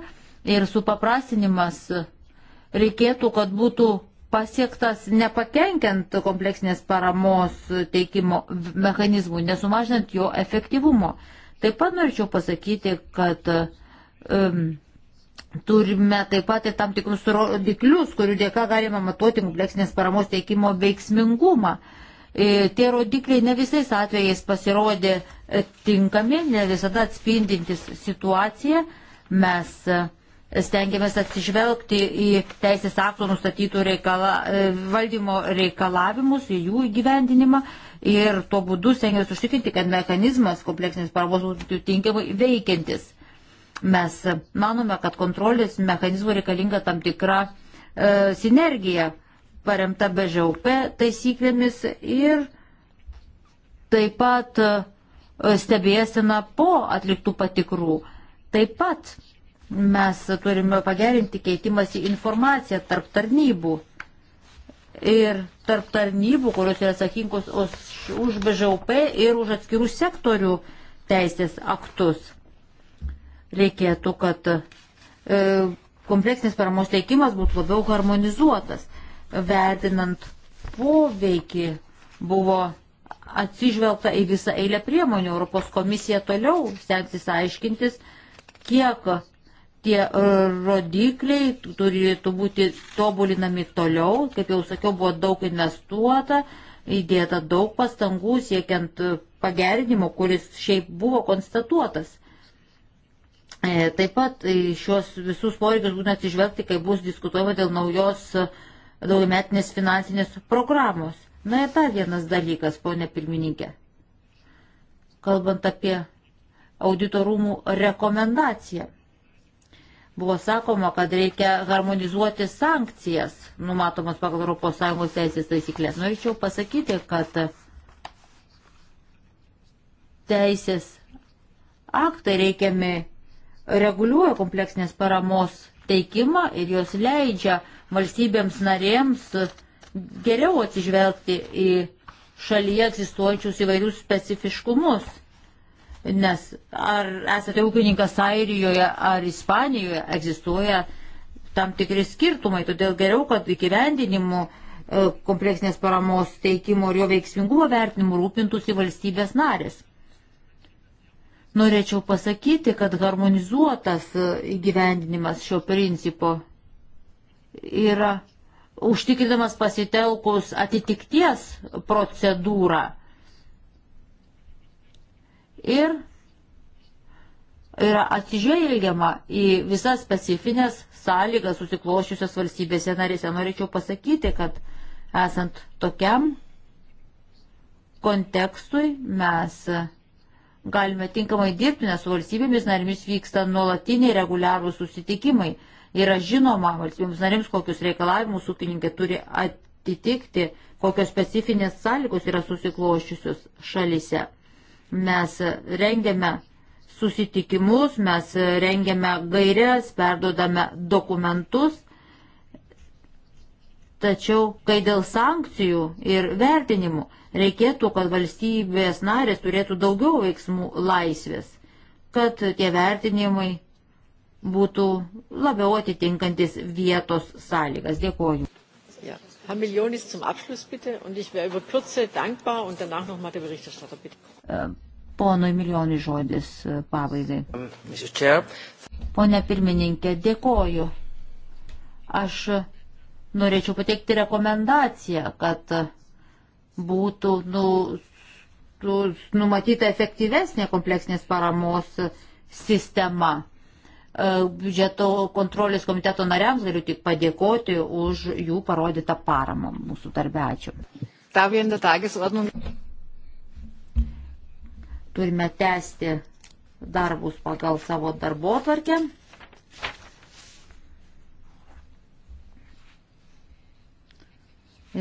ir supaprastinimas reikėtų, kad būtų pasiektas nepakenkiant kompleksinės paramos teikimo mechanizmų, nesumažinant jo efektyvumo. Taip pat norėčiau pasakyti, kad um, turime taip pat ir tam tikrus rodiklius, kurių dėka galima matuoti kompleksinės paramos teikimo veiksmingumą. E, tie rodikliai ne visais atvejais pasirodė tinkami, ne visada atspindintis situaciją. Mes e, stengiamės atsižvelgti į teisės aktų nustatytų reikala, e, valdymo reikalavimus, į jų įgyvendinimą ir tuo būdu stengiasi užtikrinti, kad mechanizmas kompleksinės paramos būtų tinkamai veikiantis. Mes manome, kad kontrolės mechanizmų reikalinga tam tikra e, sinergija paremta BŽUP taisyklėmis ir taip pat e, stebėsina po atliktų patikrų. Taip pat mes turime pagerinti keitimąsi informaciją tarp tarnybų ir tarp tarnybų, kurios yra atsakingos už už BŽUP ir už atskirų sektorių teisės aktus. Reikėtų, kad e, kompleksinis paramos teikimas būtų labiau harmonizuotas. Vertinant poveikį buvo atsižvelgta į visą eilę priemonių. Europos komisija toliau stengsis aiškintis, kiek tie e, rodikliai turėtų būti tobulinami toliau. Kaip jau sakiau, buvo daug investuota, įdėta daug pastangų siekiant pagerinimo, kuris šiaip buvo konstatuotas. E, taip pat šios visus poreikius būtent atsižvelgti, kai bus diskutuojama dėl naujos e, daugiametinės finansinės programos. Na ir dar vienas dalykas, ponė pirmininkė. Kalbant apie auditorumų rekomendaciją. Buvo sakoma, kad reikia harmonizuoti sankcijas numatomos pagal ES teisės taisyklės. Norėčiau pasakyti, kad teisės aktai reikiami reguliuoja kompleksinės paramos teikimą ir jos leidžia valstybėms narėms geriau atsižvelgti į šalyje egzistuojančius įvairius specifiškumus. Nes ar esate ūkininkas Airijoje ar Ispanijoje, egzistuoja tam tikri skirtumai, todėl geriau, kad įgyvendinimu e, kompleksinės paramos teikimo ir jo veiksmingumo vertinimu rūpintųsi valstybės narės. Norėčiau pasakyti, kad harmonizuotas e, įgyvendinimas šio principo yra užtikrinamas pasitelkus atitikties procedūrą ir yra atsižvelgiama į visas specifines sąlygas susiklošiusios valstybėse narėse. Norėčiau pasakyti, kad esant tokiam kontekstui mes galime tinkamai dirbti, nes su valstybėmis narimis vyksta nuolatiniai reguliarūs susitikimai. Yra žinoma valstybėms narims, kokius reikalavimus ūkininkai turi atitikti, kokios specifinės sąlygos yra susikloščiusios šalise. Mes rengiame susitikimus, mes rengiame gairias, perdodame dokumentus. Tačiau, kai dėl sankcijų ir vertinimų, reikėtų, kad valstybės narės turėtų daugiau veiksmų laisvės, kad tie vertinimai būtų labiau atitinkantis vietos sąlygas. Dėkoju. Ja. Herr Millionis zum Abschluss bitte und ich wäre über Kürze dankbar und danach nochmal der Berichterstatter bitte. Uh. Ponui milijonui žodis e, pabaigai. Pone pirmininkė, dėkoju. Aš norėčiau pateikti rekomendaciją, kad būtų nu, numatyta efektyvesnė kompleksinės paramos sistema. E, biudžeto kontrolės komiteto nariams galiu tik padėkoti už jų parodytą paramą mūsų darbe. Ačiū. Turime tęsti darbus pagal savo darbo tvarkę.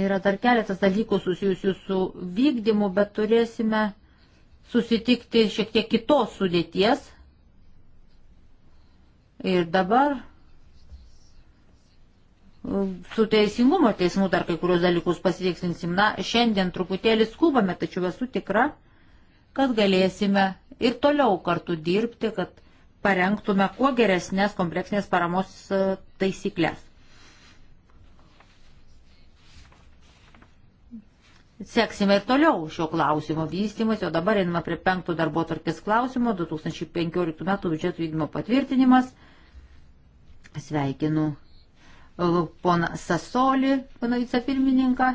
Yra dar keletas dalykų susijusių su vykdymu, bet turėsime susitikti šiek tiek kitos sudėties. Ir dabar um, su teisingumo teismu dar kai kurios dalykus pasitikslinsim. Na, šiandien truputėlį skubame, tačiau esu tikra, kad kad galėsime ir toliau kartu dirbti, kad parengtume kuo geresnės kompleksinės paramos e, taisyklės. Seksime ir toliau šio klausimo vystymas, o dabar einame prie penkto darbo tarkės klausimo, 2015 metų biudžeto vykdymo patvirtinimas. Sveikinu e, pona Sasoli, pana vicepirmininką,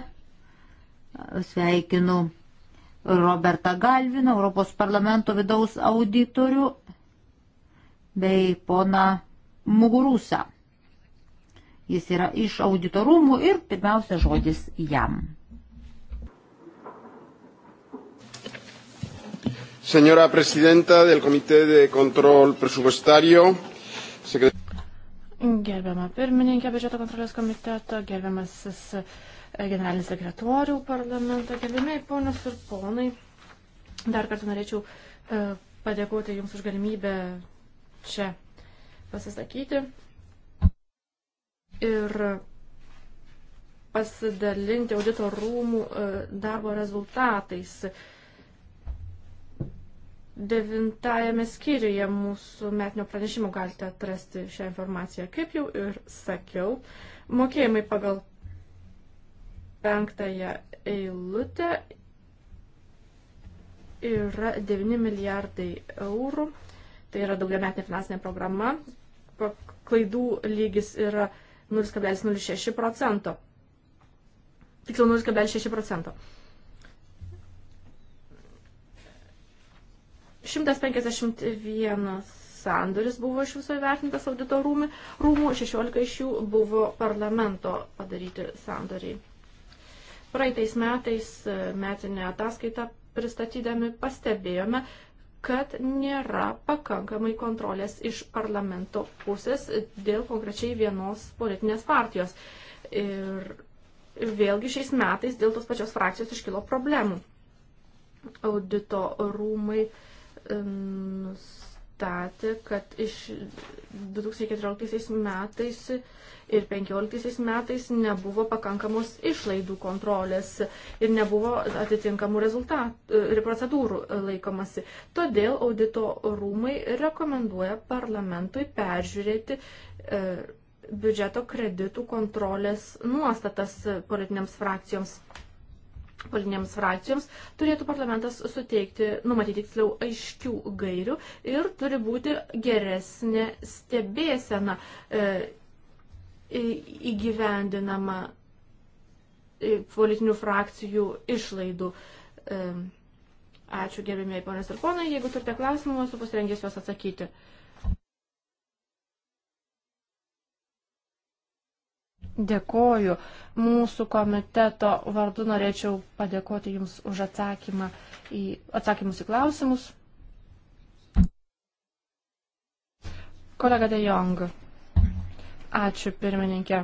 sveikinu Robertą Galviną, Europos parlamento vidaus auditorių bei pona Mugurusą. Jis yra iš auditorumų ir pirmiausia žodis jam. Señora presidenta del Comité de Control Presupuestario, secretaria. Gerbiama pirmininkė, biudžeto kontrolės komiteto, gerbiamasis uh, generalinį sekretorių parlamento. Gerbimiai ponios ir ponai, dar kartą norėčiau e, padėkoti Jums už galimybę čia pasisakyti ir pasidalinti audito rūmų e, darbo rezultatais. Devintajame skyriuje mūsų metinio pranešimo galite atrasti šią informaciją. Kaip jau ir sakiau, mokėjimai pagal penktąją eilutę yra 9 milijardai eurų. Tai yra daugiametinė finansinė programa. Klaidų lygis yra 0,06 procento. Tiksliau 0,6 procento. 151 sandoris buvo iš viso įvertintas audito rūmų, 16 iš jų buvo parlamento padaryti sandoriai. Praeitais metais e, metinę ataskaitą pristatydami pastebėjome, kad nėra pakankamai kontrolės iš parlamento pusės dėl konkrečiai vienos politinės partijos. Ir vėlgi šiais metais dėl tos pačios frakcijos iškilo problemų. Audito rūmai e, nustatė, kad iš 2014 metais ir 15 metais nebuvo pakankamos išlaidų kontrolės ir nebuvo atitinkamų rezultatų ir procedūrų laikomasi. Todėl audito rūmai rekomenduoja parlamentui peržiūrėti e, biudžeto kreditų kontrolės nuostatas politinėms frakcijoms. Politinėms frakcijoms turėtų parlamentas suteikti, numatyti tiksliau, aiškių gairių ir turi būti geresnė stebėsena e, įgyvendinama politinių frakcijų išlaidų. Ačiū gerbėmiai ponės ir ponai, jeigu turite klausimų, esu pasirengęs juos atsakyti. Dėkoju. Mūsų komiteto vardu norėčiau padėkoti Jums už atsakymą į, atsakymus į klausimus. Kolega De Jong. Ačiū pirmininkė.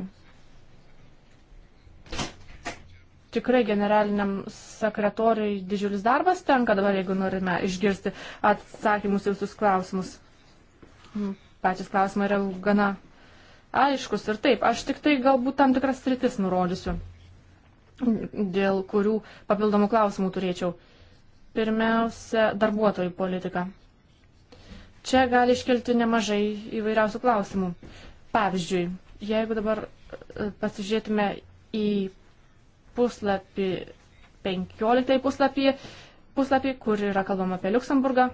Tikrai generaliniam sekretoriui didžiulis darbas tenka dabar, jeigu norime išgirsti atsakymus į visus klausimus. Mm, Pačias klausimai yra gana aiškus ir taip. Aš tik tai galbūt tam tikras sritis nurodysiu, dėl kurių papildomų klausimų turėčiau. Pirmiausia, darbuotojų politika. Čia gali iškelti nemažai įvairiausių klausimų. Pavyzdžiui, jeigu dabar e, pasižiūrėtume į puslapį 15 puslapį, puslapį, kur yra kalbama apie Luksemburgą.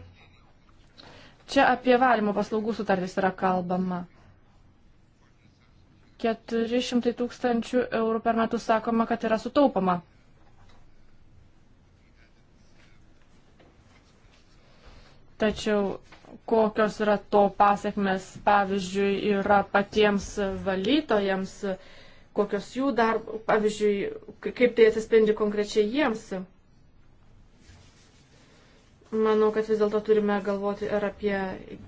Čia apie valymo paslaugų sutartys yra kalbama. 400 tūkstančių eurų per metus sakoma, kad yra sutaupama. Tačiau kokios yra to pasiekmes, pavyzdžiui, yra patiems valytojams, kokios jų darbo, pavyzdžiui, kaip tai atsispindi konkrečiai jiems. Manau, kad vis dėlto turime galvoti ir apie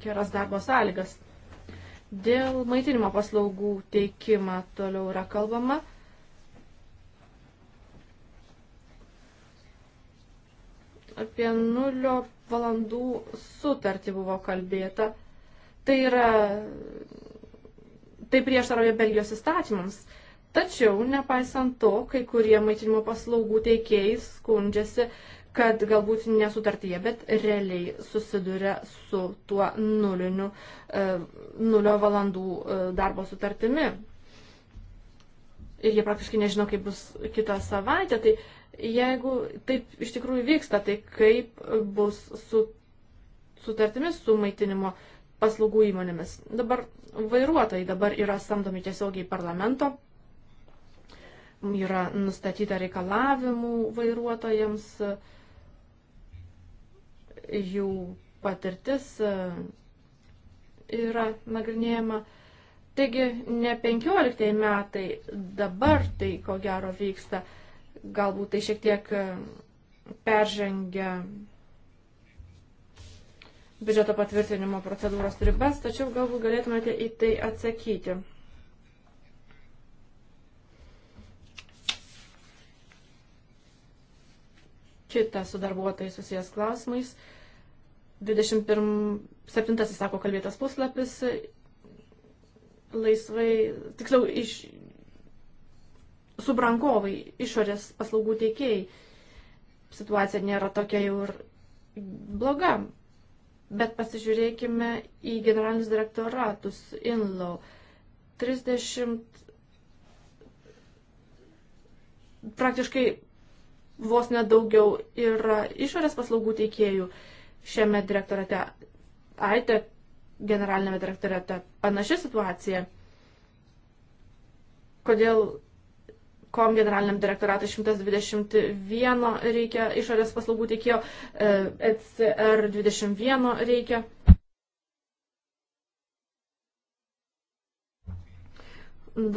geras darbo sąlygas. Dėl maitinimo paslaugų teikimą toliau yra kalbama. apie nulio valandų sutartį buvo kalbėta. Tai yra, tai prieštarauja Belgijos įstatymams. Tačiau, nepaisant to, kai kurie maitinimo paslaugų teikėjai skundžiasi, kad galbūt nesutartyje, bet realiai susiduria su tuo nuliniu, e, nulio valandų e, darbo sutartimi. Ir jie praktiškai nežino, kaip bus kitą savaitę. Tai Jeigu taip iš tikrųjų vyksta, tai kaip bus su sutartimis su maitinimo paslaugų įmonėmis? Dabar vairuotojai dabar yra samdomi tiesiogiai parlamento, yra nustatyta reikalavimų vairuotojams, jų patirtis e, yra nagrinėjama. Taigi ne 15 metai dabar tai ko gero vyksta galbūt tai šiek tiek e, peržengia biudžeto patvirtinimo procedūros ribas, tačiau galbūt galėtumėte į tai atsakyti. Kitas su darbuotojai susijęs klausimais. 27 sako kalbėtas puslapis. Laisvai, tiksliau, iš, subrangovai, išorės paslaugų teikėjai. Situacija nėra tokia jau ir bloga. Bet pasižiūrėkime į generalinius direktoratus Inlo. 30 praktiškai vos nedaugiau yra išorės paslaugų teikėjų šiame direktorate. AITE generalinėme direktorate panaši situacija. Kodėl kom generaliniam direktoratui 121 reikia išorės paslaugų teikėjo, ECR 21 reikia.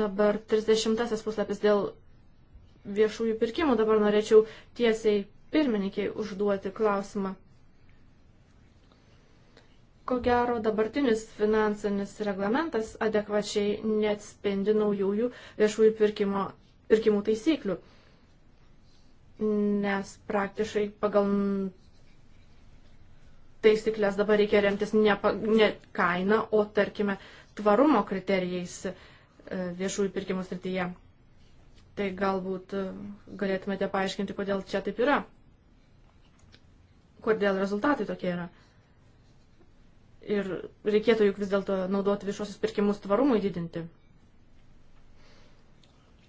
Dabar 30 puslapis dėl viešųjų pirkimų. Dabar norėčiau tiesiai pirmininkiai užduoti klausimą. Ko gero, dabartinis finansinis reglamentas adekvačiai neatspindi naujųjų viešųjų pirkimo pirkimų taisyklių. Nes praktiškai pagal taisyklės dabar reikia remtis ne, ne kaina, o tarkime tvarumo kriterijais e, viešųjų pirkimų srityje. Tai galbūt e, galėtumėte paaiškinti, kodėl čia taip yra. Kodėl rezultatai tokie yra. Ir reikėtų juk vis dėlto naudoti viešosius pirkimus tvarumui didinti.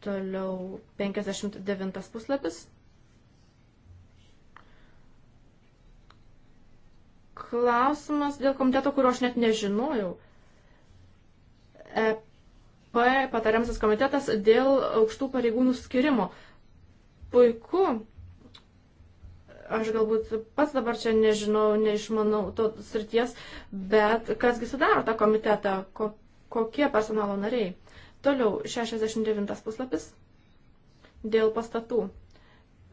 Toliau 59 puslapis. Klausimas dėl komiteto, kurio aš net nežinojau. EP patariamasis komitetas dėl aukštų pareigūnų skirimo. Puiku. Aš galbūt pats dabar čia nežinau, neišmanau to srities, bet kasgi sudaro tą komitetą, ko, kokie personalo nariai. Toliau 69 puslapis dėl pastatų.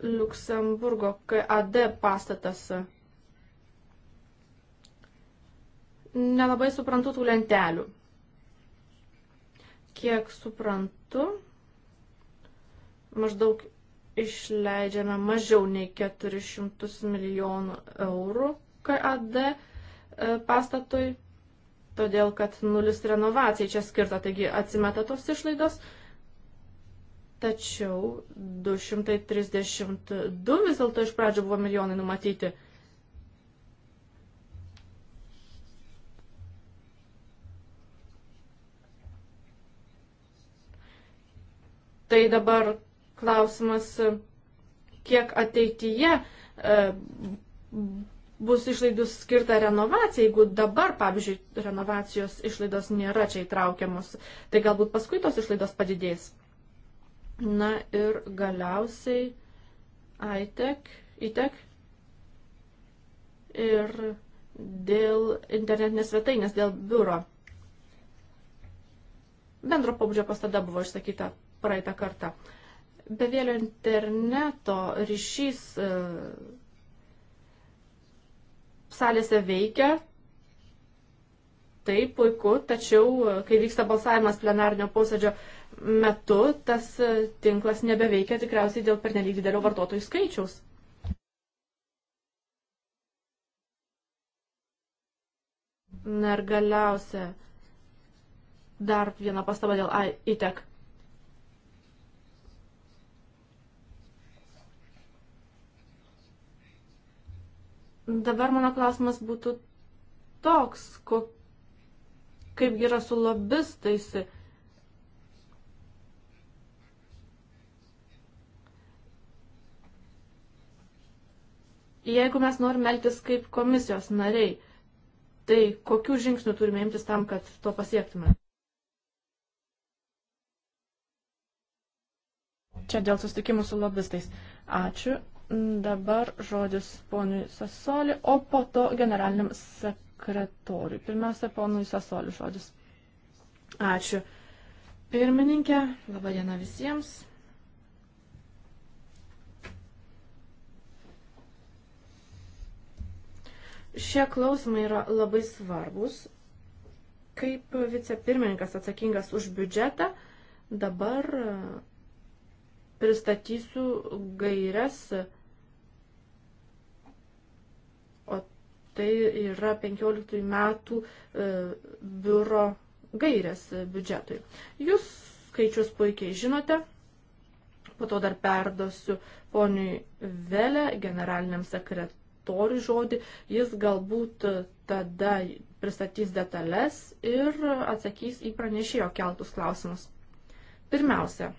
Luksemburgo KAD pastatas. Nelabai suprantu tų lentelių. Kiek suprantu, maždaug išleidžiame mažiau nei 400 milijonų eurų KAD e, pastatui todėl kad nulis renovacijai čia skirta, taigi atsimeta tos išlaidos. Tačiau 232 vis dėlto iš pradžio buvo milijonai numatyti. Tai dabar klausimas, kiek ateityje e, bus išlaidų skirta renovacijai, jeigu dabar, pavyzdžiui, renovacijos išlaidos nėra čia įtraukiamos, tai galbūt paskui tos išlaidos padidės. Na ir galiausiai ITEC, ITEC ir dėl internetinės svetainės, dėl biuro. Bendro pobūdžio pastada buvo išsakyta praeitą kartą. Bevėlio interneto ryšys e, salėse veikia, tai puiku, tačiau e, kai vyksta balsavimas plenarnio posėdžio metu, tas e, tinklas nebeveikia tikriausiai dėl pernelyg didelio vartotojų skaičiaus. Na ir galiausia, dar viena pastaba dėl ITEC. Dabar mano klausimas būtų toks, ko, kaip yra su lobistais. Jeigu mes norime elgtis kaip komisijos nariai, tai kokių žingsnių turime imtis tam, kad to pasiektume? Čia dėl susitikimų su lobistais. Ačiū dabar žodis ponui Sasoli, o po to generaliniam sekretoriui. Pirmiausia, ponui Sasoli žodis. Ačiū. Pirmininkė, laba diena visiems. Šie klausimai yra labai svarbus. Kaip vicepirmininkas atsakingas už biudžetą, dabar pristatysiu gairias, o tai yra 15 metų e, biuro gairias biudžetui. Jūs skaičius puikiai žinote, po to dar perdosiu poniui Velę, generaliniam sekretoriui žodį, jis galbūt tada pristatys detalės ir atsakys į pranešėjo keltus klausimus. Pirmiausia,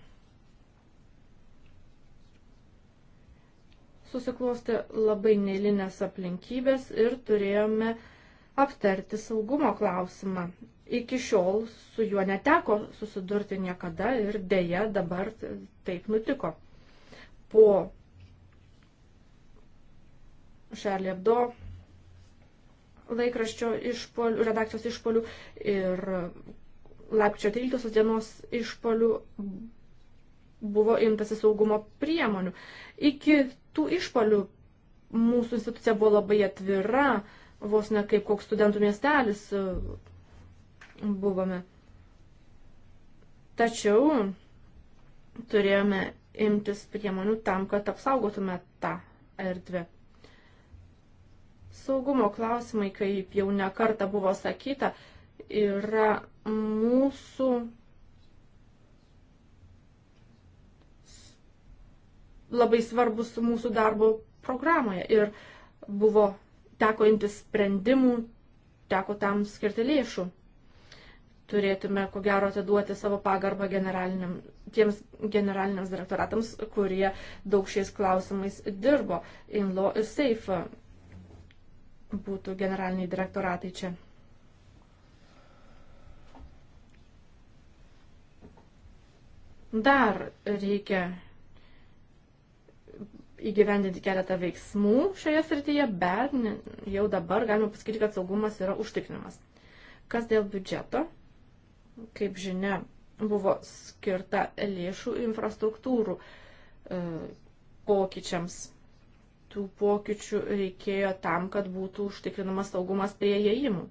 susiklostė labai nelinės aplinkybės ir turėjome aptarti saugumo klausimą. Iki šiol su juo neteko susidurti niekada ir dėja dabar taip nutiko. Po Šarlį Abdo laikraščio išpolių, redakcijos išpolių ir lapkričio 13 dienos išpolių buvo imtasi saugumo priemonių. Iki tų išpolių mūsų institucija buvo labai atvira, vos ne kaip koks studentų miestelis e, buvome. Tačiau turėjome imtis priemonių tam, kad apsaugotume tą erdvę. Saugumo klausimai, kaip jau nekarta buvo sakyta, yra mūsų labai svarbus mūsų darbo programoje ir buvo, teko imtis sprendimų, teko tam skirti lėšų. Turėtume, ko gero, atiduoti savo pagarbą generaliniam, tiems generaliniams direktoratams, kurie daug šiais klausimais dirbo. Inlo ir Safe būtų generaliniai direktoratai čia. Dar reikia įgyvendinti keletą veiksmų šioje srityje, bet jau dabar galima pasakyti, kad saugumas yra užtikrinamas. Kas dėl biudžeto, kaip žinia, buvo skirta lėšų infrastruktūrų e, pokyčiams. Tų pokyčių reikėjo tam, kad būtų užtikrinamas saugumas prie įėjimų.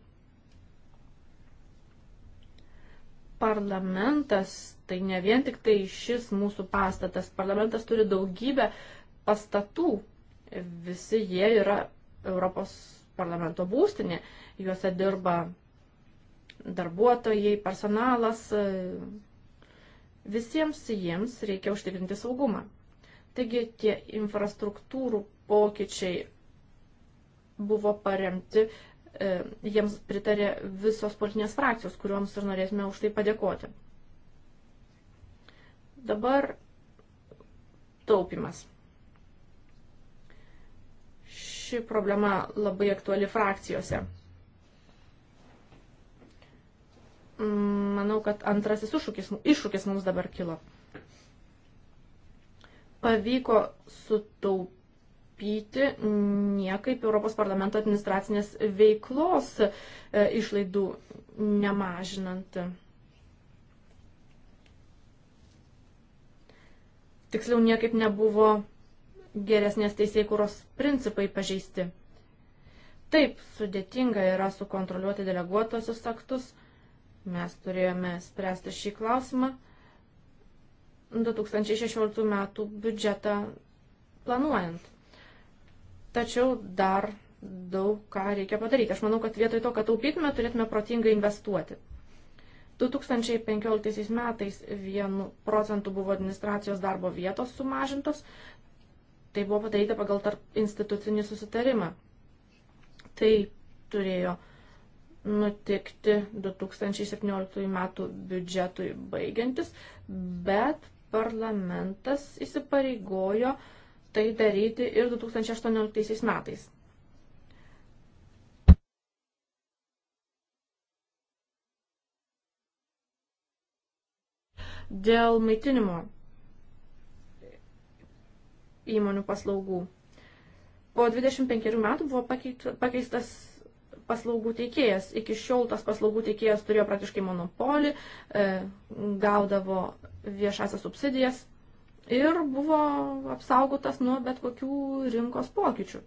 Parlamentas tai ne vien tik tai šis mūsų pastatas. Parlamentas turi daugybę pastatų. Visi jie yra Europos parlamento būstinė, juose dirba darbuotojai, personalas. Visiems jiems reikia užtikrinti saugumą. Taigi tie infrastruktūrų pokyčiai buvo paremti, e, jiems pritarė visos politinės frakcijos, kuriuoms ir norėsime už tai padėkoti. Dabar taupimas ši problema labai aktuali frakcijose. Manau, kad antrasis iššūkis, iššūkis mums dabar kilo. Pavyko sutaupyti niekaip Europos parlamento administracinės veiklos e, išlaidų nemažinant. Tiksliau niekaip nebuvo geresnės teisėkūros principai pažeisti. Taip, sudėtinga yra sukontroliuoti deleguotosius aktus. Mes turėjome spręsti šį klausimą. 2016 metų biudžetą planuojant. Tačiau dar daug ką reikia padaryti. Aš manau, kad vietoj to, kad taupytume, turėtume protingai investuoti. 2015 metais 1 procentų buvo administracijos darbo vietos sumažintos, Tai buvo padaryta pagal tarp institucinį susitarimą. Tai turėjo nutikti 2017 metų biudžetui baigiantis, bet parlamentas įsipareigojo tai daryti ir 2018 metais. Dėl maitinimo įmonių paslaugų. Po 25 metų buvo pakeistas paslaugų teikėjas. Iki šiol tas paslaugų teikėjas turėjo praktiškai monopolį, e, gaudavo viešasias subsidijas ir buvo apsaugotas nuo bet kokių rinkos pokyčių.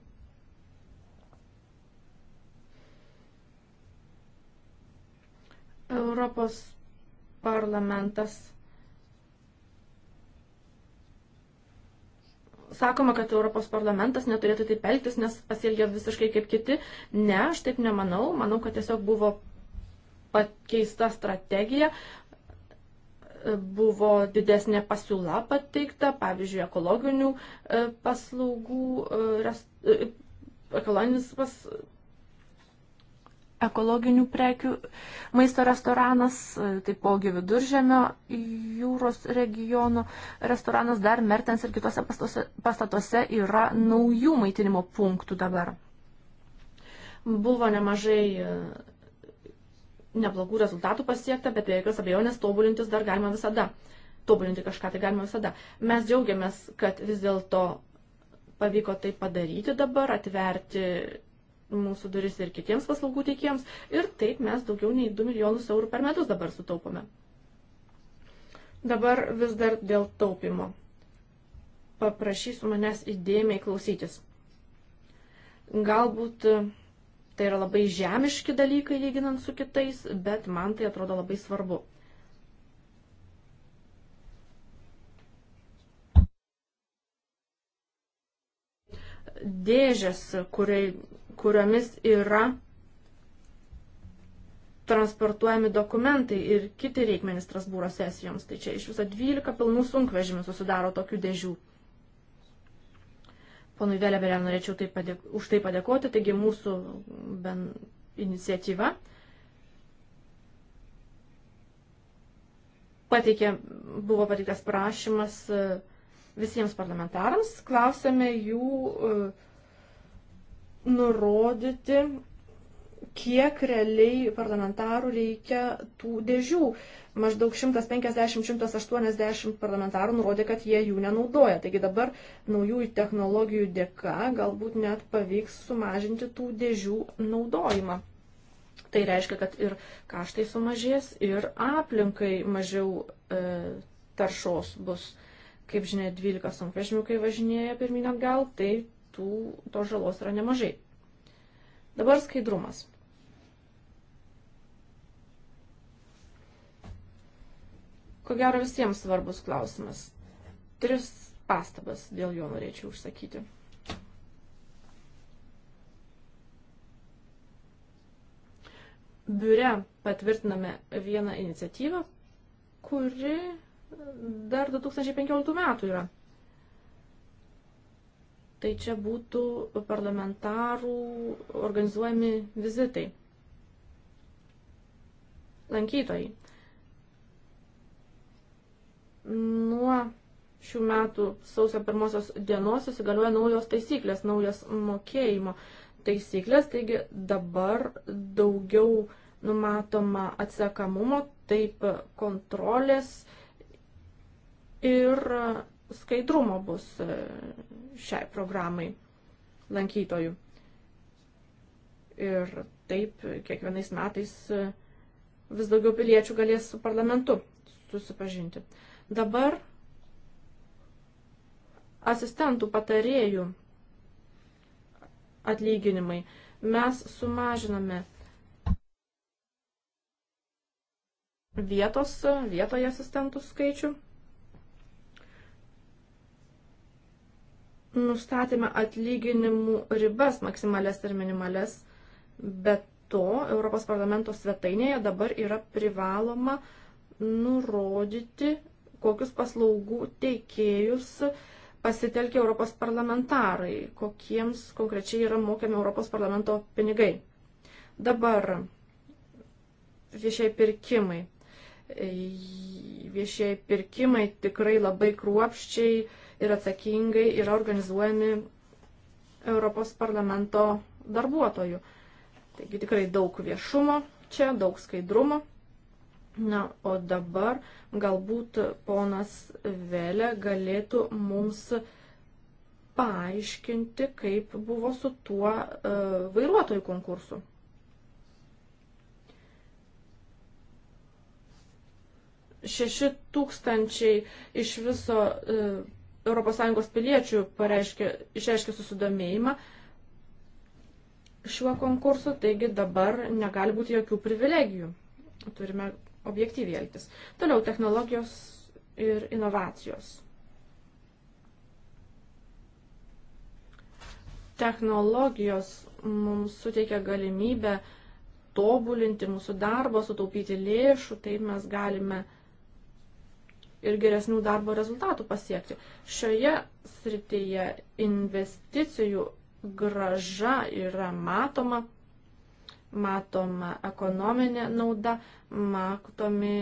Europos parlamentas sakoma, kad Europos parlamentas neturėtų taip elgtis, nes pasielgė visiškai kaip kiti. Ne, aš taip nemanau. Manau, kad tiesiog buvo pakeista strategija, buvo didesnė pasiūla pateikta, pavyzdžiui, ekologinių e, paslaugų, e, e, ekologinis pas, ekologinių prekių maisto restoranas, e, taipogi viduržėmio jūros regiono restoranas, dar Mertens ir kitose pastatuose yra naujų maitinimo punktų dabar. Buvo nemažai e, neblogų rezultatų pasiekta, bet be jokios abejonės tobulintis dar galima visada. Tobulinti kažką tai galima visada. Mes džiaugiamės, kad vis dėlto pavyko tai padaryti dabar, atverti mūsų duris ir kitiems paslaugų teikėjams. Ir taip mes daugiau nei 2 milijonus eurų per metus dabar sutaupome. Dabar vis dar dėl taupimo. Paprašysiu manęs įdėmiai klausytis. Galbūt e, tai yra labai žemiški dalykai lyginant su kitais, bet man tai atrodo labai svarbu. dėžės, kuriai kuriomis yra transportuojami dokumentai ir kiti reikmenys Strasbūro sesijoms. Tai čia iš viso 12 pilnų sunkvežimių susidaro tokių dėžių. Ponui Vėliavėliam norėčiau taip padėk, už tai padėkoti, taigi mūsų ben, iniciatyva pateikė, buvo pateiktas prašymas e, visiems parlamentarams, klausėme jų uh, nurodyti, kiek realiai parlamentarų reikia tų dėžių. Maždaug 150-180 parlamentarų nurodė, kad jie jų nenaudoja. Taigi dabar naujųjų technologijų dėka galbūt net pavyks sumažinti tų dėžių naudojimą. Tai reiškia, kad ir kaštai sumažės, ir aplinkai mažiau e, taršos bus. Kaip žinia, 12 sunkvežimių, kai važinėja pirmin atgal, tai tų, tos žalos yra nemažai. Dabar skaidrumas. Ko gero visiems svarbus klausimas. Tris pastabas dėl jo norėčiau užsakyti. biure patvirtiname vieną iniciatyvą, kuri dar 2015 metų yra tai čia būtų parlamentarų organizuojami vizitai. Lankytojai. Nuo šių metų sausio pirmosios dienos įsigalioja naujos taisyklės, naujas mokėjimo taisyklės, taigi dabar daugiau numatoma atsekamumo, taip kontrolės ir skaidrumo bus e, šiai programai lankytojų. Ir taip kiekvienais metais e, vis daugiau piliečių galės su parlamentu susipažinti. Dabar asistentų patarėjų atlyginimai. Mes sumažiname vietos, vietoje asistentų skaičių nustatėme atlyginimų ribas maksimales ir minimales, bet to Europos parlamento svetainėje dabar yra privaloma nurodyti, kokius paslaugų teikėjus pasitelkia Europos parlamentarai, kokiems konkrečiai yra mokiami Europos parlamento pinigai. Dabar viešieji pirkimai. Viešieji pirkimai tikrai labai kruopščiai ir atsakingai yra organizuojami Europos parlamento darbuotojų. Taigi tikrai daug viešumo čia, daug skaidrumo. Na, o dabar galbūt ponas Vėlė galėtų mums paaiškinti, kaip buvo su tuo uh, vairuotojų konkursu. Šeši tūkstančiai iš viso uh, ES piliečių pareiškė, išreiškė susidomėjimą šiuo konkursu, taigi dabar negali būti jokių privilegijų. Turime objektyviai elgtis. Toliau technologijos ir inovacijos. Technologijos mums suteikia galimybę tobulinti mūsų darbą, sutaupyti lėšų, taip mes galime uh, ir geresnių darbo rezultatų pasiekti. Šioje srityje investicijų graža yra matoma, matoma ekonominė nauda, matomi,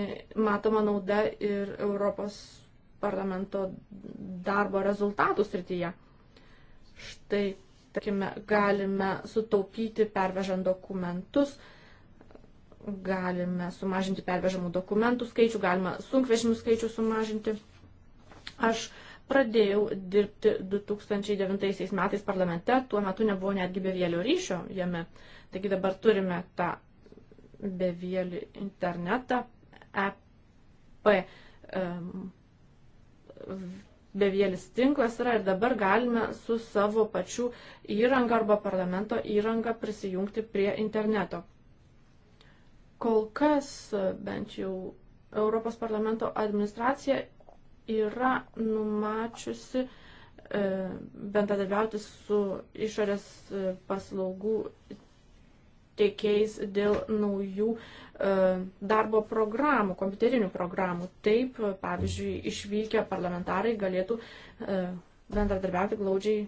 matoma nauda ir Europos parlamento darbo rezultatų srityje. Štai, tarkime, galime sutaupyti pervežant dokumentus, uh, galime sumažinti pervežamų dokumentų skaičių, galima sunkvežimių skaičių sumažinti. Aš pradėjau dirbti 2009 metais parlamente, tuo metu nebuvo netgi bevėlio ryšio jame. Taigi dabar turime tą bevėlį internetą, EP bevėlis tinklas yra ir dabar galime su savo pačiu įranga arba parlamento įranga prisijungti prie interneto. Kol kas bent jau Europos parlamento administracija yra numačiusi e, bendradarbiauti su išorės e, paslaugų tiekėjais dėl naujų e, darbo programų, kompiuterinių programų. Taip, pavyzdžiui, išvykę parlamentarai galėtų bendradarbiauti glaudžiai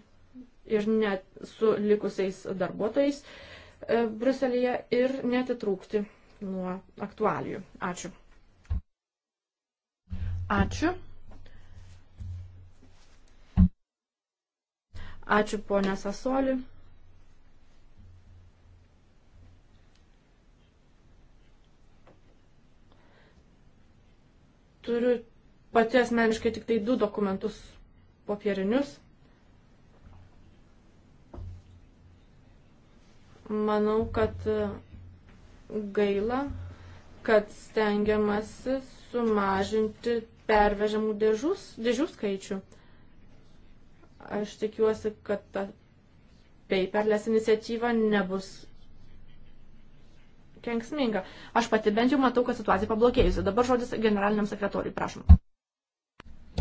ir net su likusiais darbuotojais Bruselėje ir netitrūkti nuo aktualijų. Ačiū. Ačiū. Ačiū ponė Sasoli. Turiu pati asmeniškai tik tai du dokumentus popierinius. Manau, kad gaila, kad stengiamasi sumažinti pervežamų dėžus, dėžių skaičių. Aš tikiuosi, kad ta paperless iniciatyva nebus kenksminga. Aš pati bent jau matau, kad situacija pablogėjusi. Dabar žodis generaliniam sekretoriui, prašom.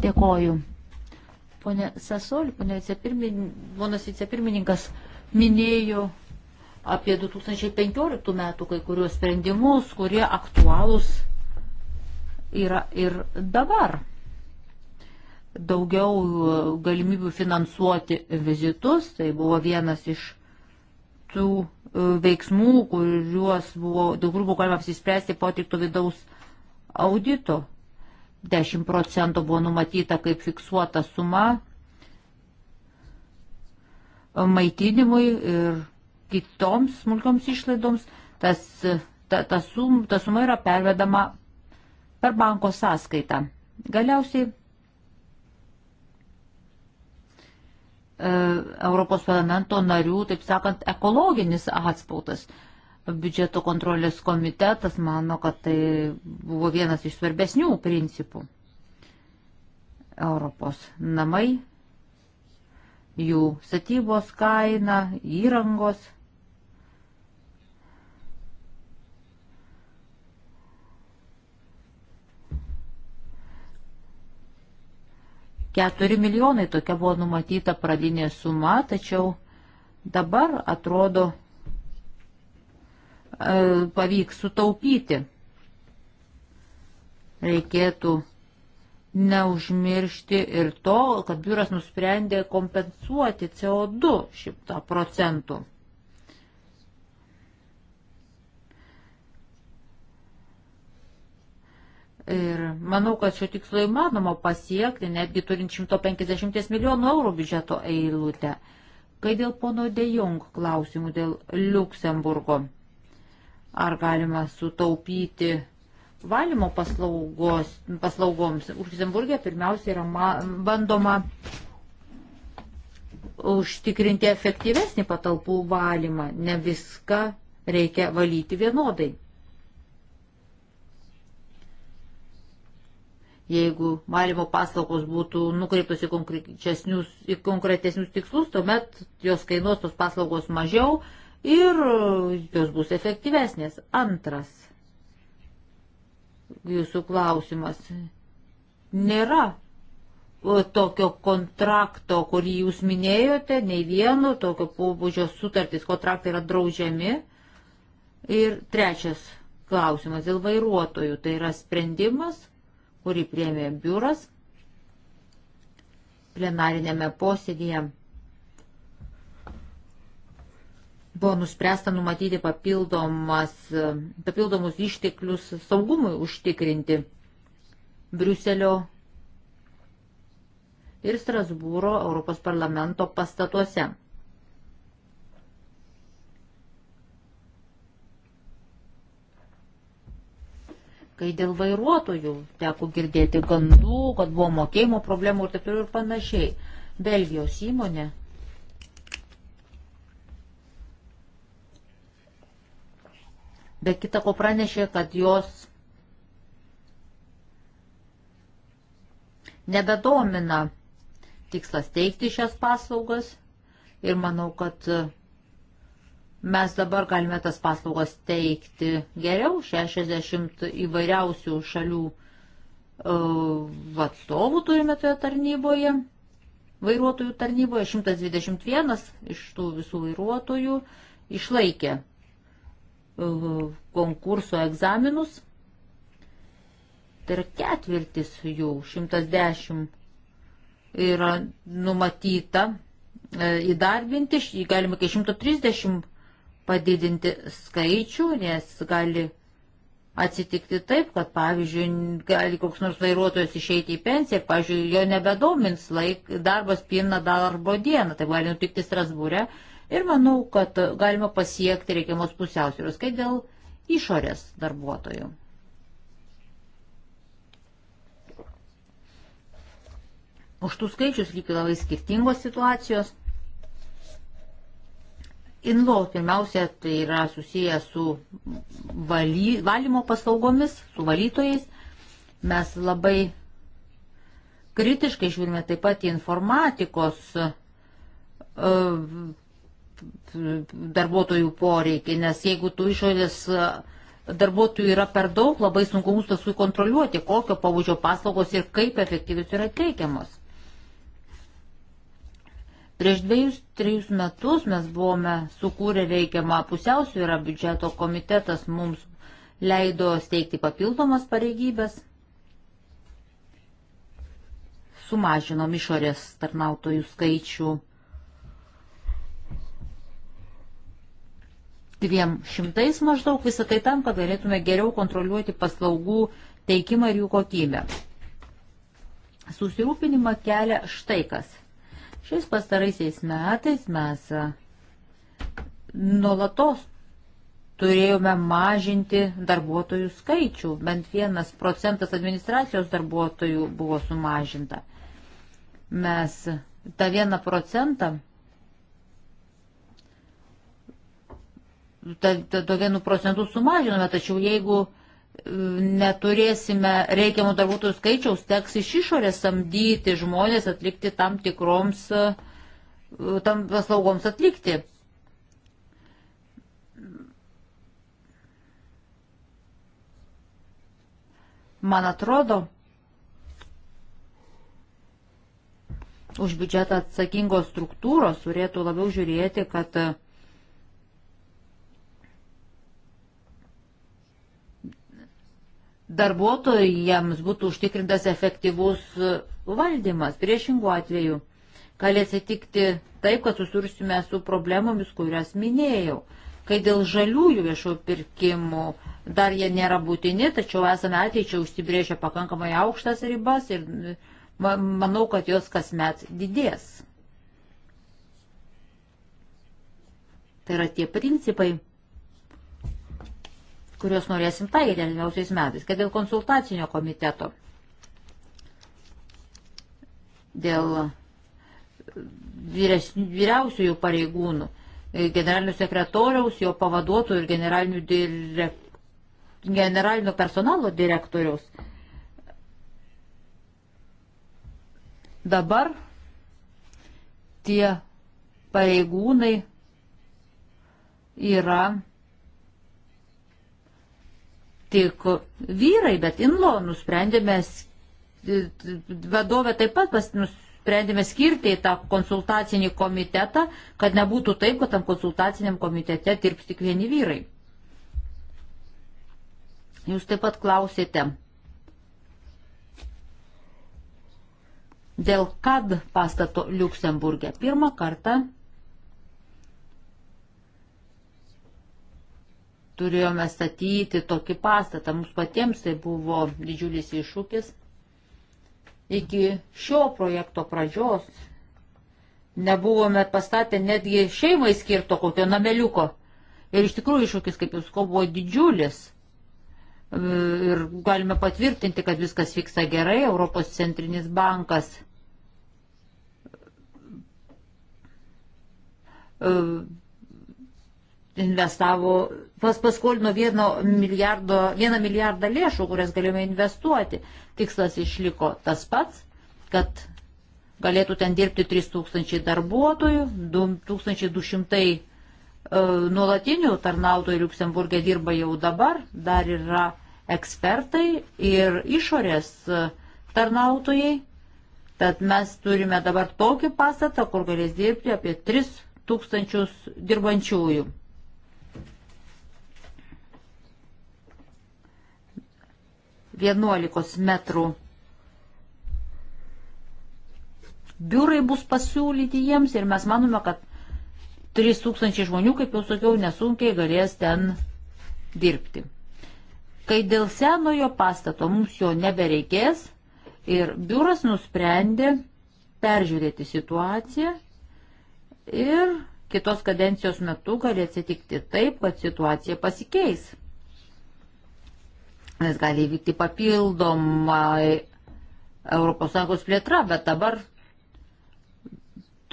Dėkoju. Pone Sasoli, pone vicepirmin... ponas vicepirmininkas minėjo apie 2015 metų kai kuriuos sprendimus, kurie aktualūs yra ir dabar. Daugiau galimybių finansuoti vizitus, tai buvo vienas iš tų e, veiksmų, kuriuos buvo, dėl kurių buvo galima apsispręsti po tikto vidaus audito. 10 procentų buvo numatyta kaip fiksuota suma maitinimui ir kitoms smulkioms išlaidoms, tas, ta, ta, sum, ta suma yra pervedama per banko sąskaitą. Galiausiai e, Europos parlamento narių, taip sakant, ekologinis atspautas. Biudžeto kontrolės komitetas mano, kad tai buvo vienas iš svarbesnių principų. Europos namai, jų statybos kaina, įrangos 4 milijonai tokia buvo numatyta pradinė suma, tačiau dabar atrodo e, pavyks sutaupyti. Reikėtų neužmiršti ir to, kad biuras nusprendė kompensuoti CO2 šimtą procentų. Ir manau, kad šio tikslo įmanoma pasiekti, netgi turint 150 milijonų eurų biudžeto eilutę. Kai dėl pono Dejung klausimų dėl Luksemburgo, ar galima sutaupyti valymo paslaugos, paslaugoms. Luksemburgė pirmiausia yra ma, bandoma užtikrinti efektyvesnį patalpų valymą, ne viską reikia valyti vienodai. Jeigu valymo paslaugos būtų nukreiptos į, į konkretesnius tikslus, tuomet jos kainuos tos paslaugos mažiau ir jos bus efektyvesnės. Antras jūsų klausimas. Nėra tokio kontrakto, kurį jūs minėjote, nei vieno tokio pobūdžio sutartys, kontraktai yra draudžiami. Ir trečias klausimas dėl vairuotojų. Tai yra sprendimas, kurį priemė biuras plenarinėme posėdėje. Buvo nuspręsta numatyti papildomus išteklius saugumui užtikrinti Briuselio ir Strasbūro Europos parlamento pastatuose. kai dėl vairuotojų teko girdėti gandų, kad buvo mokėjimo problemų ir taip ir panašiai. Belgijos įmonė. Be kita ko pranešė, kad jos nebedomina tikslas teikti šias paslaugas ir manau, kad Mes dabar galime tas paslaugas teikti geriau, 60 įvairiausių šalių e, atstovų turime toje tarnyboje, vairuotojų tarnyboje, 121 iš tų visų vairuotojų išlaikė e, konkurso egzaminus. Tai yra ketvirtis jų, 110 yra numatyta e, įdarbinti, galima iki 130 padidinti skaičių, nes gali atsitikti taip, kad, pavyzdžiui, gali koks nors vairuotojas išeiti į pensiją ir, pavyzdžiui, jo nebedomins laik, darbas pilna darbo dieną, tai gali nutikti Strasbūrė. Ir manau, kad galima pasiekti reikiamos pusiausvėros, kai dėl išorės darbuotojų. Už tų skaičius lyg labai skirtingos situacijos. Inlo pirmiausia tai yra susiję su valy, valymo paslaugomis, su valytojais. Mes labai kritiškai žiūrime taip pat į informatikos e, darbuotojų poreikį, nes jeigu tų išorės darbuotojų yra per daug, labai sunku mums paskui kontroliuoti, kokio pavūdžio paslaugos ir kaip efektyvius yra teikiamos. Prieš dviejus, trejus metus mes buvome sukūrę reikiamą pusiausvyrą, biudžeto komitetas mums leido steigti papildomas pareigybės, sumažinom išorės tarnautojų skaičių dviem šimtais maždaug, visą tai tam, kad galėtume geriau kontroliuoti paslaugų teikimą ir jų kokybę. Susirūpinimą kelia štai kas – Šiais pastaraisiais metais mes e, nuolatos turėjome mažinti darbuotojų skaičių, bent vienas procentas administracijos darbuotojų buvo sumažinta. Mes tą vieną procentą, tą, tą, tą vienų procentų sumažinome, tačiau jeigu neturėsime reikiamų darbuotojų skaičiaus, teks iš išorės samdyti žmonės atlikti tam tikroms e, tam paslaugoms atlikti. Man atrodo, už biudžetą atsakingos struktūros turėtų labiau žiūrėti, kad darbuotojams būtų užtikrintas efektyvus valdymas. Priešingų atveju gali atsitikti taip, kad susidursime su problemomis, kurias minėjau. Kai dėl žaliųjų viešųjų pirkimų dar jie nėra būtini, tačiau esame ateičiai užsibrėžę pakankamai aukštas ribas ir manau, kad jos kasmet didės. Tai yra tie principai, kuriuos norėsim taikyti artimiausiais metais, kad dėl konsultacinio komiteto, dėl vyresnių, vyriausiųjų pareigūnų, generalinių sekretoriaus, jo pavaduotojų ir generalinių, direk, generalinių personalo direktoriaus. Dabar tie pareigūnai yra tik vyrai, bet Inlo nusprendėme, vadovė taip pat pas, nusprendėme skirti į tą konsultacinį komitetą, kad nebūtų taip, kad tam konsultaciniam komitete dirbs tik vieni vyrai. Jūs taip pat klausėte dėl kad pastato Luksemburgė. Pirmą kartą turėjome statyti tokį pastatą. Mums patiems tai buvo didžiulis iššūkis. Iki šio projekto pradžios nebuvome pastatę netgi šeimai skirto kokio nameliuko. Ir iš tikrųjų iššūkis, kaip jūs ko, buvo didžiulis. Ir galime patvirtinti, kad viskas vyksta gerai. Europos centrinis bankas e, investavo pas paskolino 1 milijardo, 1 milijardą lėšų, kurias galėjome investuoti. Tikslas išliko tas pats, kad galėtų ten dirbti 3000 darbuotojų, 2200 e, nuolatinių tarnautojų Luksemburgė dirba jau dabar, dar yra ekspertai ir išorės e, tarnautojai. Tad mes turime dabar tokį pastatą, kur galės dirbti apie 3000 dirbančiųjų. 11 metrų. Biurai bus pasiūlyti jiems ir mes manome, kad 3000 žmonių, kaip jau sakiau, nesunkiai galės ten dirbti. Kai dėl senojo pastato mums jo nebereikės ir biuras nusprendė peržiūrėti situaciją ir kitos kadencijos metu gali atsitikti taip, kad situacija pasikeis nes gali įvykti papildoma ES plėtra, bet dabar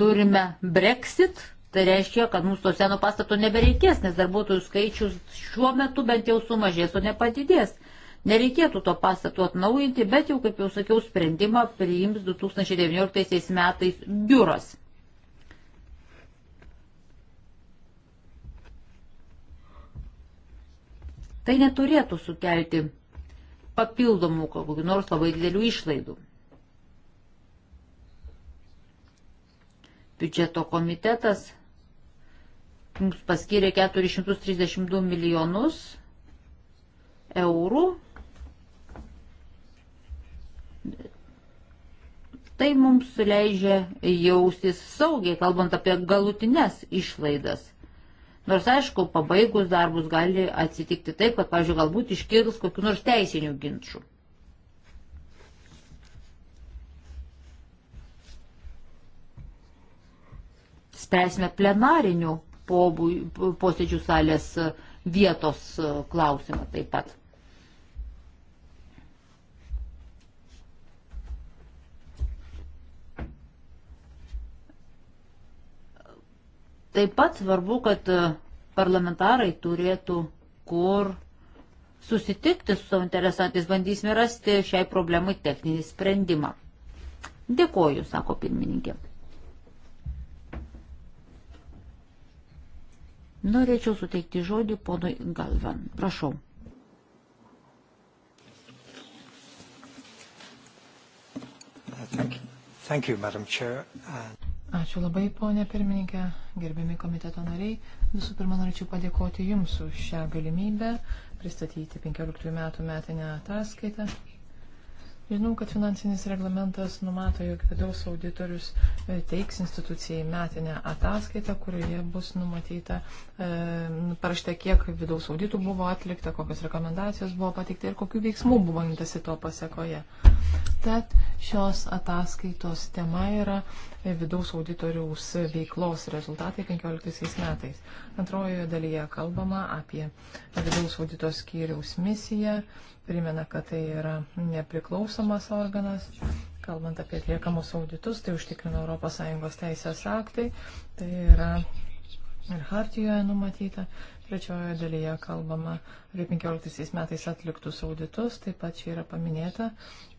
turime Brexit, tai reiškia, kad mūsų to seno pastato nebereikės, nes darbuotojų skaičius šiuo metu bent jau sumažės, o nepadidės. Nereikėtų to pastato atnaujinti, bet jau, kaip jau sakiau, sprendimą priims 2019 metais biuras. Tai neturėtų sukelti papildomų kokių nors labai didelių išlaidų. Biudžeto komitetas mums paskyrė 432 milijonus eurų. Tai mums leidžia jaustis saugiai, kalbant apie galutinės išlaidas. Nors aišku, pabaigus darbus gali atsitikti taip, kad, pavyzdžiui, galbūt iškils kokiu nors teisiniu ginčiu. Spręsime plenarinių posėdžių salės vietos klausimą taip pat. Taip pat svarbu, kad e, parlamentarai turėtų kur susitikti su savo interesantais, bandysime rasti šiai problemai techninį sprendimą. Dėkoju, sako pirmininkė. Norėčiau suteikti žodį ponui Galvan. Prašau. Thank you, Madam Chair. Uh, Ačiū labai, ponė pirmininkė, gerbiami komiteto nariai. Visų pirma, norėčiau padėkoti Jums už šią galimybę pristatyti 15 metų metinę ataskaitą. Žinau, kad finansinis reglamentas numato, jog vidaus auditorius e, teiks institucijai metinę ataskaitą, kurioje bus numatyta, e, parašta, kiek vidaus auditų buvo atlikta, kokios rekomendacijos buvo pateikta ir kokių veiksmų buvo imtasi to pasiekoje. Tad Šios ataskaitos tema yra vidaus auditoriaus veiklos rezultatai 15 metais. Antrojoje dalyje kalbama apie vidaus audito skyriaus misiją, primena, kad tai yra nepriklausomas organas. Kalbant apie atliekamus auditus, tai užtikrina ES teisės aktai, tai yra ir Hartijoje numatyta. Trečiojoje dalyje kalbama apie 15 metais atliktus auditus, taip pat čia yra paminėta,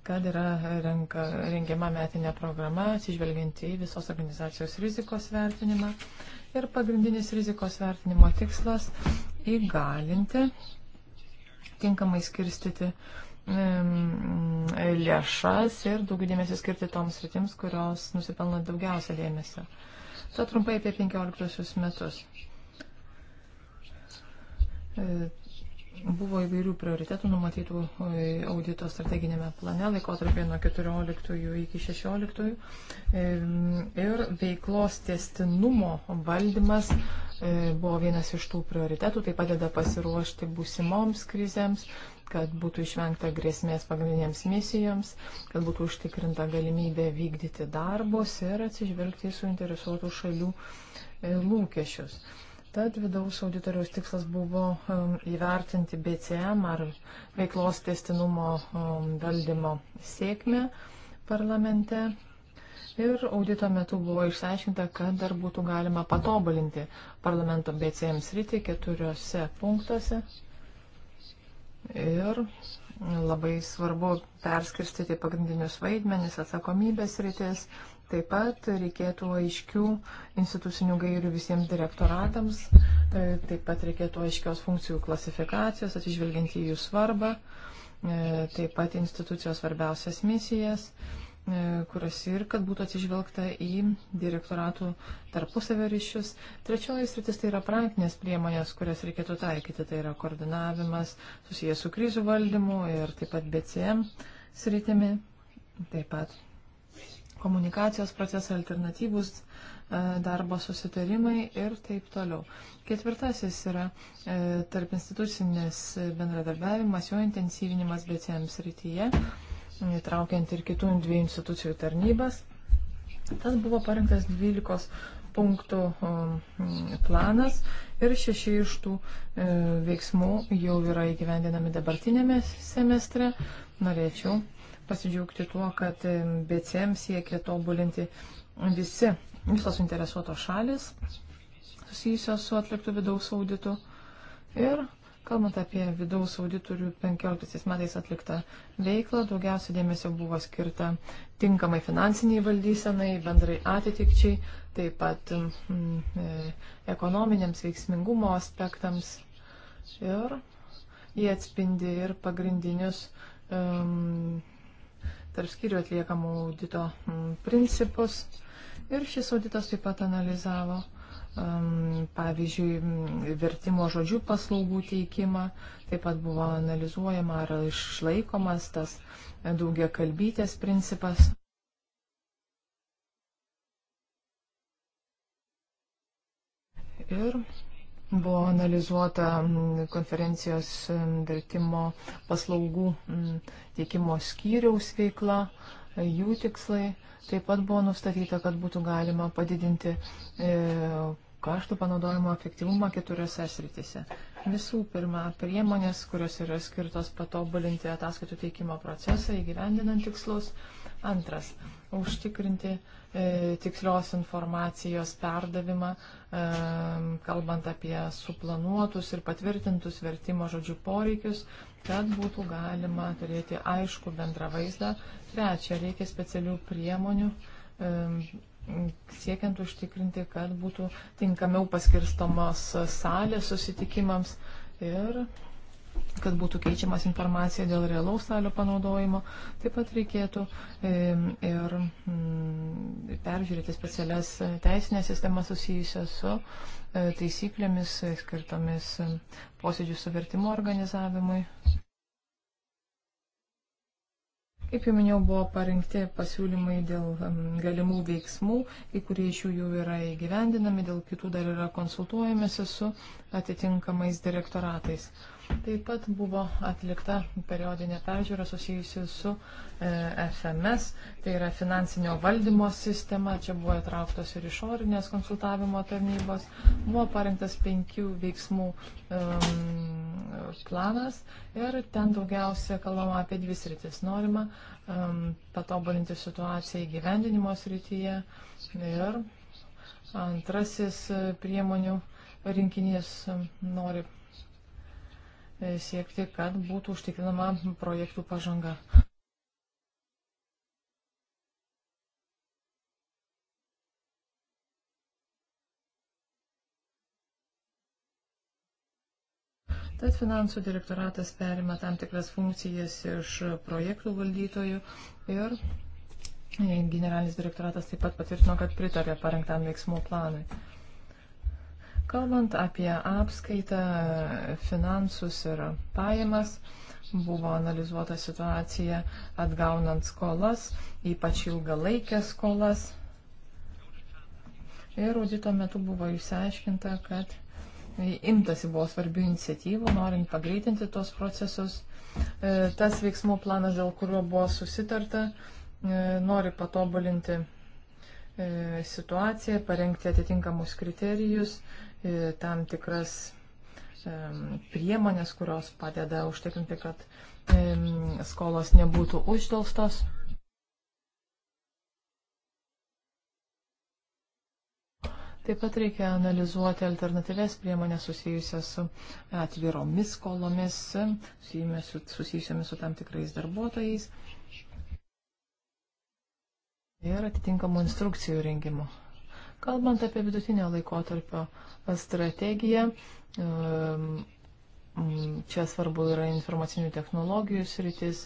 kad yra renka, rengiama metinė programa, atsižvelgianti į visos organizacijos rizikos vertinimą. Ir pagrindinis rizikos vertinimo tikslas - įgalinti, tinkamai skirstyti um, lėšas ir daugiau dėmesio skirti toms sritims, kurios nusipelno daugiausia dėmesio. Ta trumpai apie 15 metus. E, Buvo įvairių prioritetų numatytų e, audito strateginėme plane laikotarpėje nuo 14 iki 16 e, ir veiklos testinumo valdymas e, buvo vienas iš tų prioritetų, tai padeda pasiruošti būsimoms krizėms, kad būtų išvengta grėsmės pagrindinėms misijoms, kad būtų užtikrinta galimybė vykdyti darbus ir atsižvelgti į suinteresuotų šalių lūkesčius. Tad vidaus auditoriaus tikslas buvo um, įvertinti BCM ar veiklos testinumo um, valdymo sėkmę parlamente. Ir audito metu buvo išsiaiškinta, kad dar būtų galima patobulinti parlamento BCM sritį keturiose punktuose. Ir labai svarbu perskirstyti pagrindinius vaidmenis, atsakomybės rytis, Taip pat reikėtų aiškių institucinių gairių visiems direktoratams, e, taip pat reikėtų aiškios funkcijų klasifikacijos, atsižvelgiant į jų svarbą, e, taip pat institucijos svarbiausias misijas, e, kurios ir kad būtų atsižvelgta į direktoratų tarpusavio ryšius. Trečioji sritis tai yra praktinės priemonės, kurias reikėtų taikyti, tai yra koordinavimas susijęs su krizių valdymu ir taip pat BCM sritimi. Taip pat komunikacijos procesai, alternatyvus e, darbo susitarimai ir taip toliau. Ketvirtasis yra e, tarp institucinės bendradarbiavimas, jo intensyvinimas BCM srityje, įtraukiant ir kitų dviejų institucijų tarnybas. Tas buvo parinktas 12 punktų planas ir šeši iš tų e, veiksmų jau yra įgyvendinami dabartinėme semestre. Norėčiau pasidžiaugti tuo, kad BCM siekia tobulinti visi, visos interesuotos šalis susijusios su atliktų vidaus auditu. Ir kalbant apie vidaus auditorių 15 metais atliktą veiklą, daugiausia dėmesio buvo skirta tinkamai finansiniai valdysenai, bendrai atitikčiai, taip pat mm, ekonominiams veiksmingumo aspektams. Ir jie atspindi ir pagrindinius um, tarp skyrių atliekamų audito mm, principus. Ir šis auditas taip pat analizavo, um, pavyzdžiui, mm, vertimo žodžių paslaugų teikimą, taip pat buvo analizuojama ar išlaikomas tas daugia kalbytės principas. Ir Buvo analizuota mm, konferencijos mm, vertimo paslaugų mm, teikimo skyriaus veikla, jų tikslai. Taip pat buvo nustatyta, kad būtų galima padidinti e, kaštų panaudojimo efektyvumą keturiose sritise. Visų pirma, priemonės, kurios yra skirtos patobulinti ataskaitų teikimo procesą, įgyvendinant tikslus. Antras, užtikrinti E, tikslios informacijos perdavimą, e, kalbant apie suplanuotus ir patvirtintus vertimo žodžių poreikius, kad būtų galima turėti aišku bendrą vaizdą. Trečia, reikia specialių priemonių e, siekiant užtikrinti, kad būtų tinkamiau paskirstamos salės susitikimams ir kad būtų keičiamas informacija dėl realaus salio panaudojimo. Taip pat reikėtų ir mm, peržiūrėti specialias teisinės sistemas susijusias su e, taisyklėmis skirtomis e, posėdžių suvertimo organizavimui. Kaip jau minėjau, buvo parinkti pasiūlymai dėl galimų veiksmų, kai kurie iš jų jau yra įgyvendinami, dėl kitų dar yra konsultuojamasi su atitinkamais direktoratais. Taip pat buvo atlikta periodinė peržiūra susijusi su e, FMS, tai yra finansinio valdymo sistema, čia buvo įtrauktos ir išorinės konsultavimo tarnybos, buvo parengtas penkių veiksmų e, planas ir ten daugiausia kalbama apie dvi sritis. Norima e, patobulinti situaciją įgyvendinimo srityje ir antrasis e, priemonių rinkinys nori E, siekti, kad būtų užtikrinama projektų pažanga. Tad finansų direktoratas perima tam tikras funkcijas iš projektų valdytojų ir generalinis direktoratas taip pat patvirtino, kad pritarė parengtam veiksmų planui. Kalbant apie apskaitą, finansus ir pajamas, buvo analizuota situacija atgaunant skolas, ypač ilgalaikės skolas. Ir audito metu buvo išsiaiškinta, kad imtasi buvo svarbių iniciatyvų, norint pagreitinti tos procesus. E, tas veiksmų planas, dėl kurio buvo susitarta, e, nori patobulinti e, situaciją, parengti atitinkamus kriterijus E, tam tikras e, priemonės, kurios padeda užtikrinti, kad e, skolos nebūtų uždėlstos. Taip pat reikia analizuoti alternatyves priemonės susijusias su atviromis skolomis, susijusiamis su tam tikrais darbuotojais ir atitinkamų instrukcijų rengimu. Kalbant apie vidutinio laikotarpio strategiją, čia svarbu yra informacinių technologijų sritis,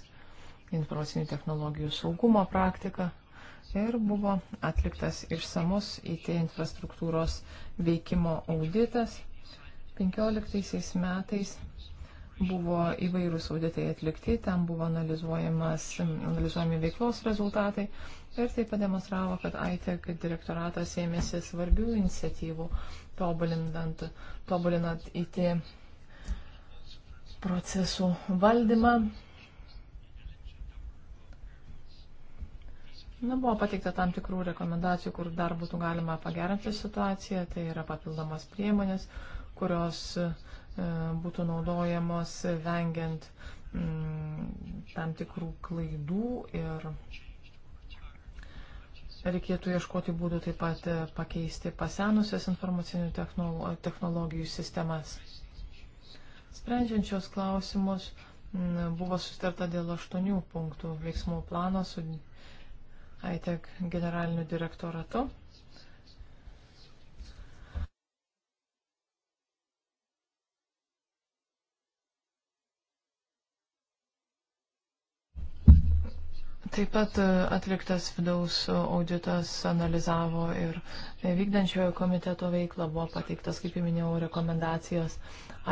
informacinių technologijų saugumo praktika. Ir buvo atliktas išsamus IT infrastruktūros veikimo auditas. 15 metais buvo įvairūs auditai atlikti, ten buvo analizuojami veiklos rezultatai, Ir tai pademonstravo, kad AITEC direktoratas ėmėsi svarbių iniciatyvų, tobulinant, tobulinant IT procesų valdymą. Na, buvo pateikta tam tikrų rekomendacijų, kur dar būtų galima pagerinti situaciją, tai yra papildomas priemonės, kurios e, būtų naudojamos vengiant m, mm, tam tikrų klaidų ir reikėtų ieškoti būdų taip pat e, pakeisti pasenusias informacinių technologijų sistemas. Sprendžiančios klausimus buvo sustarta dėl aštuonių punktų veiksmų plano su ITEC generaliniu direktoratu. Taip pat e, atliktas vidaus auditas analizavo ir vykdančiojo komiteto veiklą, buvo pateiktas, kaip jau minėjau, rekomendacijos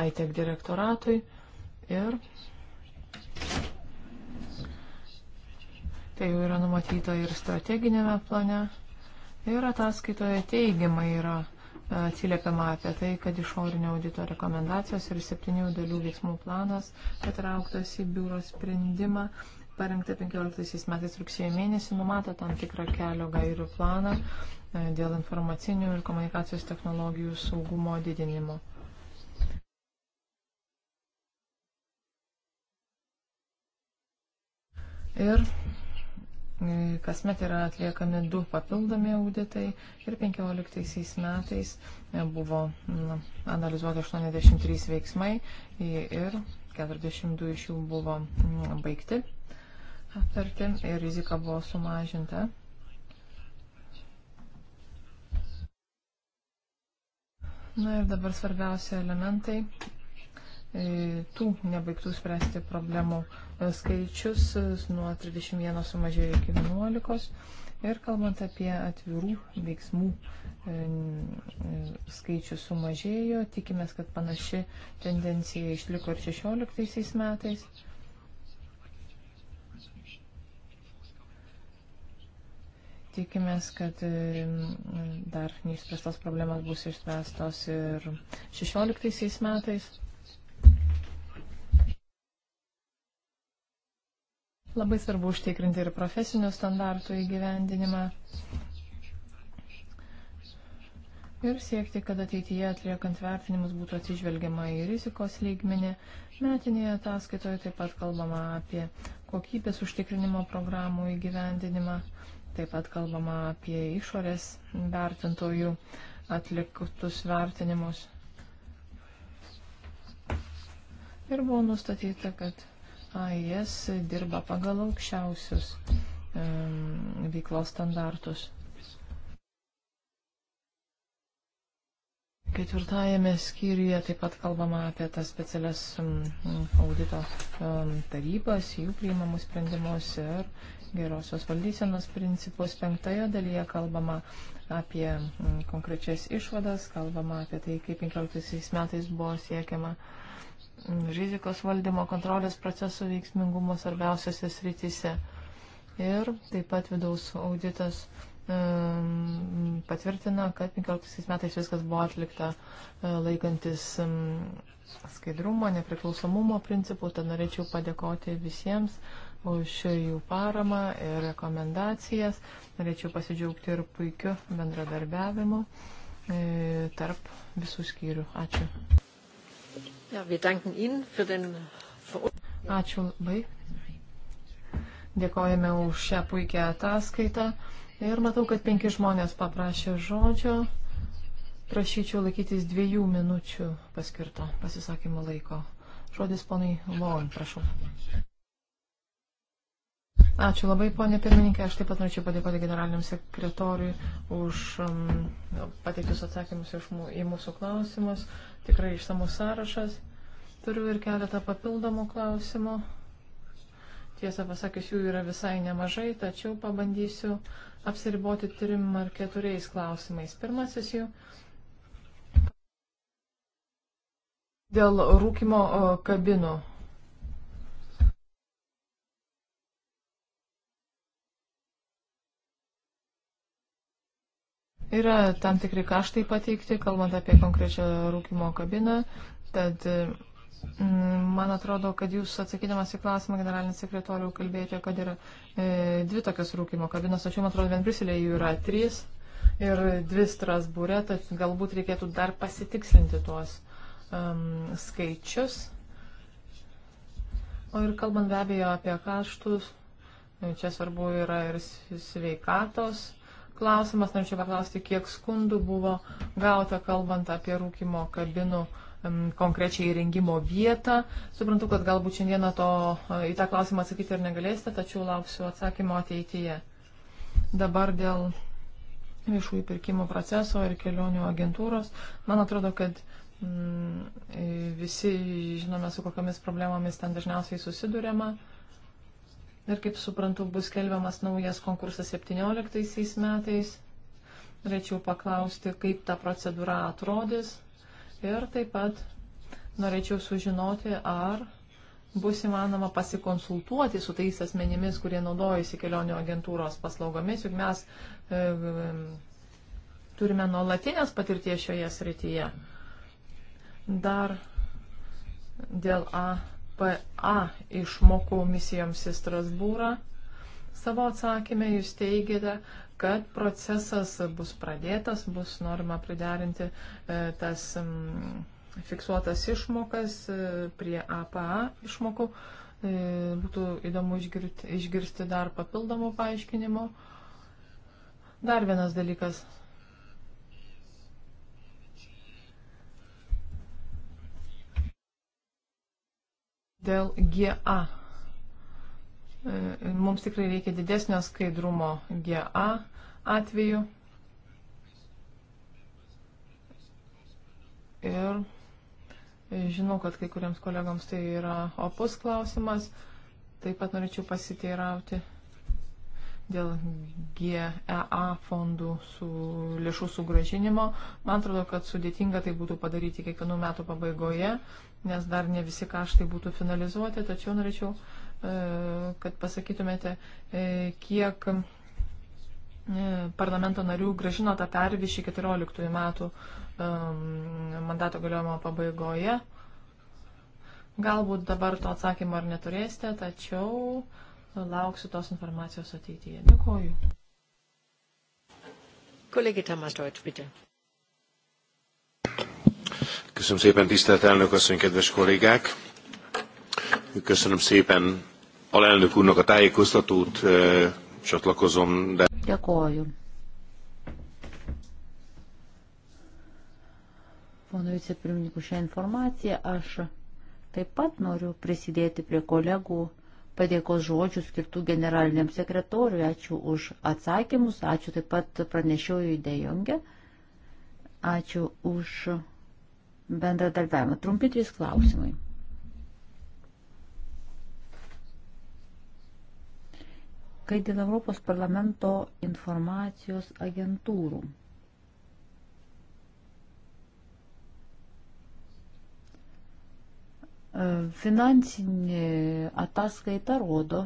ITEC direktoratui ir tai jau yra numatyta ir strateginėme plane ir ataskaitoje teigiamai yra e, atsiliepiama apie tai, kad išorinio audito rekomendacijos ir septynių dalių veiksmų planas patrauktas į biuro sprendimą parengta 15 metais rugsėjo mėnesį, numato tam tikrą kelio gairių planą e, dėl informacinių ir komunikacijos technologijų saugumo didinimo. Ir e, kasmet yra atliekami du papildomi auditai ir 15 metais e, buvo analizuoti 83 veiksmai ir 42 iš jų buvo baigti aptarti ir rizika buvo sumažinta. Na ir dabar svarbiausia elementai e, tų nebaigtų spręsti problemų e, skaičius e, nuo 31 sumažėjo iki 11. Ir kalbant apie atvirų veiksmų skaičių sumažėjo, tikimės, kad panaši tendencija išliko ir 16 metais. Tikimės, kad e, dar neišspręstos problemas bus išspręstos ir 16 metais. Labai svarbu užtikrinti ir profesinių standartų įgyvendinimą ir siekti, kad ateityje atliekant vertinimus būtų atsižvelgiama į rizikos lygmenį. Metinėje ataskaitoje taip pat kalbama apie kokybės užtikrinimo programų įgyvendinimą Taip pat kalbama apie išorės vertintojų atliktus vertinimus. Ir buvo nustatyta, kad AIS dirba pagal aukščiausius um, veiklos standartus. Ketvirtajame skyriuje taip pat kalbama apie tas specialias audito tarybas, jų priimamus sprendimus ir gerosios valdysenos principus. Penktoje dalyje kalbama apie mm, konkrečias išvadas, kalbama apie tai, kaip 15 metais buvo siekiama mm, rizikos valdymo kontrolės procesų veiksmingumo svarbiausiose srityse. Ir taip pat vidaus auditas mm, patvirtina, kad 15 metais viskas buvo atlikta e, laikantis skaidrumo, nepriklausomumo principų. Tad norėčiau padėkoti visiems už jų paramą ir rekomendacijas. Norėčiau pasidžiaugti ir puikiu bendradarbiavimu e, tarp visų skyrių. Ačiū. Ačiū labai. Dėkojame už šią puikią ataskaitą. Ir matau, kad penki žmonės paprašė žodžio. Prašyčiau laikytis dviejų minučių paskirto pasisakymo laiko. Žodis ponai Lon, prašau. Ačiū labai, ponė pirmininkė. Aš taip pat norėčiau padėkoti generaliniam sekretoriui už um, pateiktus atsakymus mū, į mūsų klausimus. Tikrai išsamus sąrašas. Turiu ir keletą papildomų klausimų. Tiesą pasakius, jų yra visai nemažai, tačiau pabandysiu apsiriboti trim ar keturiais klausimais. Pirmasis jų dėl rūkimo kabinų Yra tam tikri kaštai pateikti, kalbant apie konkrečią rūkimo kabiną. Tad mm, man atrodo, kad jūs atsakydamas į klausimą generalinį sekretorių kalbėjote, kad yra e, dvi tokios rūkimo kabinos, tačiau man atrodo, vien Briuselėje jų yra trys ir dvi Strasbūrė, tad galbūt reikėtų dar pasitikslinti tuos um, skaičius. O ir kalbant be abejo apie kaštus, čia svarbu yra ir sveikatos klausimas. Norėčiau paklausti, kiek skundų buvo gauta, kalbant apie rūkimo kabinų konkrečiai įrengimo vietą. Suprantu, kad galbūt šiandieną to, e, į tą klausimą atsakyti ir negalėsite, tačiau lauksiu atsakymo ateityje. Dabar dėl viešųjų pirkimų proceso ir kelionių agentūros. Man atrodo, kad mm, e, visi žinome, su kokiamis problemomis ten dažniausiai susidurėma. Mm, Ir kaip suprantu, bus kelbiamas naujas konkursas 17 metais. Norėčiau paklausti, kaip ta procedūra atrodys. Ir taip pat norėčiau sužinoti, ar bus įmanoma pasikonsultuoti su tais asmenimis, kurie naudojasi kelionių agentūros paslaugomis, juk mes e, e turime nuolatinės patirties šioje srityje. Dar dėl A PA išmokų misijoms į Strasbūrą. Savo atsakymę jūs teigėte, kad procesas bus pradėtas, bus norima priderinti e, tas fiksuotas išmokas e, prie APA išmokų. E, būtų įdomu išgirti dar papildomų paaiškinimų. Dar vienas dalykas Dėl GA. E, mums tikrai reikia didesnio skaidrumo GA atveju. Ir žinau, kad kai kuriems kolegoms tai yra opus klausimas. Taip pat norėčiau pasiteirauti dėl GEA fondų su lėšų sugražinimo. Man atrodo, kad sudėtinga tai būtų padaryti kiekvienų metų pabaigoje, nes dar ne visi kaštai būtų finalizuoti, tačiau norėčiau, e, kad pasakytumėte, e, kiek e, parlamento narių gražino tą pervišį 14 metų mandato galiojimo pabaigoje. Galbūt dabar to atsakymo ar neturėsite, tačiau lauksiu tos informacijos ateityje. Dėkuoju. Kolegė Tamas Deutsch, bitte. Köszönöm szépen, tisztelt elnök asszony, kedves kollégák! Köszönöm szépen alelnök úrnak a tájékoztatót, csatlakozom, de... Dėkoju. Pono vicepirmininkų šią e informaciją aš taip pat noriu prisidėti prie kolegų padėkos žodžių skirtų generaliniam sekretoriui. Ačiū už atsakymus, ačiū taip pat pranešiojui Dejongė, ačiū už bendradarbiavimą. Trumpi trys klausimai. Kai dėl Europos parlamento informacijos agentūrų. Finansinė ataskaita rodo,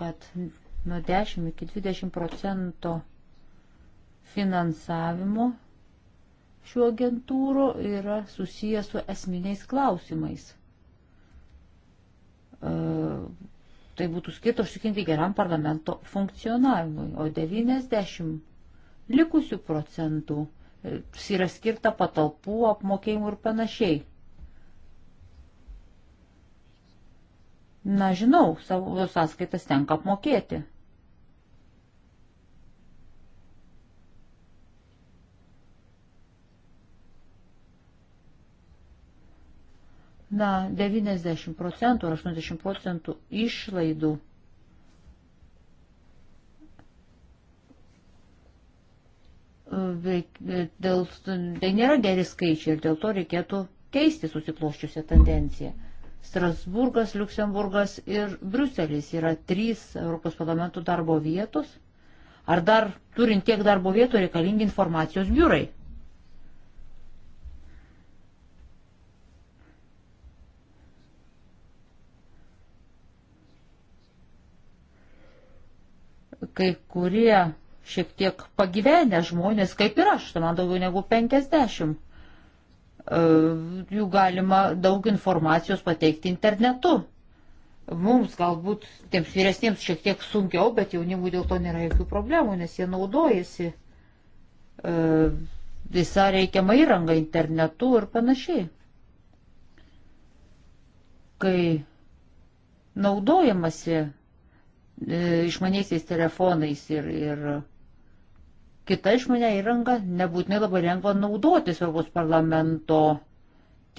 kad nuo 10 iki 20 procento finansavimo šių agentūrų yra susijęs su esminiais klausimais. E, tai būtų skirta užtikrinti geram parlamento funkcionavimui, o 90 likusių procentų e, yra skirta patalpų apmokėjimų ir panašiai. Na, žinau, savo sąskaitas tenka apmokėti. Na, 90 procentų ar 80 procentų išlaidų dėl, tai nėra geri skaičiai ir dėl to reikėtų keisti susikloščiusią tendenciją. Strasburgas, Luksemburgas ir Bruselis yra trys Europos parlamento darbo vietos. Ar dar turint tiek darbo vietų reikalingi informacijos biurai? Kai kurie šiek tiek pagyvenę žmonės, kaip ir aš, tai man daugiau negu 50 E, jų galima daug informacijos pateikti internetu. Mums galbūt tiems vyresniems šiek tiek sunkiau, bet jaunimui dėl to nėra jokių problemų, nes jie naudojasi e, visą reikiamą įrangą internetu ir panašiai. Kai naudojamasi e, išmaniaisiais telefonais ir, ir Kita išmanė įranga nebūtinai labai lengva naudotis Europos parlamento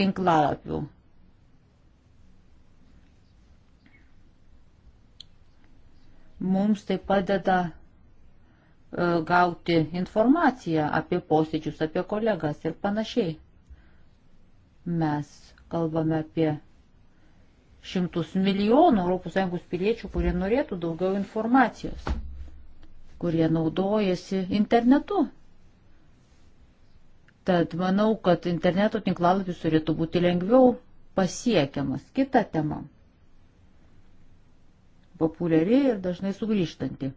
tinklalapių. Mums tai padeda e, gauti informaciją apie posėdžius, apie kolegas ir panašiai. Mes kalbame apie šimtus milijonų ES piliečių, kurie norėtų daugiau informacijos kurie naudojasi internetu. Tad manau, kad interneto tinklalapis turėtų būti lengviau pasiekiamas. Kita tema. Populiari ir dažnai sugrįžtanti.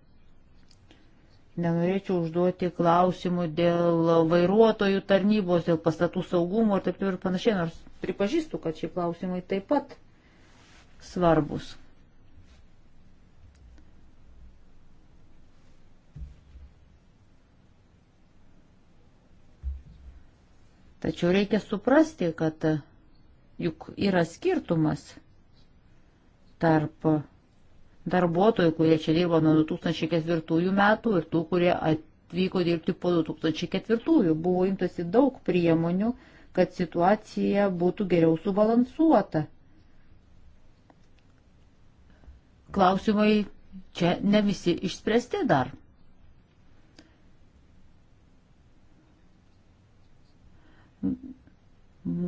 Nenorėčiau užduoti klausimų dėl vairuotojų tarnybos, dėl pastatų saugumo ir taip ir panašiai, nors pripažįstu, kad šie klausimai taip pat svarbus. Tačiau reikia suprasti, kad juk yra skirtumas tarp darbuotojų, kurie čia dirbo nuo 2004 metų ir tų, kurie atvyko dirbti po 2004. Buvo imtasi daug priemonių, kad situacija būtų geriau subalansuota. Klausimai čia ne visi išspręsti dar.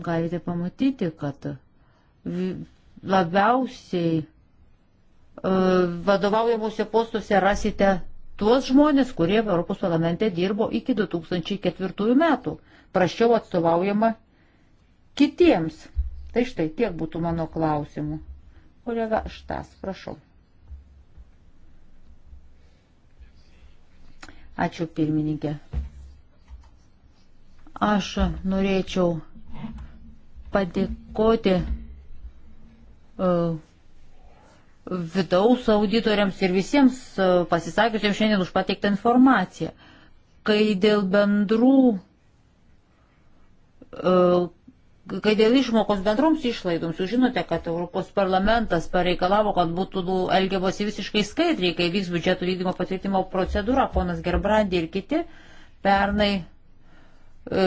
galite pamatyti, kad labiausiai e, vadovaujamuose postuose rasite tuos žmonės, kurie Europos parlamente dirbo iki 2004 metų. Prašiau atstovaujama kitiems. Tai štai tiek būtų mano klausimų. Kolega Štas, prašau. Ačiū pirmininkė. Aš norėčiau padėkoti uh, vidaus auditoriams ir visiems uh, pasisakiusiems šiandien už pateiktą informaciją. Kai dėl bendrų, uh, kai dėl išmokos bendroms išlaidoms, jūs žinote, kad Europos parlamentas pareikalavo, kad būtų elgiamasi visiškai skaidriai, kai vyks biudžeto vykdymo patvirtimo procedūra, ponas Gerbrandi ir kiti pernai E,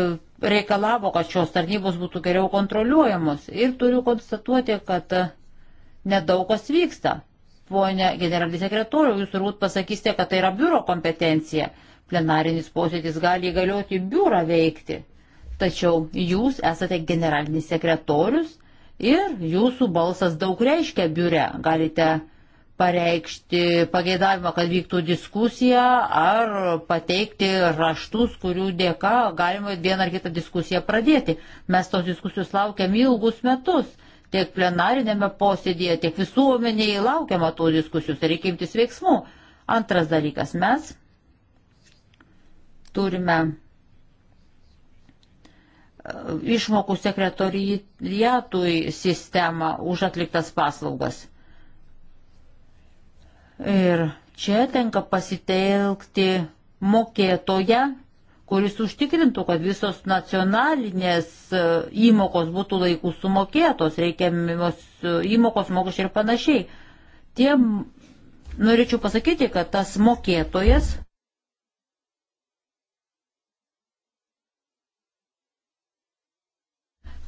reikalavo, kad šios tarnybos būtų geriau kontroliuojamos. Ir turiu konstatuoti, kad nedaug kas vyksta. Pone generalinis sekretoriau, jūs turbūt pasakysite, kad tai yra biuro kompetencija. Plenarinis posėdis gali įgalioti biurą veikti. Tačiau jūs esate generalinis sekretorius ir jūsų balsas daug reiškia biure. Galite pareikšti pageidavimą, kad vyktų diskusija ar pateikti raštus, kurių dėka galima vieną ar kitą diskusiją pradėti. Mes tos diskusijos laukiam ilgus metus. Tiek plenarinėme posėdėje, tiek visuomenėje laukiama tų diskusijų. Tai reikia imtis veiksmų. Antras dalykas. Mes turime e, išmokų sekretoriatui sistemą už atliktas paslaugas. Ir čia tenka pasitelkti mokėtoje, kuris užtikrintų, kad visos nacionalinės e, įmokos būtų laikų sumokėtos, reikiamos e, įmokos mokesčiai ir panašiai. Tie, norėčiau pasakyti, kad tas mokėtojas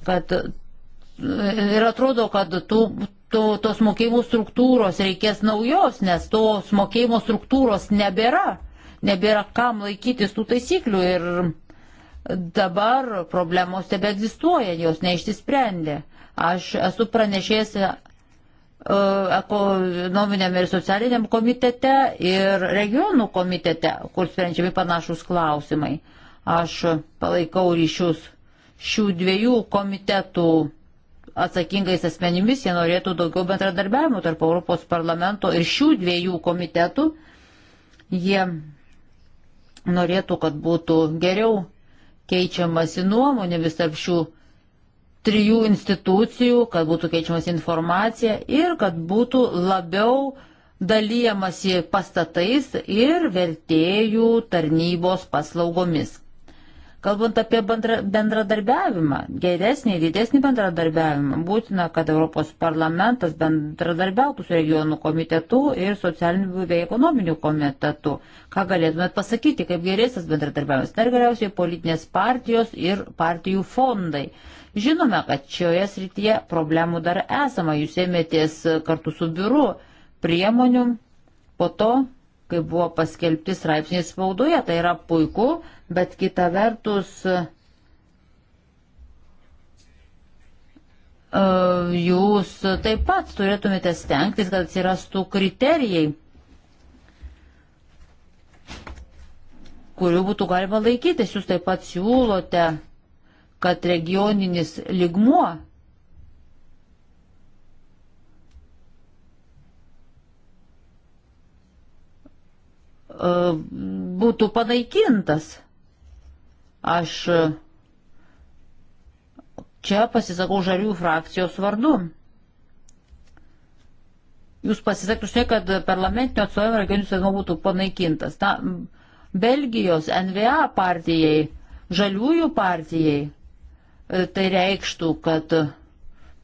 kad e, ir atrodo, kad tų to, tos mokėjimų struktūros reikės naujos, nes tos mokėjimo struktūros nebėra. Nebėra kam laikytis tų taisyklių ir dabar problemos tebe egzistuoja, jos neišsisprendė. Aš esu pranešėjęs e, ekonominiam ir socialiniam komitete ir regionų komitete, kur sprendžiami panašus klausimai. Aš palaikau ryšius šių dviejų komitetų atsakingais asmenimis, jie norėtų daugiau bendradarbiavimo tarp Europos parlamento ir šių dviejų komitetų. Jie norėtų, kad būtų geriau keičiamasi nuomonėmis tarp šių trijų institucijų, kad būtų keičiamas informacija ir kad būtų labiau dalyjamasi pastatais ir vertėjų tarnybos paslaugomis. Kalbant apie bendra, bendradarbiavimą, geresnį, didesnį bendradarbiavimą, būtina, kad Europos parlamentas bendradarbiautų su regionų komitetu ir socialinių bei ekonominių komitetu. Ką galėtumėt pasakyti, kaip gerės tas bendradarbiavimas? Dar galiausiai politinės partijos ir partijų fondai. Žinome, kad šioje srityje problemų dar esama. Jūs ėmėtės kartu su biuru priemonių po to, kai buvo paskelbti straipsniai spaudoje. Tai yra puiku, bet kita vertus e, jūs taip pat turėtumėte stengtis, kad atsirastų kriterijai, kurių būtų galima laikytis. Jūs taip pat siūlote, kad regioninis ligmuo e, būtų panaikintas. Aš e, čia pasisakau žalių frakcijos vardu. Jūs pasisakėte už tai, kad parlamentinio atstovavimo regioninis vaidmuo būtų panaikintas. Na, Belgijos NVA partijai, žaliųjų partijai, e, tai reikštų, kad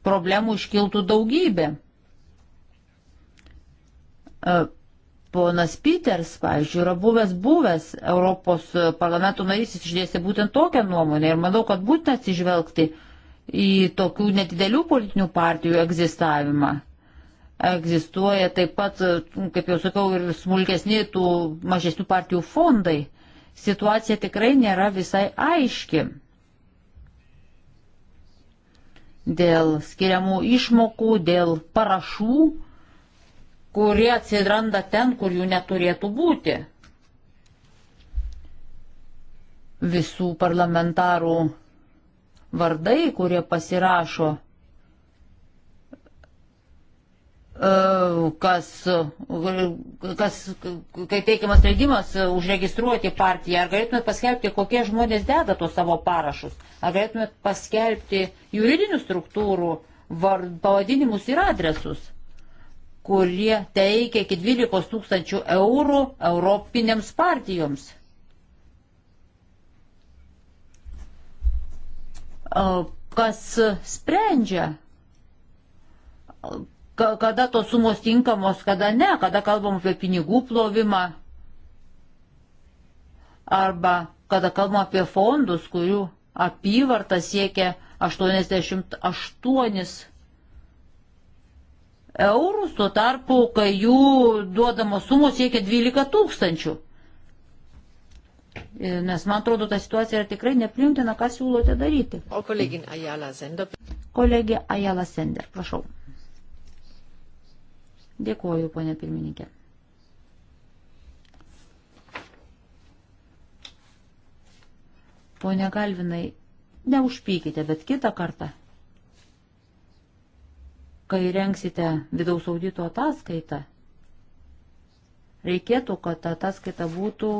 problemų iškiltų daugybė. E, Ponas Peters, pavyzdžiui, yra buvęs buvęs Europos parlamento narys, jis išdėstė būtent tokią nuomonę ir manau, kad būtina atsižvelgti į tokių nedidelių politinių partijų egzistavimą. Egzistuoja taip pat, kaip jau sakiau, ir smulkesni tų mažesnių partijų fondai. Situacija tikrai nėra visai aiški. Dėl skiriamų išmokų, dėl parašų kurie atsiranda ten, kur jų neturėtų būti. Visų parlamentarų vardai, kurie pasirašo, e, kas, kas kai teikiamas leidimas užregistruoti partiją, ar galėtumėt paskelbti, kokie žmonės deda tos savo parašus, ar galėtumėt paskelbti juridinių struktūrų vard, pavadinimus ir adresus kurie teikia iki 12 tūkstančių eurų europinėms partijoms. Kas sprendžia, kada tos sumos tinkamos, kada ne, kada kalbam apie pinigų plovimą arba kada kalbam apie fondus, kurių apyvarta siekia 88 eurų, tuo tarpu, kai jų duodamos sumos siekia 12 tūkstančių. E, nes man atrodo, ta situacija yra tikrai neprimtina, ką siūlote daryti. O kolegin Ajala Sender. Kolegė Ajala Sender, prašau. Dėkuoju, ponė pirmininkė. Pone Galvinai, neužpykite, bet kitą kartą kai renksite vidaus audito ataskaitą, reikėtų, kad ta ataskaita būtų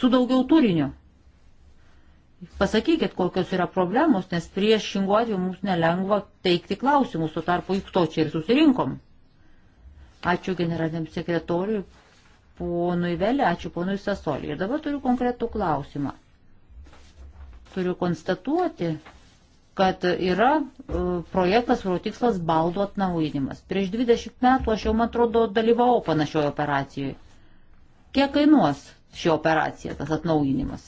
su daugiau turinio. Pasakykit, kokios yra problemos, nes priešingų atveju mums nelengva teikti klausimus, tuo tarpu juk to čia ir susirinkom. Ačiū generaliniam sekretoriui, ponui Velė, ačiū ponui Sasoliui. Ir dabar turiu konkretų klausimą. Turiu konstatuoti, kad yra e, projektas, kurio tikslas baldų atnaujinimas. Prieš 20 metų aš jau, man atrodo, dalyvavau panašioje operacijoje. Kiek kainuos ši operacija, tas atnaujinimas?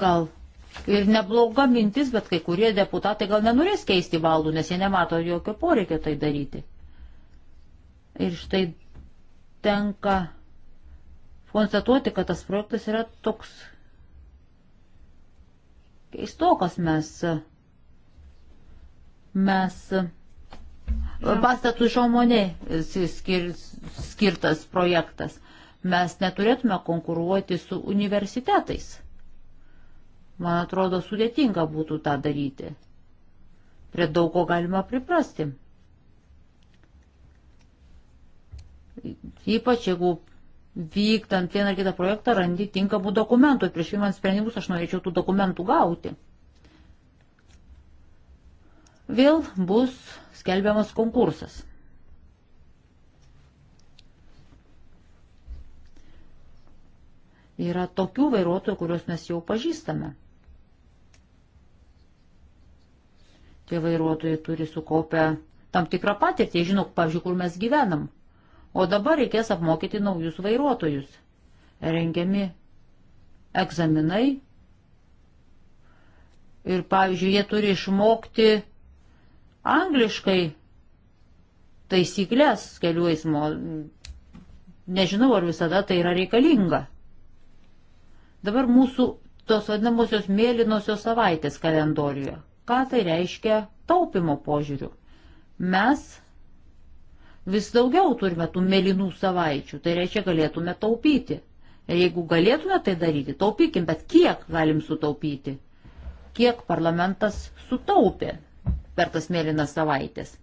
Gal ir nebloga mintis, bet kai kurie deputatai gal nenorės keisti baldų, nes jie nemato jokio poreikio tai daryti. Ir štai tenka konstatuoti, kad tas projektas yra toks keistokas mes. Mes pastatų žomonė skir, skirtas projektas. Mes neturėtume konkuruoti su universitetais. Man atrodo, sudėtinga būtų tą daryti. Prie daug ko galima priprasti. Ypač jeigu vykdant vieną ar kitą projektą randi tinkamų dokumentų. Ir prieš priimant sprendimus aš norėčiau tų dokumentų gauti. Vėl bus skelbiamas konkursas. Yra tokių vairuotojų, kuriuos mes jau pažįstame. Tie vairuotojai turi sukaupę tam tikrą patirtį, žinok, pavyzdžiui, kur mes gyvenam. O dabar reikės apmokyti naujus vairuotojus. Rengiami egzaminai. Ir, pavyzdžiui, jie turi išmokti angliškai taisyklės kelių eismo. Nežinau, ar visada tai yra reikalinga. Dabar mūsų tos vadinamosios mėlynosios savaitės kalendoriuje. Ką tai reiškia taupimo požiūriu? Mes vis daugiau turime tų mėlynų savaičių, tai reiškia galėtume taupyti. Ir jeigu galėtume tai daryti, taupykim, bet kiek galim sutaupyti? Kiek parlamentas sutaupė per tas mėlynas savaitės?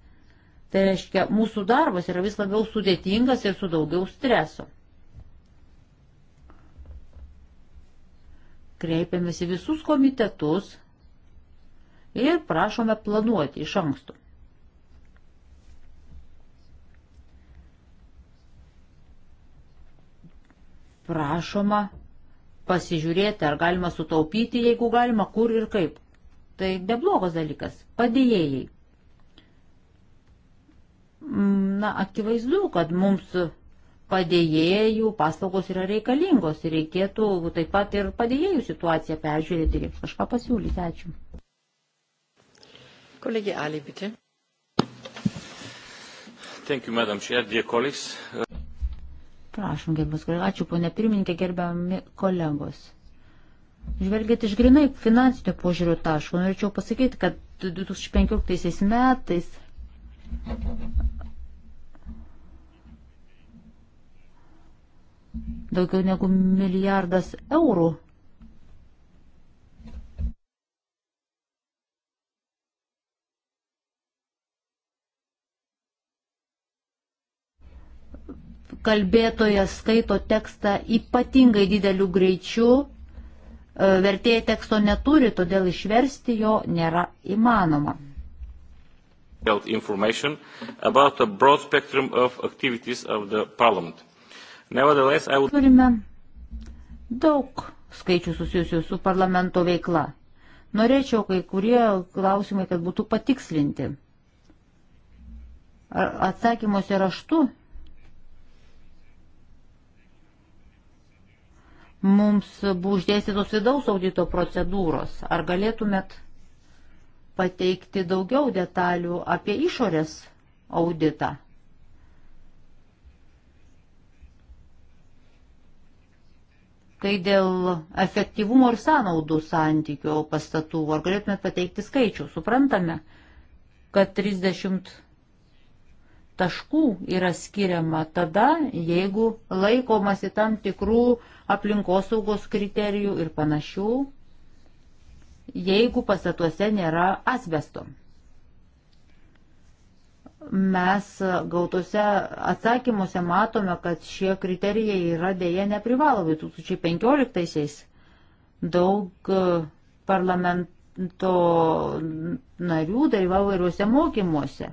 Tai reiškia, mūsų darbas yra vis labiau sudėtingas ir su daugiau streso. Kreipiamės į visus komitetus ir prašome planuoti iš anksto. prašoma pasižiūrėti, ar galima sutaupyti, jeigu galima, kur ir kaip. Tai neblogas dalykas. Padėjėjai. Na, akivaizdu, kad mums padėjėjų paslaugos yra reikalingos ir reikėtų taip pat ir padėjėjų situaciją peržiūrėti ir jiems kažką pasiūlyti. Ačiū. Kolegė Ali, bitė. Thank you, Madam Chair, dear colleagues. Prašom, gerbiamas kolega, ačiū ponė pirmininkė, gerbiami kolegos. Žvelgiant iš grinai finansinio požiūrio taško, norėčiau pasakyti, kad 2015 metais daugiau negu milijardas eurų kalbėtojas skaito tekstą ypatingai dideliu greičiu, e, vertėjai teksto neturi, todėl išversti jo nėra įmanoma. information about a broad spectrum of activities of the parliament. Nevertheless, I would... Turime daug skaičių susijusių su parlamento veikla. Norėčiau kai kurie klausimai, kad būtų patikslinti. Atsakymuose raštu mums buvo uždėstytos vidaus audito procedūros. Ar galėtumėt pateikti daugiau detalių apie išorės auditą? Kai dėl efektyvumo ir sąnaudų santykių pastatų, ar galėtumėt pateikti skaičių? Suprantame, kad 30 taškų yra skiriama tada, jeigu laikomasi tam tikrų aplinkosaugos kriterijų ir panašių, jeigu pastatuose nėra asbesto. Mes gautose atsakymuose matome, kad šie kriterijai yra dėje neprivalomi. 2015-aisiais daug e, parlamento narių dalyvavo įvairiuose mokymuose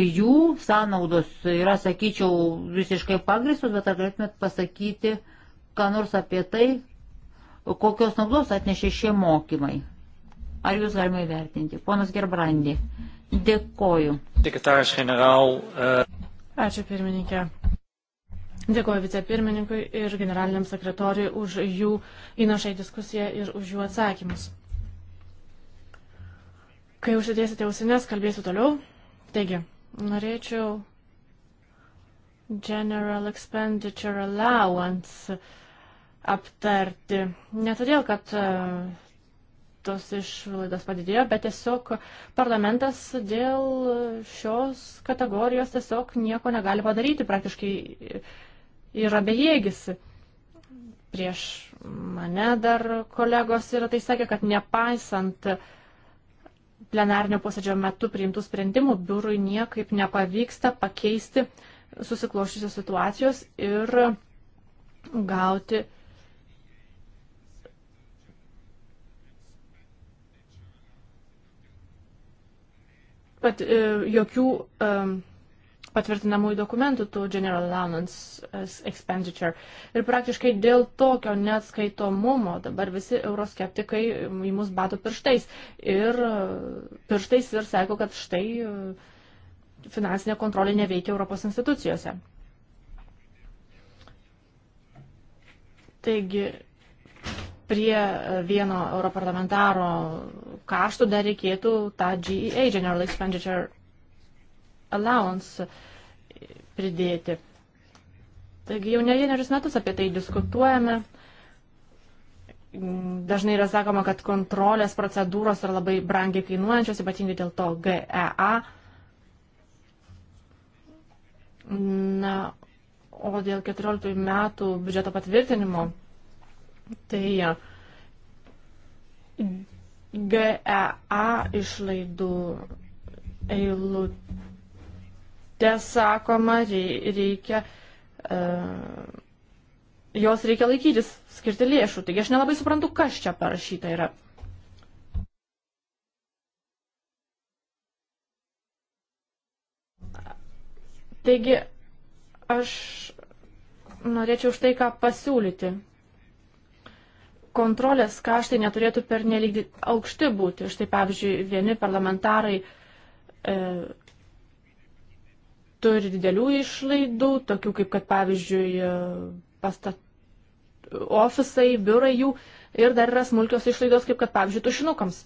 Jų sąnaudos yra, sakyčiau, visiškai pagristos, bet ar galėtumėt pasakyti, ką nors apie tai, kokios naudos atnešė šie mokymai? Ar jūs galima įvertinti? Ponas Gerbrandi, dėkoju. Sekretaras general. Uh... E, Ačiū pirmininkė. Dėkoju vicepirmininkui ir generaliniam sekretoriui už jų įnašą į diskusiją ir už jų atsakymus. Kai užsidėsite ausinės, kalbėsiu toliau. Taigi, Norėčiau General Expenditure Allowance aptarti. Ne todėl, kad e, tos išlaidos padidėjo, bet tiesiog parlamentas dėl šios kategorijos tiesiog nieko negali padaryti, praktiškai yra bejėgis. Prieš mane dar kolegos yra tai sakė, kad nepaisant uh, plenarnio posėdžio metu priimtų sprendimų biurui niekaip nepavyksta pakeisti susikloščiusios situacijos ir gauti pat, e, jokių um, patvirtinamųjų dokumentų, tų General Allowance Expenditure. Ir praktiškai dėl tokio neatskaitomumo dabar visi euroskeptikai į mus batų pirštais ir, e, pirštais ir sako, kad štai e, finansinė kontrolė neveikia Europos institucijose. Taigi, prie vieno europarlamentaro kaštų dar reikėtų tą GEA General Expenditure allowance pridėti. Taigi jau ne vienerius metus apie tai diskutuojame. Dažnai yra sakoma, kad kontrolės procedūros yra labai brangiai kainuojančios, ypatingai dėl to GEA. Na, o dėl 14 metų biudžeto patvirtinimo, tai GEA išlaidų eilutė sakoma, reikia, uh, jos reikia laikytis, skirti lėšų. Taigi aš nelabai suprantu, kas čia parašyta yra. Taigi aš norėčiau štai ką pasiūlyti. Kontrolės kaštai neturėtų per nelik aukšti būti. Štai pavyzdžiui, vieni parlamentarai e, turi didelių išlaidų, tokių kaip, kad pavyzdžiui, e, pastat, ofisai, biurai jų ir dar yra smulkios išlaidos, kaip, kad pavyzdžiui, tušinukams.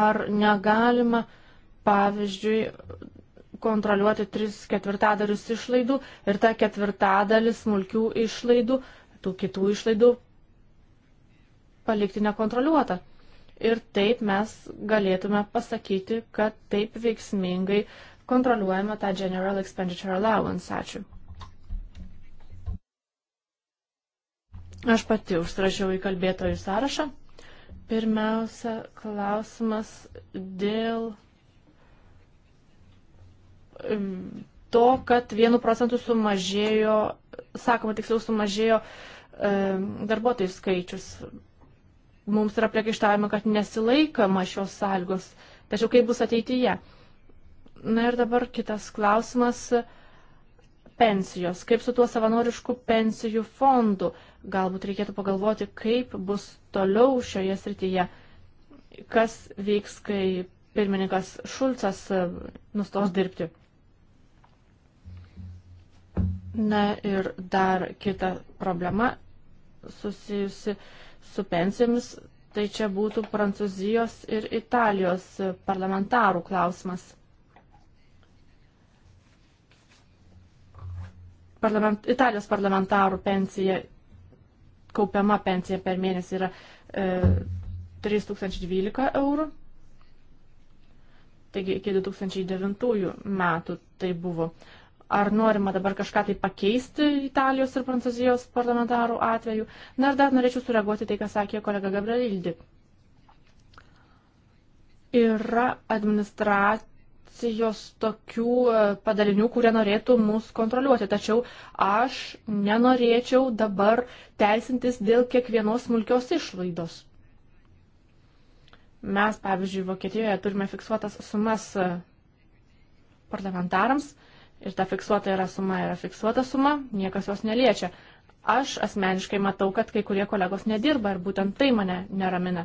Ar negalima, pavyzdžiui, kontroliuoti 3 ketvirtadalius išlaidų ir tą ketvirtadalį smulkių išlaidų, tų kitų išlaidų palikti nekontroliuotą. Ir taip mes galėtume pasakyti, kad taip veiksmingai uh, kontroliuojama tą General Expenditure Allowance. Ačiū. Aš pati užsirašiau į kalbėtojų sąrašą. Pirmiausia, klausimas dėl to, kad vienu procentu sumažėjo, sakoma tiksliau, sumažėjo e, darbuotojų skaičius. Mums yra priekaištavimo, kad nesilaikama šios sąlygos. Tačiau kaip bus ateityje? Na ir dabar kitas klausimas pensijos. Kaip su tuo savanorišku pensijų fondu? Galbūt reikėtų pagalvoti, kaip bus toliau šioje srityje. Kas vyks, kai pirmininkas Šulcas e, nustos dirbti? Na ir dar kita problema susijusi su pensijomis, tai čia būtų Prancūzijos ir Italijos parlamentarų klausimas. parlament, Italijos parlamentarų pensija, kaupiama pensija per mėnesį yra e, 3012 eurų. Taigi iki 2009 metų tai buvo. Ar norima dabar kažką tai pakeisti Italijos ir Prancūzijos parlamentarų atveju? Na ir dar norėčiau sureaguoti tai, ką sakė kolega Gabrielildi. Yra administracija policijos tokių e, padalinių, kurie norėtų mus kontroliuoti. Tačiau aš nenorėčiau dabar teisintis dėl kiekvienos smulkios išlaidos. Mes, pavyzdžiui, Vokietijoje turime fiksuotas sumas e, parlamentarams ir ta fiksuota yra suma yra fiksuota suma, niekas jos neliečia. Aš asmeniškai matau, kad kai kurie kolegos nedirba ir būtent tai mane neramina.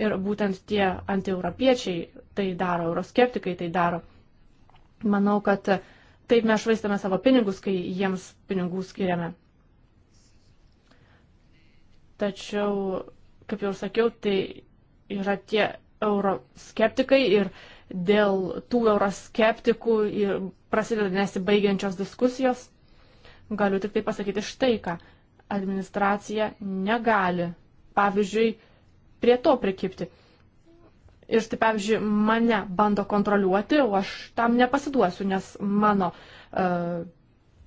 Ir būtent tie antieuropiečiai tai daro, euroskeptikai tai daro. Manau, kad taip mes švaistame savo pinigus, kai jiems pinigų skiriame. Tačiau, kaip jau sakiau, tai yra tie euroskeptikai ir dėl tų euroskeptikų prasideda nesibaigiančios diskusijos. Galiu tik tai pasakyti štai ką. Administracija negali, pavyzdžiui, prie to prikipti. Ir štai, pavyzdžiui, mane bando kontroliuoti, o aš tam nepasiduosiu, nes mano uh,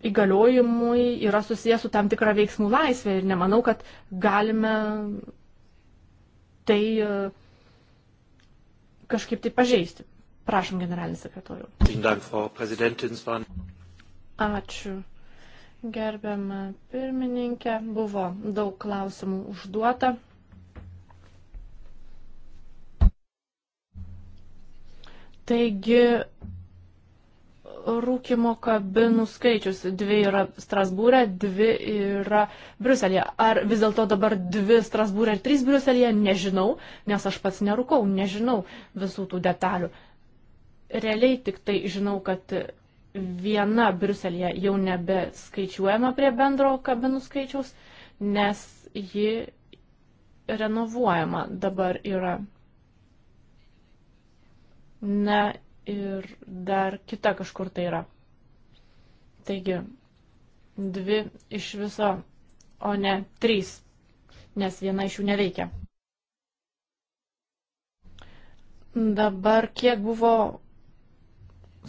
įgaliojimui yra susijęs su tam tikra veiksmų laisvė ir nemanau, kad galime tai uh, kažkaip tai pažeisti. Prašom, generalinis sekretorius. Ačiū. Gerbiam pirmininkę, buvo daug klausimų užduota. Taigi rūkimo kabinų skaičius. Dvi yra Strasbūrė, dvi yra Bruselėje. Ar vis dėlto dabar dvi Strasbūrė ir trys Bruselėje, nežinau, nes aš pats nerūkau, nežinau visų tų detalių. Realiai tik tai žinau, kad viena Bruselėje jau nebeskaičiuojama prie bendro kabinų skaičiaus, nes ji renovuojama dabar yra Na ir dar kita kažkur tai yra. Taigi, dvi iš viso, o ne trys, nes viena iš jų neveikia. Dabar kiek buvo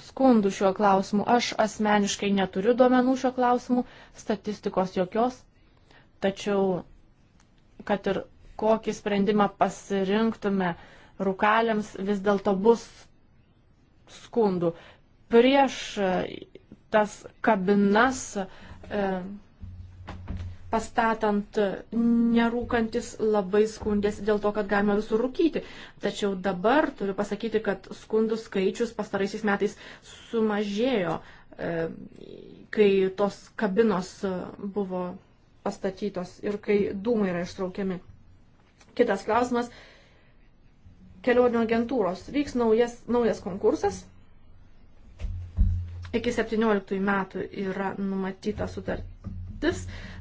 skundų šiuo klausimu. Aš asmeniškai neturiu duomenų šiuo klausimu, statistikos jokios, tačiau kad ir kokį sprendimą pasirinktume, uh, rūkaliams vis dėlto bus skundų. Prieš e, tas kabinas e, pastatant nerūkantis labai skundėsi dėl to, kad galima visur rūkyti. Tačiau dabar turiu pasakyti, kad skundų skaičius pastaraisiais metais sumažėjo, e, kai tos kabinos buvo pastatytos ir kai dūmai yra ištraukiami. Kitas klausimas kelionių agentūros. Vyks naujas, naujas konkursas. Iki 17 metų yra numatyta sutartis,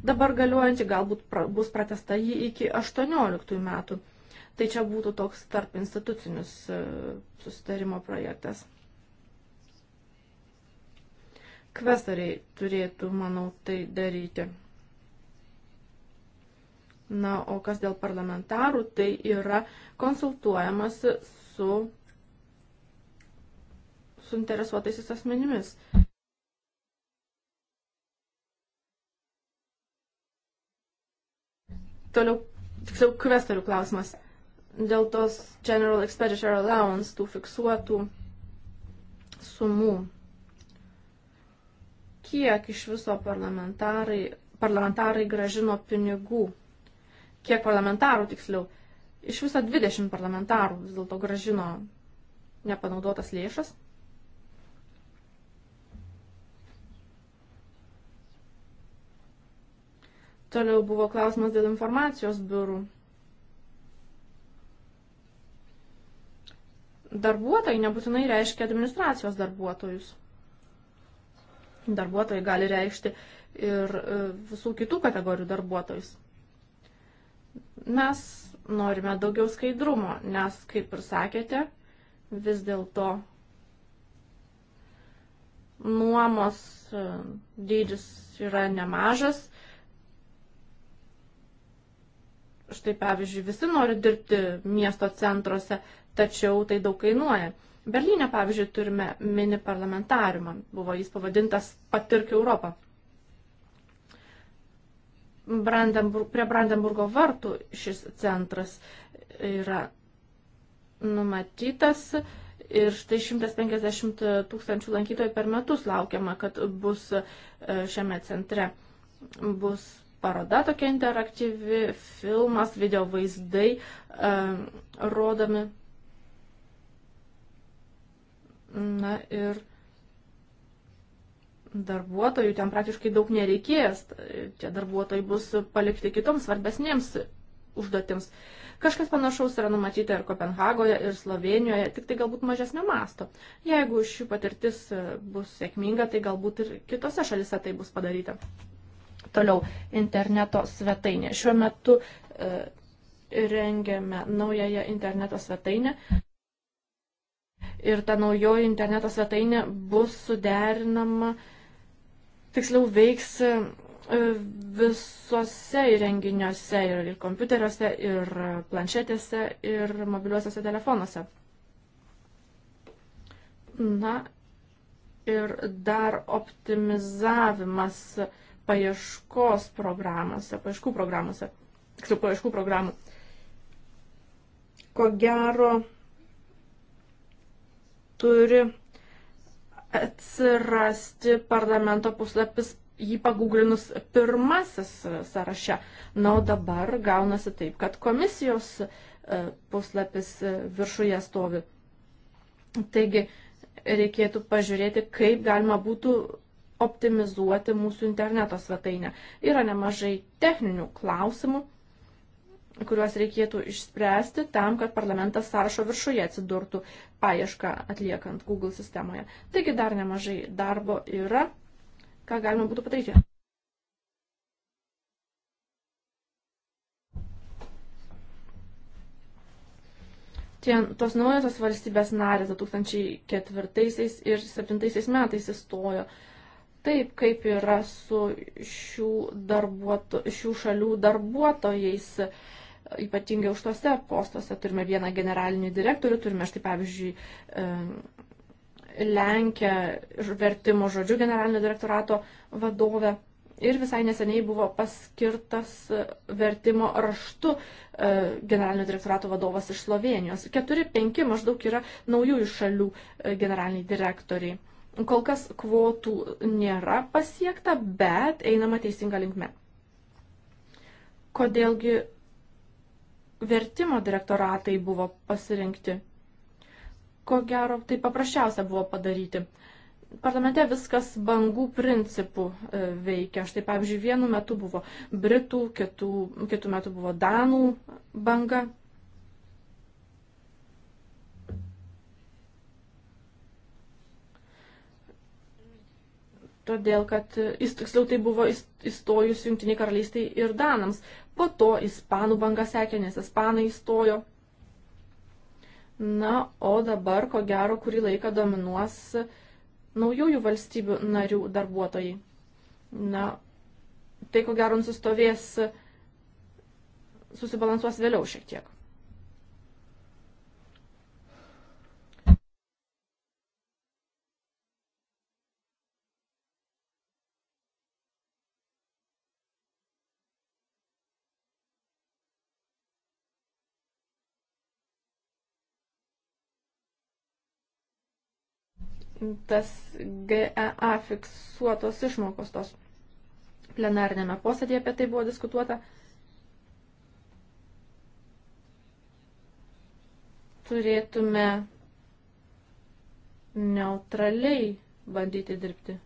dabar galiojanti galbūt pra, bus pratesta jį iki 18 metų. Tai čia būtų toks tarp institucinis e, susitarimo projektas. Kvestoriai turėtų, manau, tai daryti. Na, o kas dėl parlamentarų, tai yra konsultuojamas su suinteresuotaisiais asmenimis. Toliau, tiksliau, kvestorių klausimas. Dėl tos General Expenditure Allowance, tų fiksuotų sumų. Kiek iš viso parlamentarai, parlamentarai gražino pinigų kiek parlamentarų tiksliau. Iš viso 20 parlamentarų vis dėlto gražino nepanaudotas lėšas. Toliau buvo klausimas dėl informacijos biurų. Darbuotojai nebūtinai reiškia administracijos darbuotojus. Darbuotojai gali reikšti ir e, visų kitų kategorijų darbuotojus. Mes norime daugiau skaidrumo, nes, kaip ir sakėte, vis dėlto nuomos e, dydis yra nemažas. Štai pavyzdžiui, visi nori dirbti miesto centruose, tačiau tai daug kainuoja. Berlyne, pavyzdžiui, turime mini parlamentariumą, buvo jis pavadintas Patirk Europą. Brandenburg, prie Brandenburgo vartų šis centras yra numatytas ir štai 150 tūkstančių lankytojų per metus laukiama, kad bus e, šiame centre bus paroda tokia interaktyvi, filmas, video vaizdai uh, rodomi. Na ir darbuotojų ten praktiškai daug nereikės. Tie darbuotojai bus palikti kitoms svarbesnėms užduotims. Kažkas panašaus yra numatyta ir Kopenhagoje, ir Slovenijoje, tik tai galbūt mažesnio masto. Jeigu ši patirtis e, bus sėkminga, tai galbūt ir kitose šalise tai bus padaryta. Toliau, interneto svetainė. Šiuo metu e, rengiame naująją interneto svetainę. Ir ta naujoji interneto svetainė bus suderinama e, tiksliau veiks e, visose įrenginiuose ir, ir kompiuteriuose, ir planšetėse, ir mobiliuosiuose telefonuose. Na ir dar optimizavimas paieškos programuose, paieškų programuose, tiksliau paieškų programų. Ko gero turi atsirasti parlamento puslapis jį paguglinus pirmasis sąraše. Na, o dabar gaunasi taip, kad komisijos e, puslapis e, viršuje stovi. Taigi, reikėtų pažiūrėti, kaip galima būtų optimizuoti mūsų interneto svetainę. Yra nemažai techninių klausimų, kuriuos reikėtų išspręsti tam, kad parlamentas sąrašo viršuje atsidurtų paiešką atliekant Google sistemoje. Taigi dar nemažai darbo yra, ką galima būtų padaryti. Tie, tos naujosios valstybės narės 2004 ir 2007 metais įstojo. Taip, kaip yra su šių, šių šalių darbuotojais. Uh, ypatingai aukštuose postuose. Turime vieną generalinį direktorių, turime štai pavyzdžiui Lenkę vertimo žodžių generalinio direktorato vadovę. Ir visai neseniai buvo paskirtas vertimo raštu e, generalinio direktorato vadovas iš Slovenijos. Keturi, penki maždaug yra naujųjų šalių e, generaliniai direktoriai. Kol kas kvotų nėra pasiekta, bet einama teisinga linkme. Kodėlgi vertimo direktoratai buvo pasirinkti. Ko gero, tai paprasčiausia buvo padaryti. Parlamente viskas bangų principų e, veikia. Štai pavyzdžiui, vienu metu buvo Britų, kitų, kitų metų buvo Danų banga. Todėl, kad, e, tiksliau, tai buvo įstojus Junktiniai karalystiai ir Danams. Po to ispanų banga sekė, nes ispanai įstojo. Na, o dabar, ko gero, kurį laiką dominuos naujųjų valstybių narių darbuotojai. Na, tai ko gero nusistovės, susibalansuos vėliau šiek tiek. tas GEA fiksuotos išmokos tos plenarnėme posėdėje apie tai buvo diskutuota. Turėtume neutraliai bandyti dirbti.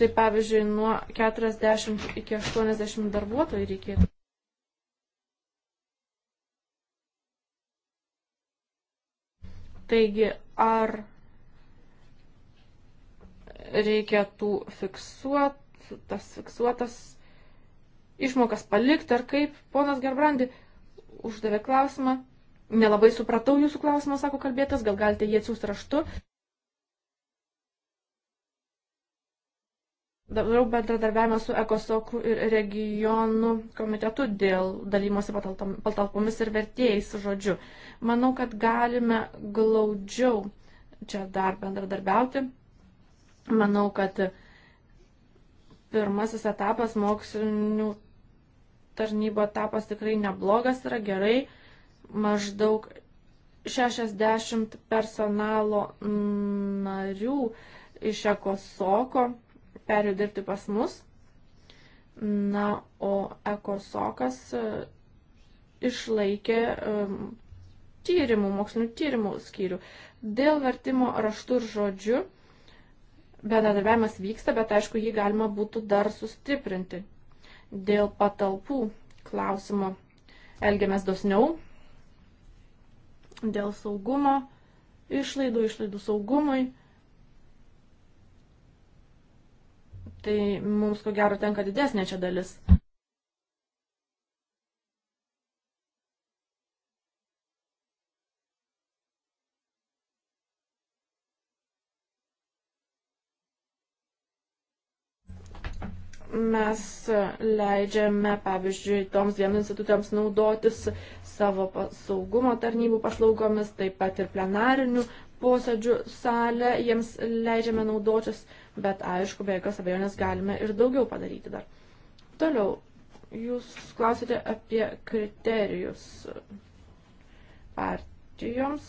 Štai pavyzdžiui, nuo 40 iki 80 darbuotojų reikėtų. Taigi, ar reikia tų fiksuot, tas fiksuotas išmokas palikti, ar kaip? Ponas Gerbrandi uždavė klausimą. Nelabai supratau jūsų klausimą, sako kalbėtas, gal galite jį atsiųsti raštu. Dabar bendradarbiavime su ECOSOKU ir regionų komitetu dėl dalymosi patalpomis ir vertėjais žodžiu. Manau, kad galime glaudžiau čia dar bendradarbiauti. Manau, kad pirmasis etapas mokslinių tarnybo etapas tikrai neblogas yra gerai. Maždaug 60 personalo narių iš ekosoko perėjo dirbti pas mus. Na, o ekosokas e, išlaikė e, tyrimų, mokslinių tyrimų skyrių. Dėl vertimo raštų ir žodžių bendradarbiavimas vyksta, bet aišku, jį galima būtų dar sustiprinti. Dėl patalpų klausimo elgiamės dosniau, dėl saugumo išlaidų, išlaidų saugumui. tai mums ko gero tenka didesnė čia dalis. Mes leidžiame, pavyzdžiui, toms dviem institutams naudotis savo saugumo tarnybų paslaugomis, taip pat ir plenarinių posėdžių salę, jiems leidžiame naudotis uh, bet aišku, be jokios abejonės galime ir daugiau padaryti dar. Toliau, jūs klausite apie kriterijus partijoms.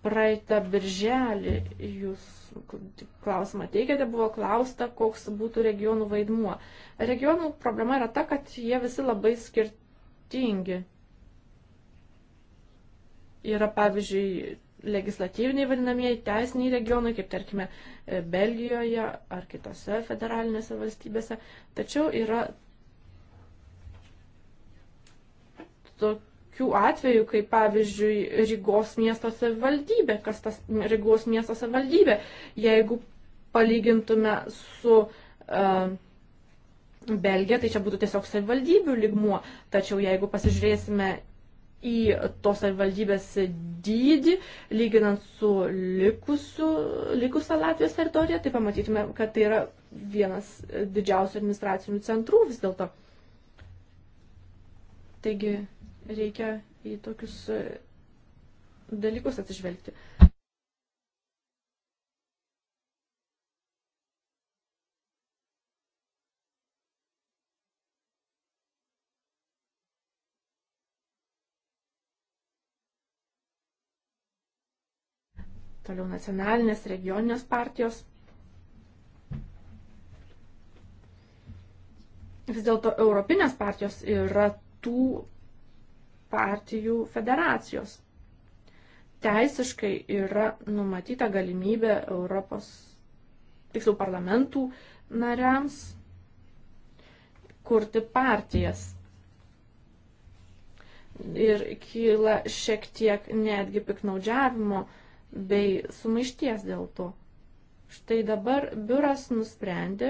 Praeitą birželį jūs klausimą teikėte, buvo klausta, koks būtų regionų vaidmuo. Regionų problema yra ta, kad jie visi labai skirtingi. Yra, pavyzdžiui, legislatyviniai vadinamieji teisiniai regionai, kaip tarkime e, Belgijoje ar kitose federalinėse valstybėse. Tačiau yra tokių atvejų, kaip pavyzdžiui Rygos miesto savivaldybė, kas tas Rygos miesto savivaldybė, jeigu palygintume su uh, Belgija, tai čia būtų tiesiog savivaldybių ligmuo, tačiau jeigu pasižiūrėsime į tos savivaldybės dydį, lyginant su likusiu, likusią Latvijos teritoriją, tai pamatytume, kad tai yra vienas didžiausių administracinių centrų vis dėlto. Taigi reikia į tokius dalykus atsižvelgti. toliau nacionalinės, regioninės partijos. Vis dėlto europinės partijos yra tų partijų federacijos. Teisiškai yra numatyta galimybė Europos, tiksliau parlamentų nariams kurti partijas. Ir kyla šiek tiek netgi piknaudžiavimo uh, bei sumaišties dėl to. Štai dabar biuras nusprendė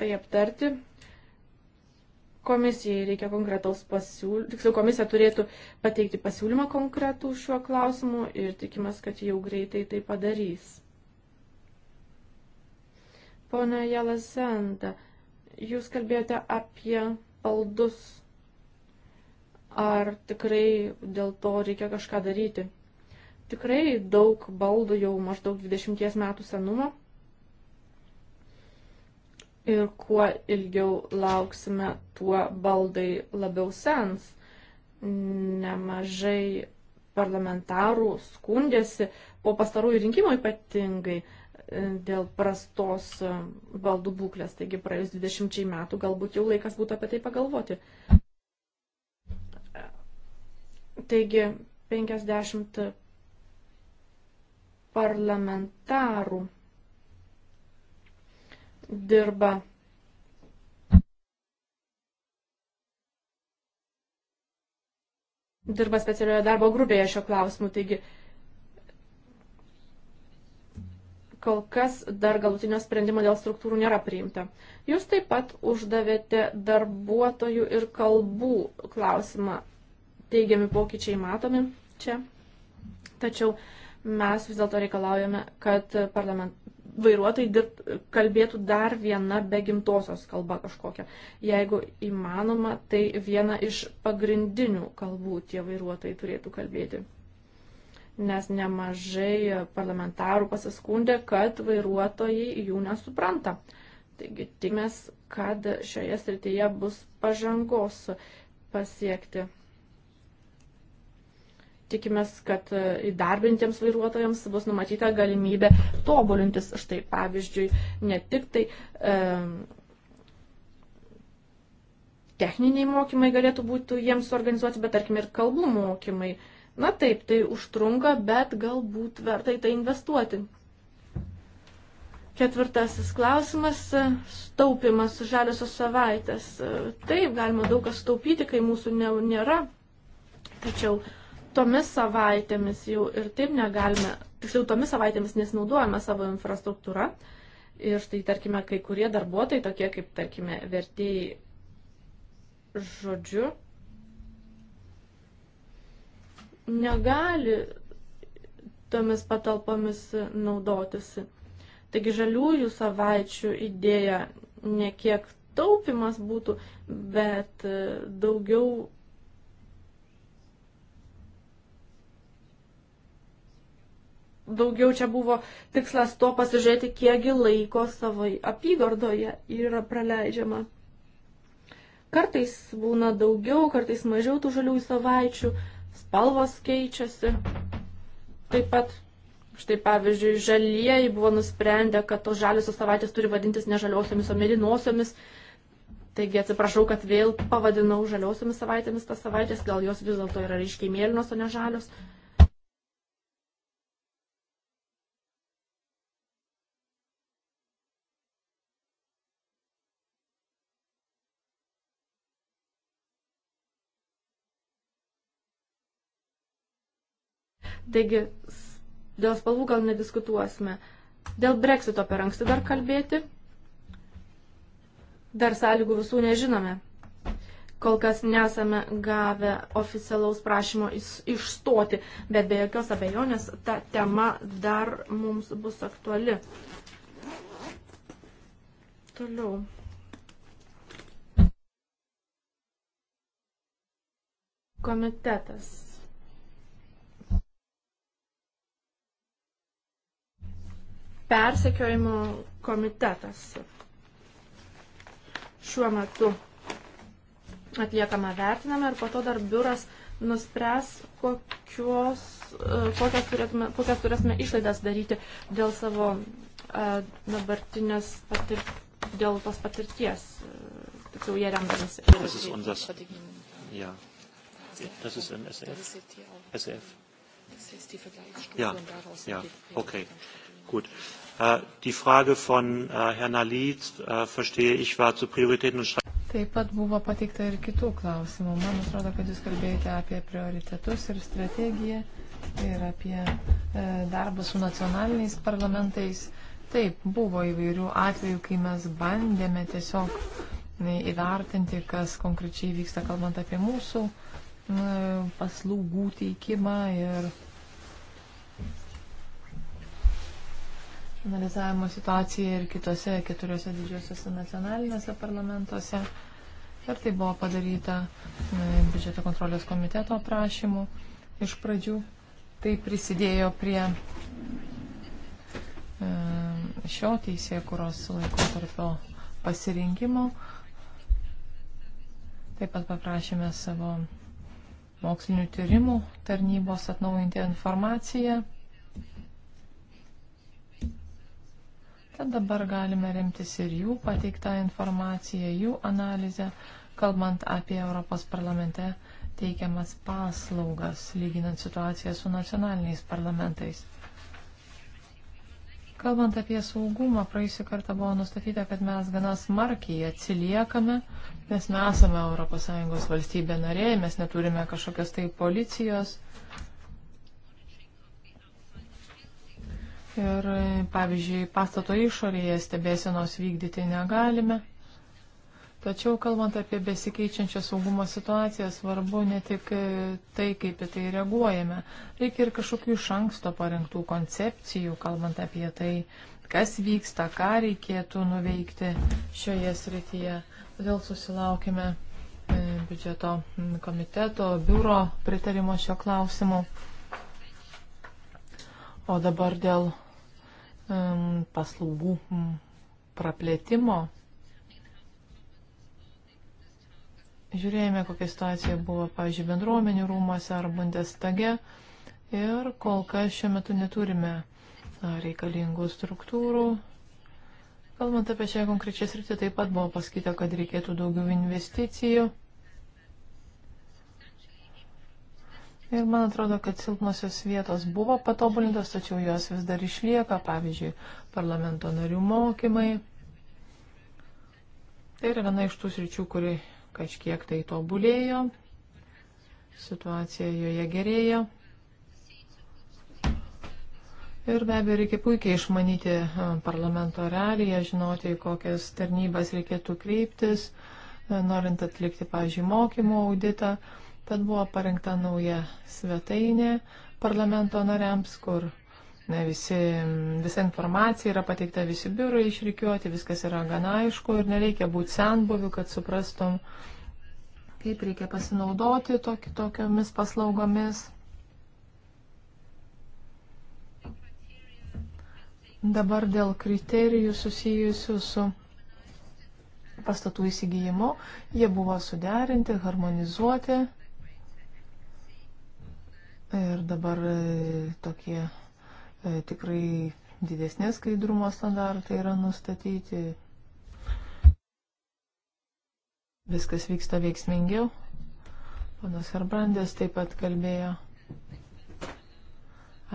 tai aptarti. Komisijai reikia konkretaus pasiūlymų, tiksliau komisija turėtų pateikti pasiūlymą konkretų šiuo klausimu ir tikimės, kad jau greitai tai padarys. Pone Jalasenda, jūs kalbėjote apie baldus ar tikrai dėl to reikia kažką daryti. Tikrai daug baldų jau maždaug 20 metų senumo. Ir kuo ilgiau lauksime, tuo baldai labiau sens. Nemažai parlamentarų skundėsi po pastarųjų rinkimų ypatingai e, dėl prastos e, baldų būklės. Taigi praėjus 20 metų galbūt jau laikas būtų apie tai pagalvoti. Taigi 50 parlamentarų dirba. Dirba specialioje darbo grupėje šio klausimu, taigi kol kas dar galutinio sprendimo dėl struktūrų nėra priimta. Jūs taip pat uždavėte darbuotojų ir kalbų klausimą teigiami pokyčiai matomi čia. Tačiau mes vis dėlto reikalaujame, kad parlament... vairuotojai dirb... kalbėtų dar viena be gimtosios kalba kažkokia. Jeigu įmanoma, tai viena iš pagrindinių kalbų tie vairuotojai turėtų kalbėti. Nes nemažai parlamentarų pasiskundė, kad vairuotojai jų nesupranta. Taigi tikimės, kad šioje srityje bus pažangos pasiekti tikimės, kad įdarbintiems vairuotojams bus numatyta galimybė tobulintis. Štai pavyzdžiui, ne tik tai e, techniniai mokymai galėtų būti jiems organizuoti, bet tarkim ir kalbų mokymai. Na taip, tai užtrunka, bet galbūt verta į tai investuoti. Ketvirtasis klausimas - staupimas žaliosios savaitės. Taip, galima daug kas staupyti, kai mūsų nėra. Tačiau tomis savaitėmis jau ir taip negalime, tiksliau tomis savaitėmis nesinaudojame savo infrastruktūrą. Ir štai, tarkime, kai kurie darbuotojai, tokie kaip, tarkime, vertėjai žodžiu, negali tomis patalpomis naudotis. Taigi žaliųjų savaičių idėja ne kiek taupimas būtų, bet daugiau daugiau čia buvo tikslas to pasižiūrėti, kiekgi laiko savo apygardoje yra praleidžiama. Kartais būna daugiau, kartais mažiau tų žaliųjų savaičių, spalvos keičiasi. Taip pat, štai pavyzdžiui, žalieji buvo nusprendę, kad tos žaliosios savaitės turi vadintis ne žaliosiomis, o mėlynosiomis. Taigi atsiprašau, kad vėl pavadinau žaliosiomis savaitėmis tas savaitės, gal jos vis dėlto yra ryškiai mėlynos, o ne žalios. Mhm. Taigi dėl spalvų gal nediskutuosime. Dėl breksito per anksti dar kalbėti. Dar sąlygų visų nežinome. Kol kas nesame gavę oficialaus prašymo išstoti, bet be jokios abejonės ta tema dar mums bus aktuali. Toliau. Komitetas persekiojimo komitetas. Šiuo metu atliekama vertinama ir po to dar biuras nuspręs, kokios, e, kokias, turėtume, kokias turėsime išlaidas daryti dėl savo e, dabartinės patir, dėl tos patirties, e, tiksliau jie remdamasi. Ja. Das ist im SF. SF. Das ist die Vergleichsstudie ja. und daraus ja. okay. Gut. Äh, die Frage von äh, Herrn Ali, äh, verstehe ich, war zu Prioritäten und Strategien. Taip pat buvo pateikta ir kitų klausimų. Man atrodo, kad jūs kalbėjote apie prioritetus ir strategiją ir apie e, darbą su nacionaliniais parlamentais. Taip, buvo įvairių atvejų, kai mes bandėme tiesiog e, įvertinti, kas konkrečiai vyksta, kalbant apie mūsų e, paslaugų teikimą ir e, analizavimo situaciją ir kitose keturiose didžiosiuose nacionalinėse parlamentuose. Ir tai buvo padaryta biudžeto kontrolės komiteto prašymu iš pradžių. Tai prisidėjo prie e, šio teisėkuros laikotarpio pasirinkimo. Taip pat paprašėme savo mokslinių tyrimų tarnybos atnaujinti informaciją Tad dabar galime remtis ir jų pateiktą informaciją, jų analizę, kalbant apie Europos parlamente teikiamas paslaugas, lyginant situaciją su nacionaliniais parlamentais. Kalbant apie saugumą, praėjusį kartą buvo nustatyta, kad mes gana smarkiai atsiliekame, nes mes esame ES valstybė narė, mes neturime kažkokios tai policijos, Ir, pavyzdžiui, pastato išorėje stebėsenos vykdyti negalime. Tačiau, kalbant apie besikeičiančią saugumo situaciją, svarbu ne tik tai, kaip į tai reaguojame, reikia ir kažkokių iš anksto parengtų koncepcijų, kalbant apie tai, kas vyksta, ką reikėtų nuveikti šioje srityje. Todėl susilaukime e, biudžeto komiteto, biuro pritarimo šio klausimu. O dabar dėl Um, paslaugų um, praplėtimo. Žiūrėjome, kokia situacija buvo, pavyzdžiui, bendruomenių rūmose ar Bundestage ir kol kas šiuo metu neturime reikalingų struktūrų. Kalbant apie šią konkrečią sritį, taip pat buvo pasakyta, kad reikėtų daugiau investicijų. Ir man atrodo, kad silpnosios vietos buvo patobulintos, tačiau jos vis dar išlieka, pavyzdžiui, parlamento narių mokymai. Tai yra viena iš tų sričių, kuri kažkiek tai tobulėjo, situacija joje gerėjo. Ir be abejo, reikia puikiai išmanyti parlamento realiją, žinoti, kokias tarnybas reikėtų kreiptis, norint atlikti, pavyzdžiui, mokymo auditą. Tad buvo parengta nauja svetainė parlamento nariams, kur ne, visi, visa informacija yra pateikta, visi biurai išrikiuoti, viskas yra gana aišku ir nereikia būti senbuviu, kad suprastum, kaip reikia pasinaudoti tokį, tokiomis paslaugomis. Dabar dėl kriterijų susijusių su pastatų įsigijimu, jie buvo suderinti, harmonizuoti. Ir dabar e, tokie e, tikrai didesnės skaidrumo standartai yra nustatyti. Viskas vyksta veiksmingiau. Panas Herbrandės taip pat kalbėjo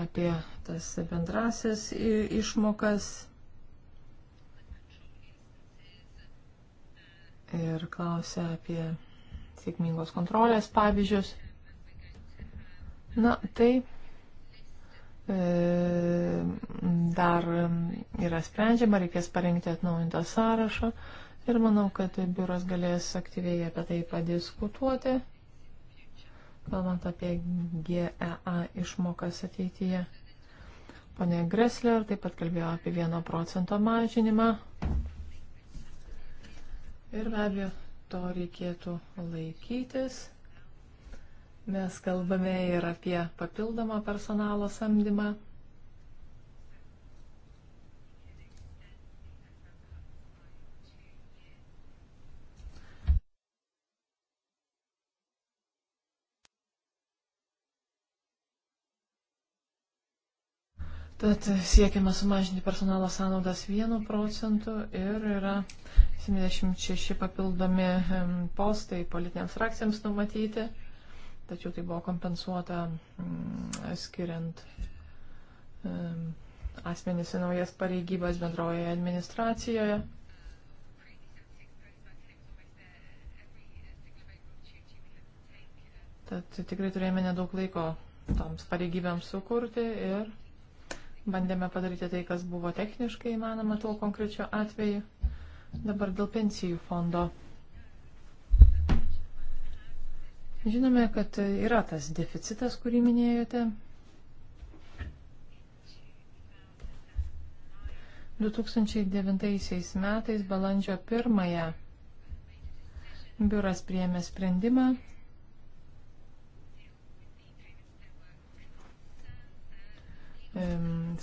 apie tas bendrasias e, išmokas. Ir klausė apie sėkmingos kontrolės pavyzdžius. Na, tai e, dar yra sprendžiama, reikės parengti atnaujintą sąrašą ir manau, kad biuras galės aktyviai apie tai padiskutuoti, kalbant apie GEA išmokas ateityje. Pane Gresler taip pat kalbėjo apie 1 procento mažinimą ir be abejo to reikėtų laikytis. Mes kalbame ir apie papildomą personalo samdymą. Tad siekiama sumažinti personalo sąnaudas 1 procentu ir yra 76 papildomi postai politinėms frakcijams numatyti tačiau tai buvo kompensuota mm, skiriant mm, asmenys į naujas pareigybas bendroje administracijoje. Tad tikrai turėjome nedaug laiko toms pareigybėms sukurti ir bandėme padaryti tai, kas buvo techniškai įmanoma tuo konkrečiu atveju. Dabar dėl pensijų fondo. Žinome, kad yra tas deficitas, kurį minėjote. 2009 metais balandžio 1 biuras priėmė sprendimą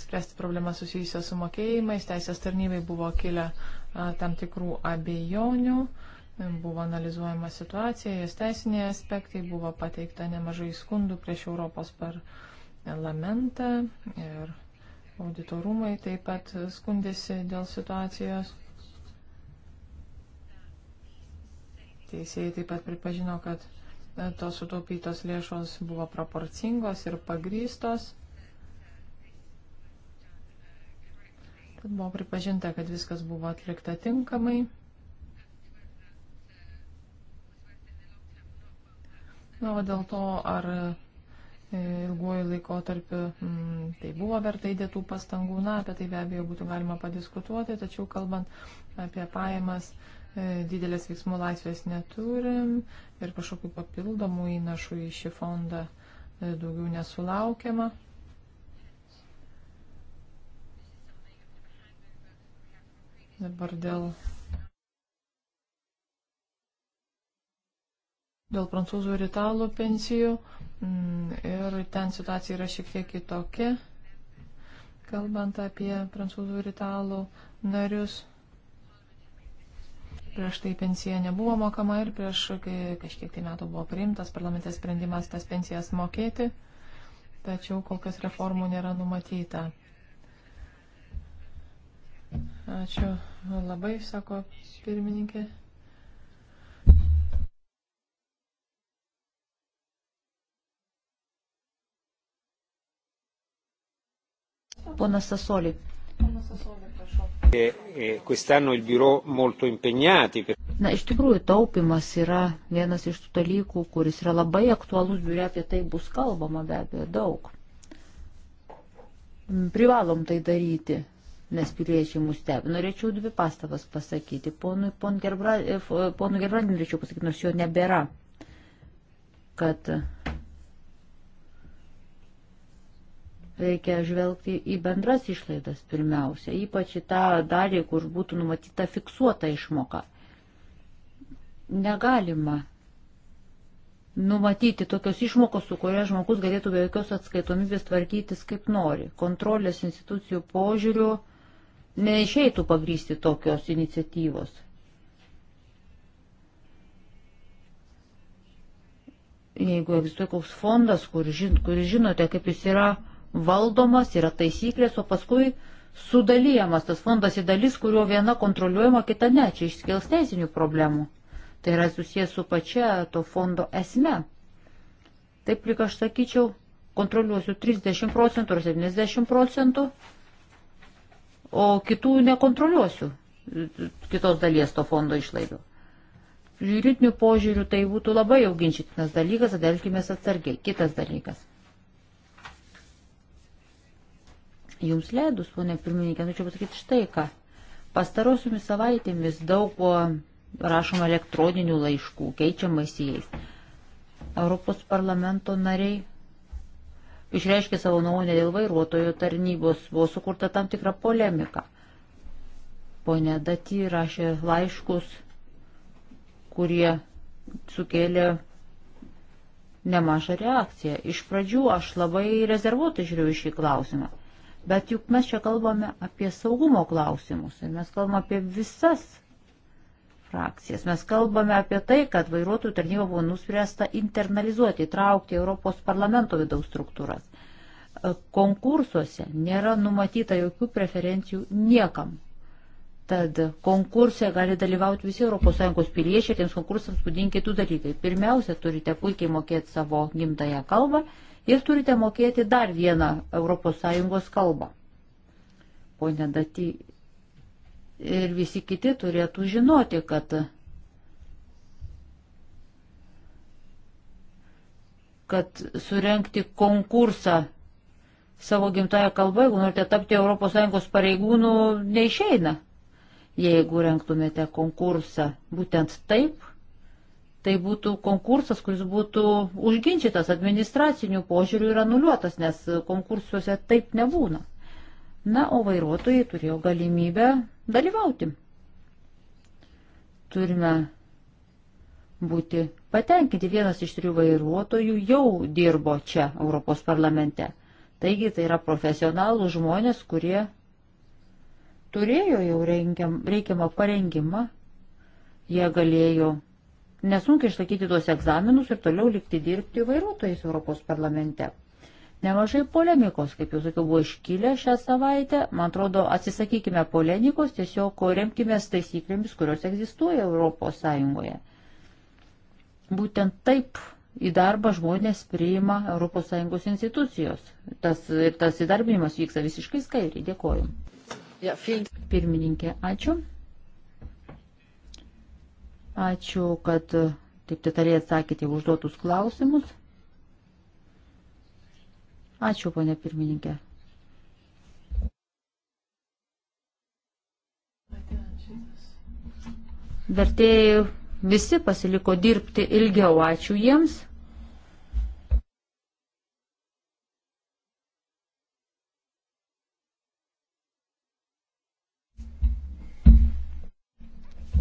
spręsti problemas susijusias su mokėjimais. Teisės tarnybai buvo kilę tam tikrų abejonių. Buvo analizuojama situacija, jos teisiniai aspektai, buvo pateikta nemažai skundų prieš Europos parlamentą ir auditorumai taip pat skundėsi dėl situacijos. Teisėjai taip pat pripažino, kad e, tos sutaupytos lėšos buvo proporcingos ir pagrystos. Tad buvo pripažinta, kad viskas buvo atlikta tinkamai. Na, o dėl to, ar e, ilguoju laikotarpiu m, mm, tai buvo verta įdėtų pastangų, na, apie tai be abejo būtų galima padiskutuoti, tačiau kalbant apie pajamas, e, didelės veiksmų laisvės neturim ir kažkokių papildomų įnašų į šį fondą e, daugiau nesulaukiama. Dabar dėl dėl prancūzų ir italų pensijų mm, ir ten situacija yra šiek tiek kitokia, kalbant apie prancūzų ir italų narius. Prieš tai pensija nebuvo mokama ir prieš kažkiek tai metų buvo priimtas parlamentės sprendimas tas pensijas mokėti, tačiau kol kas reformų nėra numatyta. Ačiū labai, sako pirmininkė. Ponas Sasoli. E, e, Na, iš tikrųjų, taupimas yra vienas iš tų dalykų, kuris yra labai aktualus, biure apie tai bus kalbama be abejo daug. Mm, privalom tai daryti, nes piliečiai mus stebi. Norėčiau dvi pastabas pasakyti. Ponui, pon Gerbra, e, ponui Gerbrandį norėčiau pasakyti, nors jo nebėra, kad Reikia žvelgti į bendras išlaidas pirmiausia, ypač į tą dalį, kur būtų numatyta fiksuota išmoka. Negalima numatyti tokios išmokos, su kuria žmogus galėtų be jokios atskaitomybės tvarkytis kaip nori. Kontrolės institucijų požiūrių neišeitų pagrysti tokios iniciatyvos. Jeigu egzistuoja koks fondas, kuris kur žinote, kaip jis yra valdomas, yra taisyklės, o paskui sudalyjamas tas fondas į dalis, kurio viena kontroliuojama, kita ne. Čia išskils teisinių problemų. Tai yra susijęs su pačia to fondo esme. Taip lyg aš sakyčiau, kontroliuosiu 30 procentų ar 70 procentų, o kitų nekontroliuosiu, kitos dalies to fondo išlaidų. Žiūritinių požiūrių tai būtų labai auginčytinas dalykas, adelkime atsargiai. Kitas dalykas. Jums leidus, ponė pirmininkė, norėčiau pasakyti štai ką. Pastarosiomis savaitėmis daug buvo rašoma elektroninių laiškų, keičiamais jais. Europos parlamento nariai išreiškė savo nuomonę dėl vairuotojo tarnybos, buvo sukurta tam tikra polemika. Pone Dati rašė laiškus, kurie sukėlė nemažą reakciją. Iš pradžių aš labai rezervuotai žiūrėjau šį klausimą. Bet juk mes čia kalbame apie saugumo klausimus ir mes kalbame apie visas frakcijas. Mes kalbame apie tai, kad vairuotojų tarnyba buvo nuspręsta internalizuoti, įtraukti Europos parlamento vidaus struktūras. E, konkursuose nėra numatyta jokių preferencijų niekam. Tad konkurse gali dalyvauti visi ES piliečiai, tiems konkursams būdingi du dalykai. Pirmiausia, turite puikiai mokėti savo gimtają kalbą ir turite mokėti dar vieną ES kalbą. Pone Dati ir visi kiti turėtų žinoti, kad kad surenkti konkursą savo gimtają kalbą, jeigu norite tapti ES pareigūnų, neišeina. Jeigu renktumėte konkursą būtent taip, tai būtų konkursas, kuris būtų užginčytas administracinių požiūrių ir anuliuotas, nes konkursuose taip nebūna. Na, o vairuotojai turėjo galimybę dalyvauti. Turime būti patenkinti. Vienas iš trijų vairuotojų jau dirbo čia Europos parlamente. Taigi tai yra profesionalų žmonės, kurie turėjo jau reikiamą parengimą. Jie galėjo nesunkiai išlaikyti tuos egzaminus ir toliau likti dirbti vairuotojais Europos parlamente. Nemažai polemikos, kaip jau sakiau, buvo iškilę šią savaitę. Man atrodo, atsisakykime polemikos, tiesiog remkime taisyklėmis, kurios egzistuoja Europos Sąjungoje. Būtent taip į darbą žmonės priima ES institucijos. Tas, ir tas įdarbinimas vyksta visiškai skairiai. Dėkoju. Ja, Pirmininkė, ačiū. Ačiū, kad taip detaliai atsakėte užduotus klausimus. Ačiū, ponė pirmininkė. Vertėjai visi pasiliko dirbti ilgiau, ačiū jiems.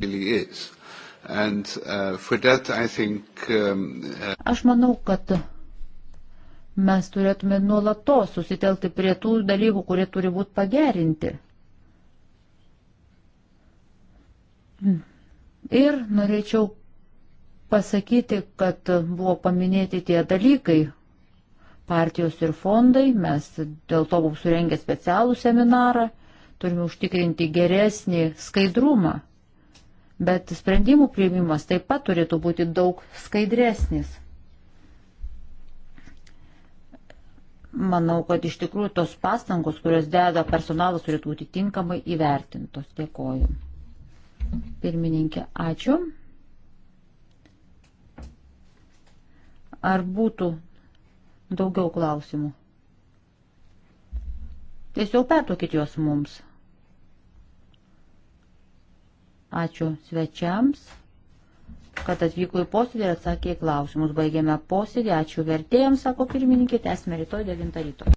Really is. And, uh, that, think, um, uh... Aš manau, kad mes turėtume nuolatos susitelti prie tų dalykų, kurie turi būti pagerinti. Ir norėčiau pasakyti, kad buvo paminėti tie dalykai, partijos ir fondai, mes dėl to buvome surengę specialų seminarą, turime užtikrinti geresnį skaidrumą bet sprendimų prieimimas taip pat turėtų būti daug skaidresnis. Manau, kad iš tikrųjų tos pastangos, kurios deda personalas, turėtų būti tinkamai įvertintos. Dėkoju. Pirmininkė, ačiū. Ar būtų daugiau klausimų? Tiesiog pertokit juos mums. Ačiū svečiams, kad atvyko į posėdį ir atsakė į klausimus. Baigėme posėdį, ačiū vertėjams, sako pirmininkė, tęsime rytoj 9 ryto.